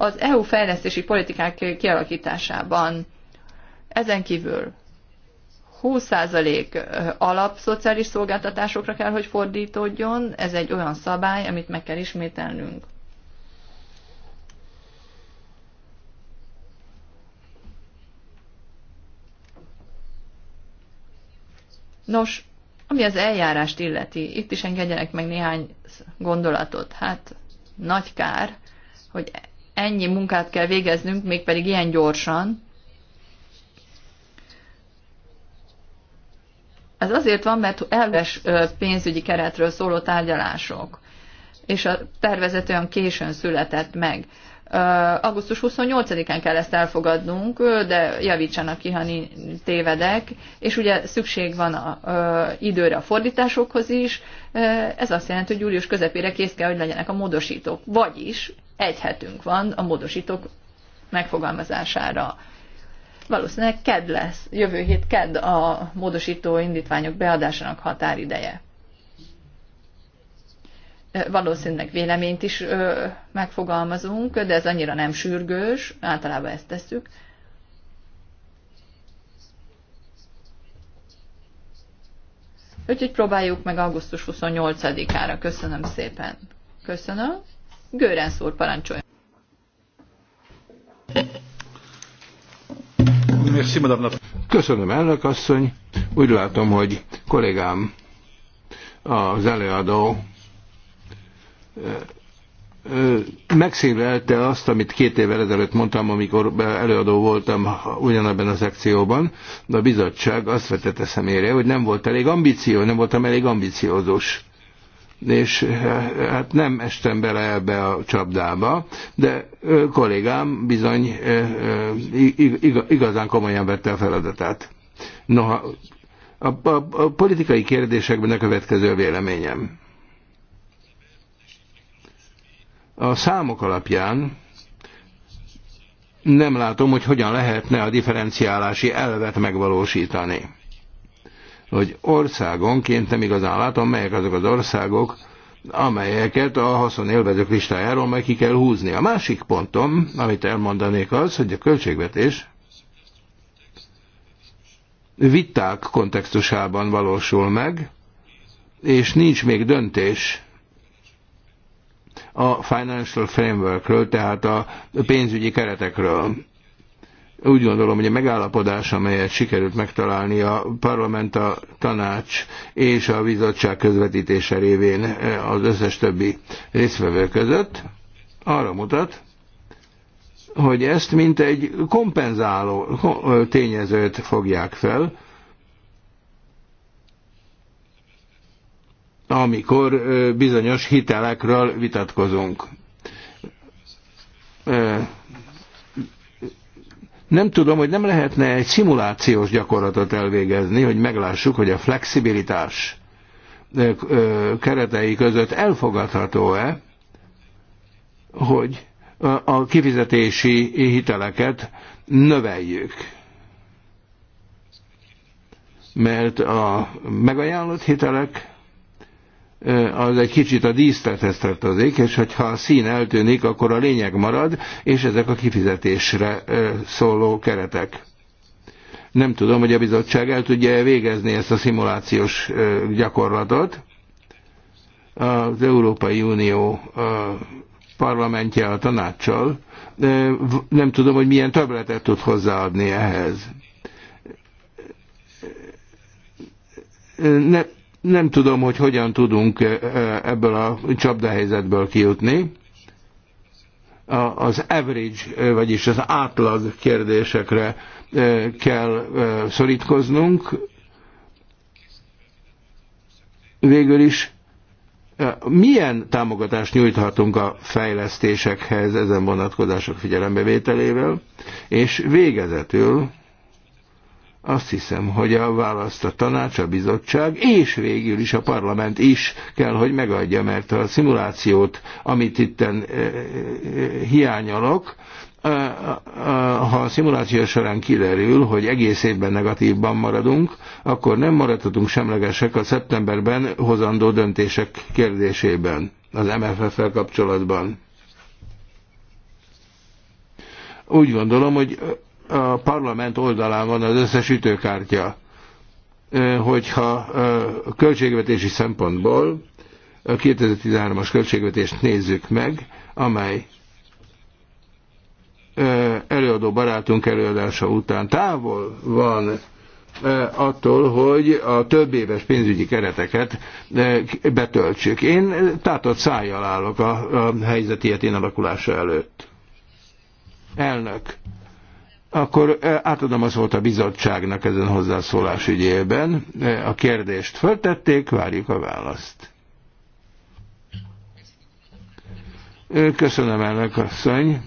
az EU fejlesztési politikák kialakításában. Ezen kívül 20% alapszociális szolgáltatásokra kell, hogy fordítódjon. Ez egy olyan szabály, amit meg kell ismételnünk. Nos, ami az eljárást illeti, itt is engedjenek meg néhány gondolatot. Hát nagy kár, hogy ennyi munkát kell végeznünk, mégpedig ilyen gyorsan. Ez azért van, mert elves pénzügyi keretről szóló tárgyalások, és a tervezet olyan későn született meg. Augusztus 28-án kell ezt elfogadnunk, de javítsanak ki, ha tévedek, és ugye szükség van a, a, időre a fordításokhoz is, ez azt jelenti, hogy július közepére kész kell, hogy legyenek a módosítók. Vagyis egy hetünk van a módosítók megfogalmazására. Valószínűleg ked lesz, jövő hét KED a módosító indítványok beadásának határideje. Valószínűleg véleményt is megfogalmazunk, de ez annyira nem sürgős, általában ezt tesszük. Úgyhogy próbáljuk meg augusztus 28-ára. Köszönöm szépen. Köszönöm. Görenc úr parancsolja. Köszönöm, elnök asszony. Úgy látom, hogy kollégám, az előadó megszívelte azt, amit két évvel ezelőtt mondtam, amikor előadó voltam ugyanabban a szekcióban, de a bizottság azt vetette szemére, hogy nem volt elég ambíció, nem voltam elég ambiciózus és eh, hát nem estem bele ebbe a csapdába, de kollégám bizony eh, eh, igazán komolyan vette a feladatát. Noha a, a, a politikai kérdésekben a következő a véleményem. A számok alapján nem látom, hogy hogyan lehetne a differenciálási elvet megvalósítani hogy országonként nem igazán látom, melyek azok az országok, amelyeket a haszonélvezők listájáról meg ki kell húzni. A másik pontom, amit elmondanék az, hogy a költségvetés viták kontextusában valósul meg, és nincs még döntés a financial frameworkről, tehát a pénzügyi keretekről. Úgy gondolom, hogy a megállapodás, amelyet sikerült megtalálni a parlament, a tanács és a bizottság közvetítése révén eh, az összes többi résztvevő között, arra mutat, hogy ezt mint egy kompenzáló tényezőt fogják fel, amikor bizonyos hitelekről vitatkozunk. Nem tudom, hogy nem lehetne egy szimulációs gyakorlatot elvégezni, hogy meglássuk, hogy a flexibilitás keretei között elfogadható-e, hogy a kifizetési hiteleket növeljük. Mert a megajánlott hitelek az egy kicsit a dísztethez tartozik, és hogyha a szín eltűnik, akkor a lényeg marad, és ezek a kifizetésre szóló keretek. Nem tudom, hogy a bizottság el tudja végezni ezt a szimulációs gyakorlatot. Az Európai Unió parlamentje a tanácssal, nem tudom, hogy milyen többletet tud hozzáadni ehhez. Ne, nem tudom, hogy hogyan tudunk eh, eh, ebből a csapdahelyzetből kijutni. Az average, eh, vagyis az átlag kérdésekre kell szorítkoznunk. Végül is milyen támogatást nyújthatunk a fejlesztésekhez ezen vonatkozások figyelembevételével, és végezetül azt hiszem, hogy a választ a tanács, a bizottság és végül is a parlament is kell, hogy megadja, mert a szimulációt, amit itten eh, eh, hiányolok, eh, ha a szimuláció során kiderül, hogy egész évben negatívban maradunk, akkor nem maradhatunk semlegesek a szeptemberben hozandó döntések kérdésében, az MFF-fel kapcsolatban. Úgy gondolom, hogy a parlament oldalán van az összes ütőkártya, hogyha költségvetési szempontból a 2013-as költségvetést nézzük meg, amely előadó barátunk előadása után távol van attól, hogy a több éves pénzügyi kereteket betöltsük. Én tátott szájjal állok a, a helyzet ilyetén alakulása előtt. Elnök. Akkor átadom a szót a bizottságnak ezen hozzászólás ügyében. A kérdést föltették, várjuk a választ. Köszönöm, elnök asszony.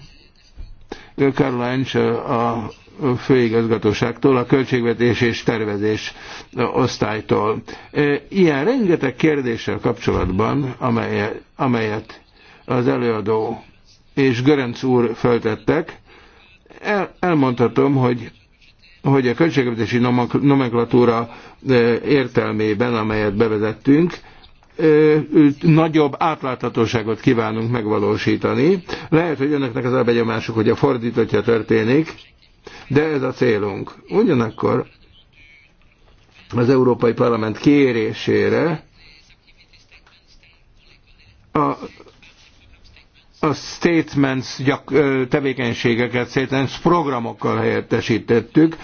Caroline a főigazgatóságtól, a költségvetés és tervezés osztálytól. Ilyen rengeteg kérdéssel kapcsolatban, amelyet, amelyet az előadó és Görenc úr föltettek, el, elmondhatom, hogy hogy a költségvetési nomenklatúra értelmében, amelyet bevezettünk, nagyobb átláthatóságot kívánunk megvalósítani. Lehet, hogy önöknek az a begyomásuk, hogy a fordítottja történik, de ez a célunk. Ugyanakkor az Európai Parlament kérésére a statements gyak, tevékenységeket, statements programokkal helyettesítettük,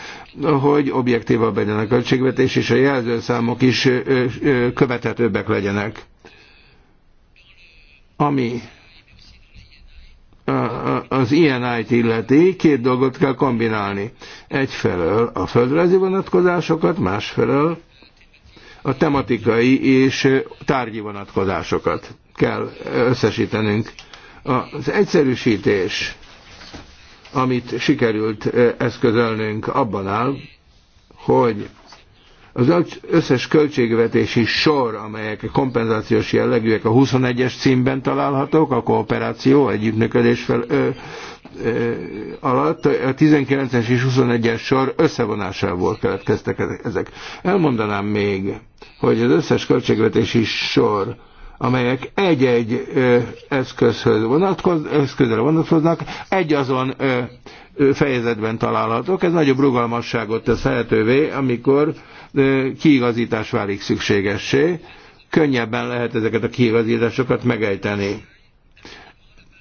hogy objektívabb legyen a költségvetés, és a jelzőszámok is követhetőbbek legyenek. Ami az ilyen t illeti, két dolgot kell kombinálni. Egyfelől a földrajzi vonatkozásokat, másfelől a tematikai és tárgyi vonatkozásokat kell összesítenünk az egyszerűsítés, amit sikerült eszközölnünk, abban áll, hogy az összes költségvetési sor, amelyek kompenzációs jellegűek a 21-es címben találhatók, a kooperáció, együttműködés fel, ö, ö, alatt, a 19-es és 21-es sor összevonásából keletkeztek ezek. Elmondanám még, hogy az összes költségvetési sor amelyek egy-egy eszközhöz vonatkoz, eszközre vonatkoznak, azon fejezetben találhatók. Ez nagyobb rugalmasságot tesz lehetővé, amikor kiigazítás válik szükségessé. Könnyebben lehet ezeket a kiigazításokat megejteni.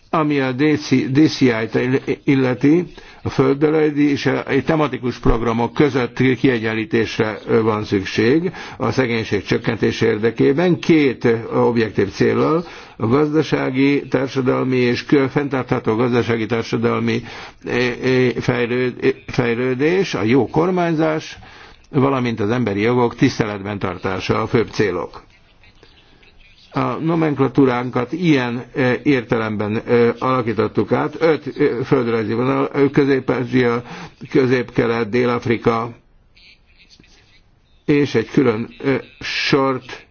Ami a DCI-t illeti, a földrajzi és a tematikus programok között kiegyenlítésre van szükség a szegénység csökkentés érdekében két objektív célral, a gazdasági, társadalmi és fenntartható gazdasági társadalmi fejlődés, a jó kormányzás, valamint az emberi jogok tiszteletben tartása a főbb célok a nomenklatúránkat ilyen e, értelemben e, alakítottuk át. Öt e, földrajzi vonal, Közép-Ázsia, Közép-Kelet, Dél-Afrika, és egy külön sort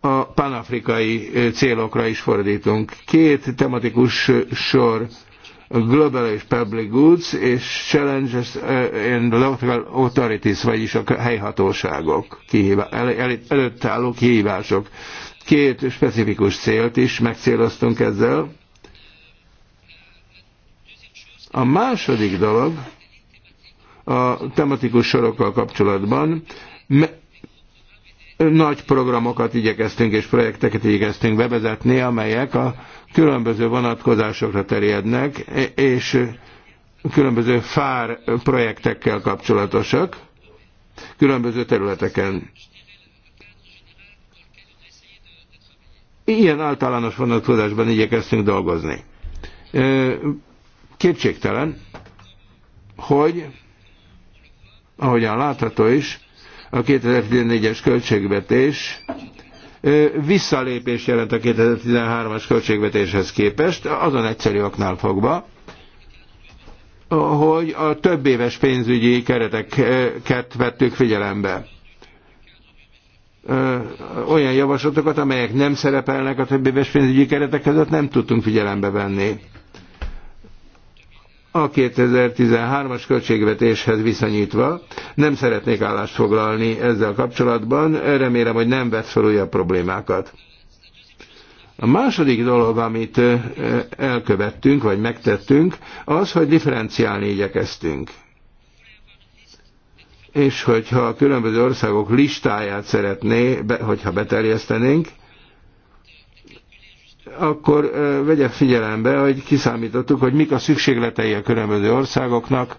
a panafrikai célokra is fordítunk. Két tematikus sor Global és Public Goods és Challenges and Local Authorities, vagyis a helyhatóságok kihívá- el- el- előtt álló kihívások. Két specifikus célt is megcéloztunk ezzel. A második dolog a tematikus sorokkal kapcsolatban nagy programokat igyekeztünk és projekteket igyekeztünk bevezetni, amelyek a különböző vonatkozásokra terjednek, és különböző fár projektekkel kapcsolatosak, különböző területeken. Ilyen általános vonatkozásban igyekeztünk dolgozni. Kétségtelen, hogy ahogyan látható is, a 2014-es költségvetés visszalépés jelent a 2013-as költségvetéshez képest, azon egyszerű oknál fogva, hogy a több éves pénzügyi kereteket vettük figyelembe olyan javaslatokat, amelyek nem szerepelnek a többi éves pénzügyi keretek között, nem tudtunk figyelembe venni. A 2013-as költségvetéshez viszonyítva nem szeretnék állást foglalni ezzel kapcsolatban, remélem, hogy nem vesz fel újabb problémákat. A második dolog, amit elkövettünk, vagy megtettünk, az, hogy differenciálni igyekeztünk és hogyha a különböző országok listáját szeretné, be, hogyha beterjesztenénk, akkor vegye figyelembe, hogy kiszámítottuk, hogy mik a szükségletei a különböző országoknak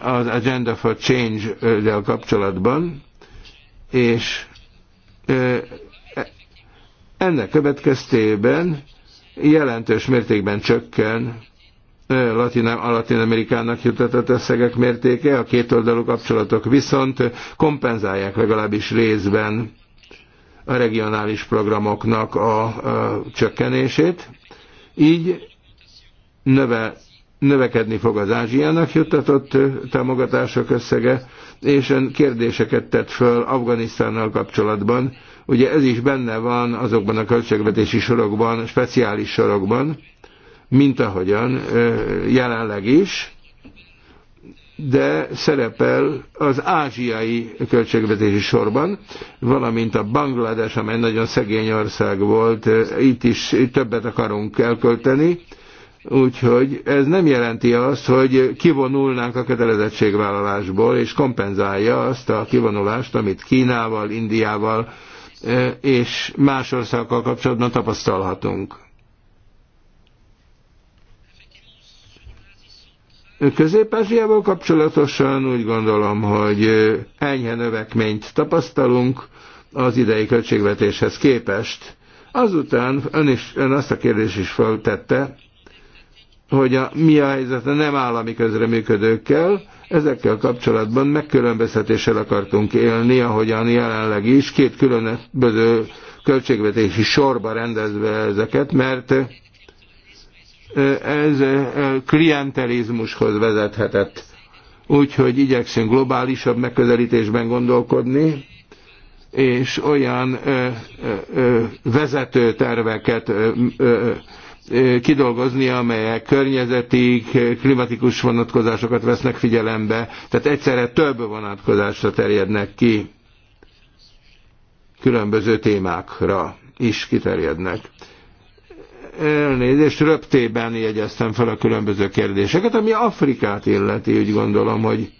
az Agenda for Change-del kapcsolatban, és ennek következtében jelentős mértékben csökken Latin, a Latin Amerikának jutatott összegek mértéke, a kétoldalú kapcsolatok viszont kompenzálják legalábbis részben a regionális programoknak a, a csökkenését. Így növe, növekedni fog az Ázsiának juttatott támogatások összege, és ön kérdéseket tett föl Afganisztánnal kapcsolatban. Ugye ez is benne van azokban a költségvetési sorokban, speciális sorokban, mint ahogyan jelenleg is, de szerepel az ázsiai költségvetési sorban, valamint a Banglades, amely nagyon szegény ország volt, itt is többet akarunk elkölteni, úgyhogy ez nem jelenti azt, hogy kivonulnánk a kötelezettségvállalásból, és kompenzálja azt a kivonulást, amit Kínával, Indiával és más országokkal kapcsolatban tapasztalhatunk. közép kapcsolatosan úgy gondolom, hogy enyhe növekményt tapasztalunk az idei költségvetéshez képest. Azután ön, is, ön azt a kérdést is feltette, hogy a, mi a helyzet a nem állami közreműködőkkel, ezekkel kapcsolatban megkülönböztetéssel akartunk élni, ahogyan jelenleg is, két különböző költségvetési sorba rendezve ezeket, mert ez klientelizmushoz vezethetett. Úgyhogy igyekszünk globálisabb megközelítésben gondolkodni, és olyan ö, ö, vezető terveket ö, ö, kidolgozni, amelyek környezeti, klimatikus vonatkozásokat vesznek figyelembe, tehát egyszerre több vonatkozásra terjednek ki, különböző témákra is kiterjednek elnézést, röptében jegyeztem fel a különböző kérdéseket, ami Afrikát illeti, úgy gondolom, hogy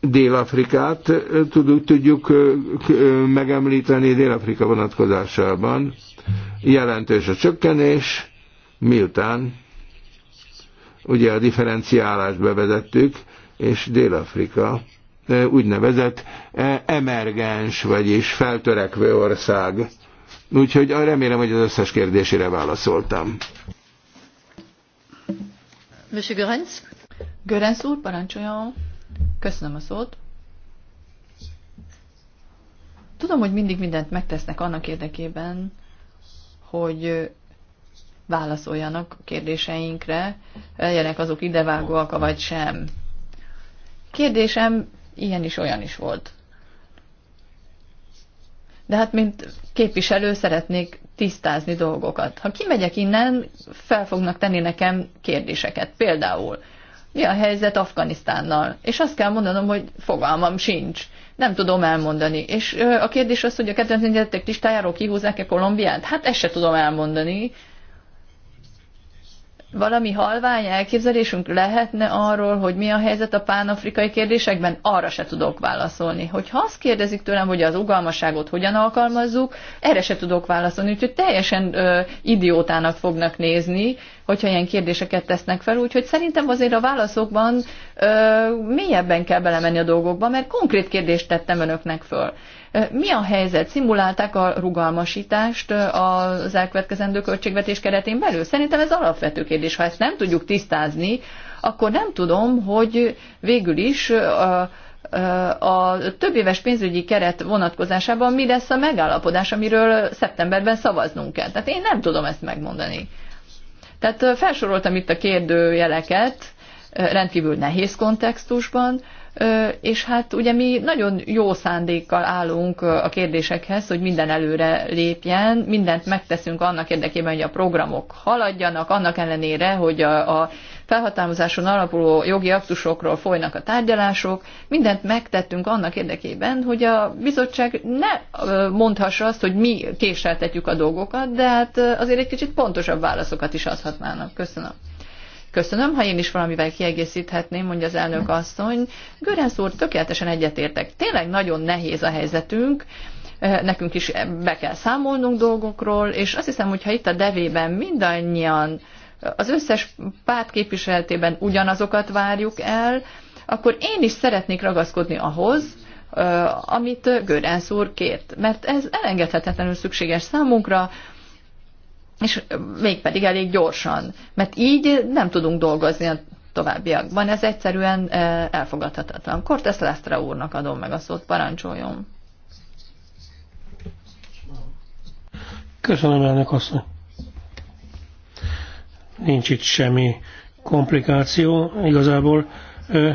Dél-Afrikát eh, tudjuk, tudjuk eh, eh, megemlíteni Dél-Afrika vonatkozásában. Jelentős a csökkenés, miután ugye a differenciálást bevezettük, és Dél-Afrika úgynevezett emergens, vagyis feltörekvő ország Úgyhogy remélem, hogy az összes kérdésére válaszoltam. Monsieur Görenc? Görenc úr, parancsoljon. Köszönöm a szót. Tudom, hogy mindig mindent megtesznek annak érdekében, hogy válaszoljanak kérdéseinkre, legyenek azok idevágóak, vagy sem. Kérdésem ilyen is, olyan is volt. De hát, mint képviselő, szeretnék tisztázni dolgokat. Ha kimegyek innen, fel fognak tenni nekem kérdéseket. Például, mi a helyzet Afganisztánnal? És azt kell mondanom, hogy fogalmam sincs. Nem tudom elmondani. És a kérdés az, hogy a 2004 listájáról kihúzzák-e Kolumbiát? Hát ezt se tudom elmondani, valami halvány elképzelésünk lehetne arról, hogy mi a helyzet a pánafrikai kérdésekben, arra se tudok válaszolni. Hogyha azt kérdezik tőlem, hogy az ugalmasságot hogyan alkalmazzuk, erre se tudok válaszolni, úgyhogy teljesen ö, idiótának fognak nézni, hogyha ilyen kérdéseket tesznek fel, úgyhogy szerintem azért a válaszokban ö, mélyebben kell belemenni a dolgokba, mert konkrét kérdést tettem önöknek föl. Mi a helyzet? Szimulálták a rugalmasítást az elkövetkezendő költségvetés keretén belül? Szerintem ez alapvető kérdés. Ha ezt nem tudjuk tisztázni, akkor nem tudom, hogy végül is a, a több éves pénzügyi keret vonatkozásában mi lesz a megállapodás, amiről szeptemberben szavaznunk kell. Tehát én nem tudom ezt megmondani. Tehát felsoroltam itt a kérdőjeleket rendkívül nehéz kontextusban, és hát ugye mi nagyon jó szándékkal állunk a kérdésekhez, hogy minden előre lépjen, mindent megteszünk annak érdekében, hogy a programok haladjanak, annak ellenére, hogy a, a felhatalmazáson alapuló jogi aktusokról folynak a tárgyalások, mindent megtettünk annak érdekében, hogy a bizottság ne mondhassa azt, hogy mi késeltetjük a dolgokat, de hát azért egy kicsit pontosabb válaszokat is adhatnának. Köszönöm. Köszönöm, ha én is valamivel kiegészíthetném, mondja az elnök asszony. Görenc úr, tökéletesen egyetértek. Tényleg nagyon nehéz a helyzetünk, nekünk is be kell számolnunk dolgokról, és azt hiszem, hogy ha itt a devében mindannyian az összes párt képviseletében ugyanazokat várjuk el, akkor én is szeretnék ragaszkodni ahhoz, amit Görenc úr kért, mert ez elengedhetetlenül szükséges számunkra, és mégpedig elég gyorsan, mert így nem tudunk dolgozni a továbbiakban, ez egyszerűen eh, elfogadhatatlan. Cortez Lestra úrnak adom meg a szót, parancsoljon. Köszönöm elnök asszony. Nincs itt semmi komplikáció, igazából ö,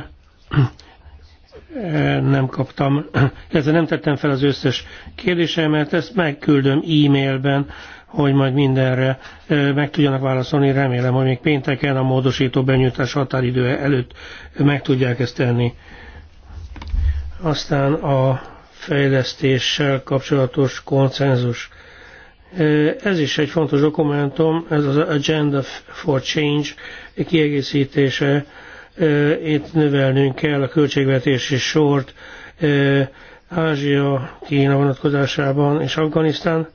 ö, nem kaptam, illetve nem tettem fel az összes kérdésemet, ezt megküldöm e-mailben hogy majd mindenre meg tudjanak válaszolni. Remélem, hogy még pénteken a módosító benyújtás határidő előtt meg tudják ezt tenni. Aztán a fejlesztéssel kapcsolatos konszenzus. Ez is egy fontos dokumentum, ez az Agenda for Change kiegészítése. Itt növelnünk kell a költségvetési sort Ázsia, Kína vonatkozásában és Afganisztán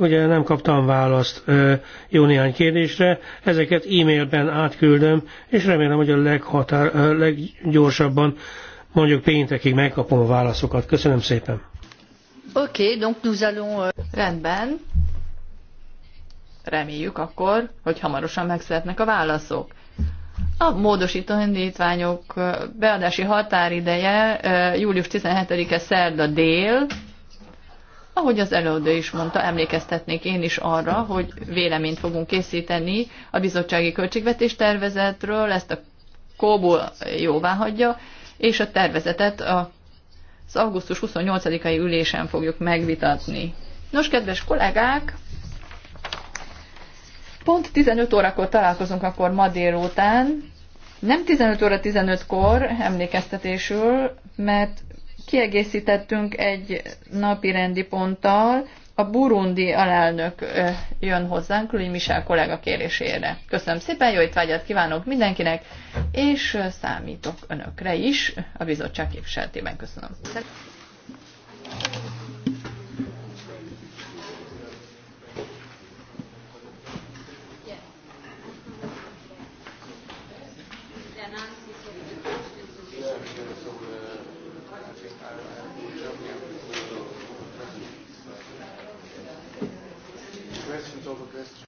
ugye nem kaptam választ ö, jó néhány kérdésre, ezeket e-mailben átküldöm, és remélem, hogy a leghatár, ö, leggyorsabban mondjuk péntekig megkapom a válaszokat. Köszönöm szépen. Oké, okay, donc nous allons... Rendben. Reméljük akkor, hogy hamarosan megszületnek a válaszok. A módosító indítványok beadási határideje július 17-e szerda dél, ahogy az előadó is mondta, emlékeztetnék én is arra, hogy véleményt fogunk készíteni a bizottsági költségvetés tervezetről, ezt a kóból jóvá hagyja, és a tervezetet az augusztus 28-ai ülésen fogjuk megvitatni. Nos, kedves kollégák, pont 15 órakor találkozunk akkor ma délután, nem 15 óra 15-kor emlékeztetésül, mert kiegészítettünk egy napi rendi ponttal, a burundi alelnök jön hozzánk, Lui Michel kollega kérésére. Köszönöm szépen, jó étvágyat kívánok mindenkinek, és számítok önökre is a bizottság képviseletében. Köszönöm. Köszönöm.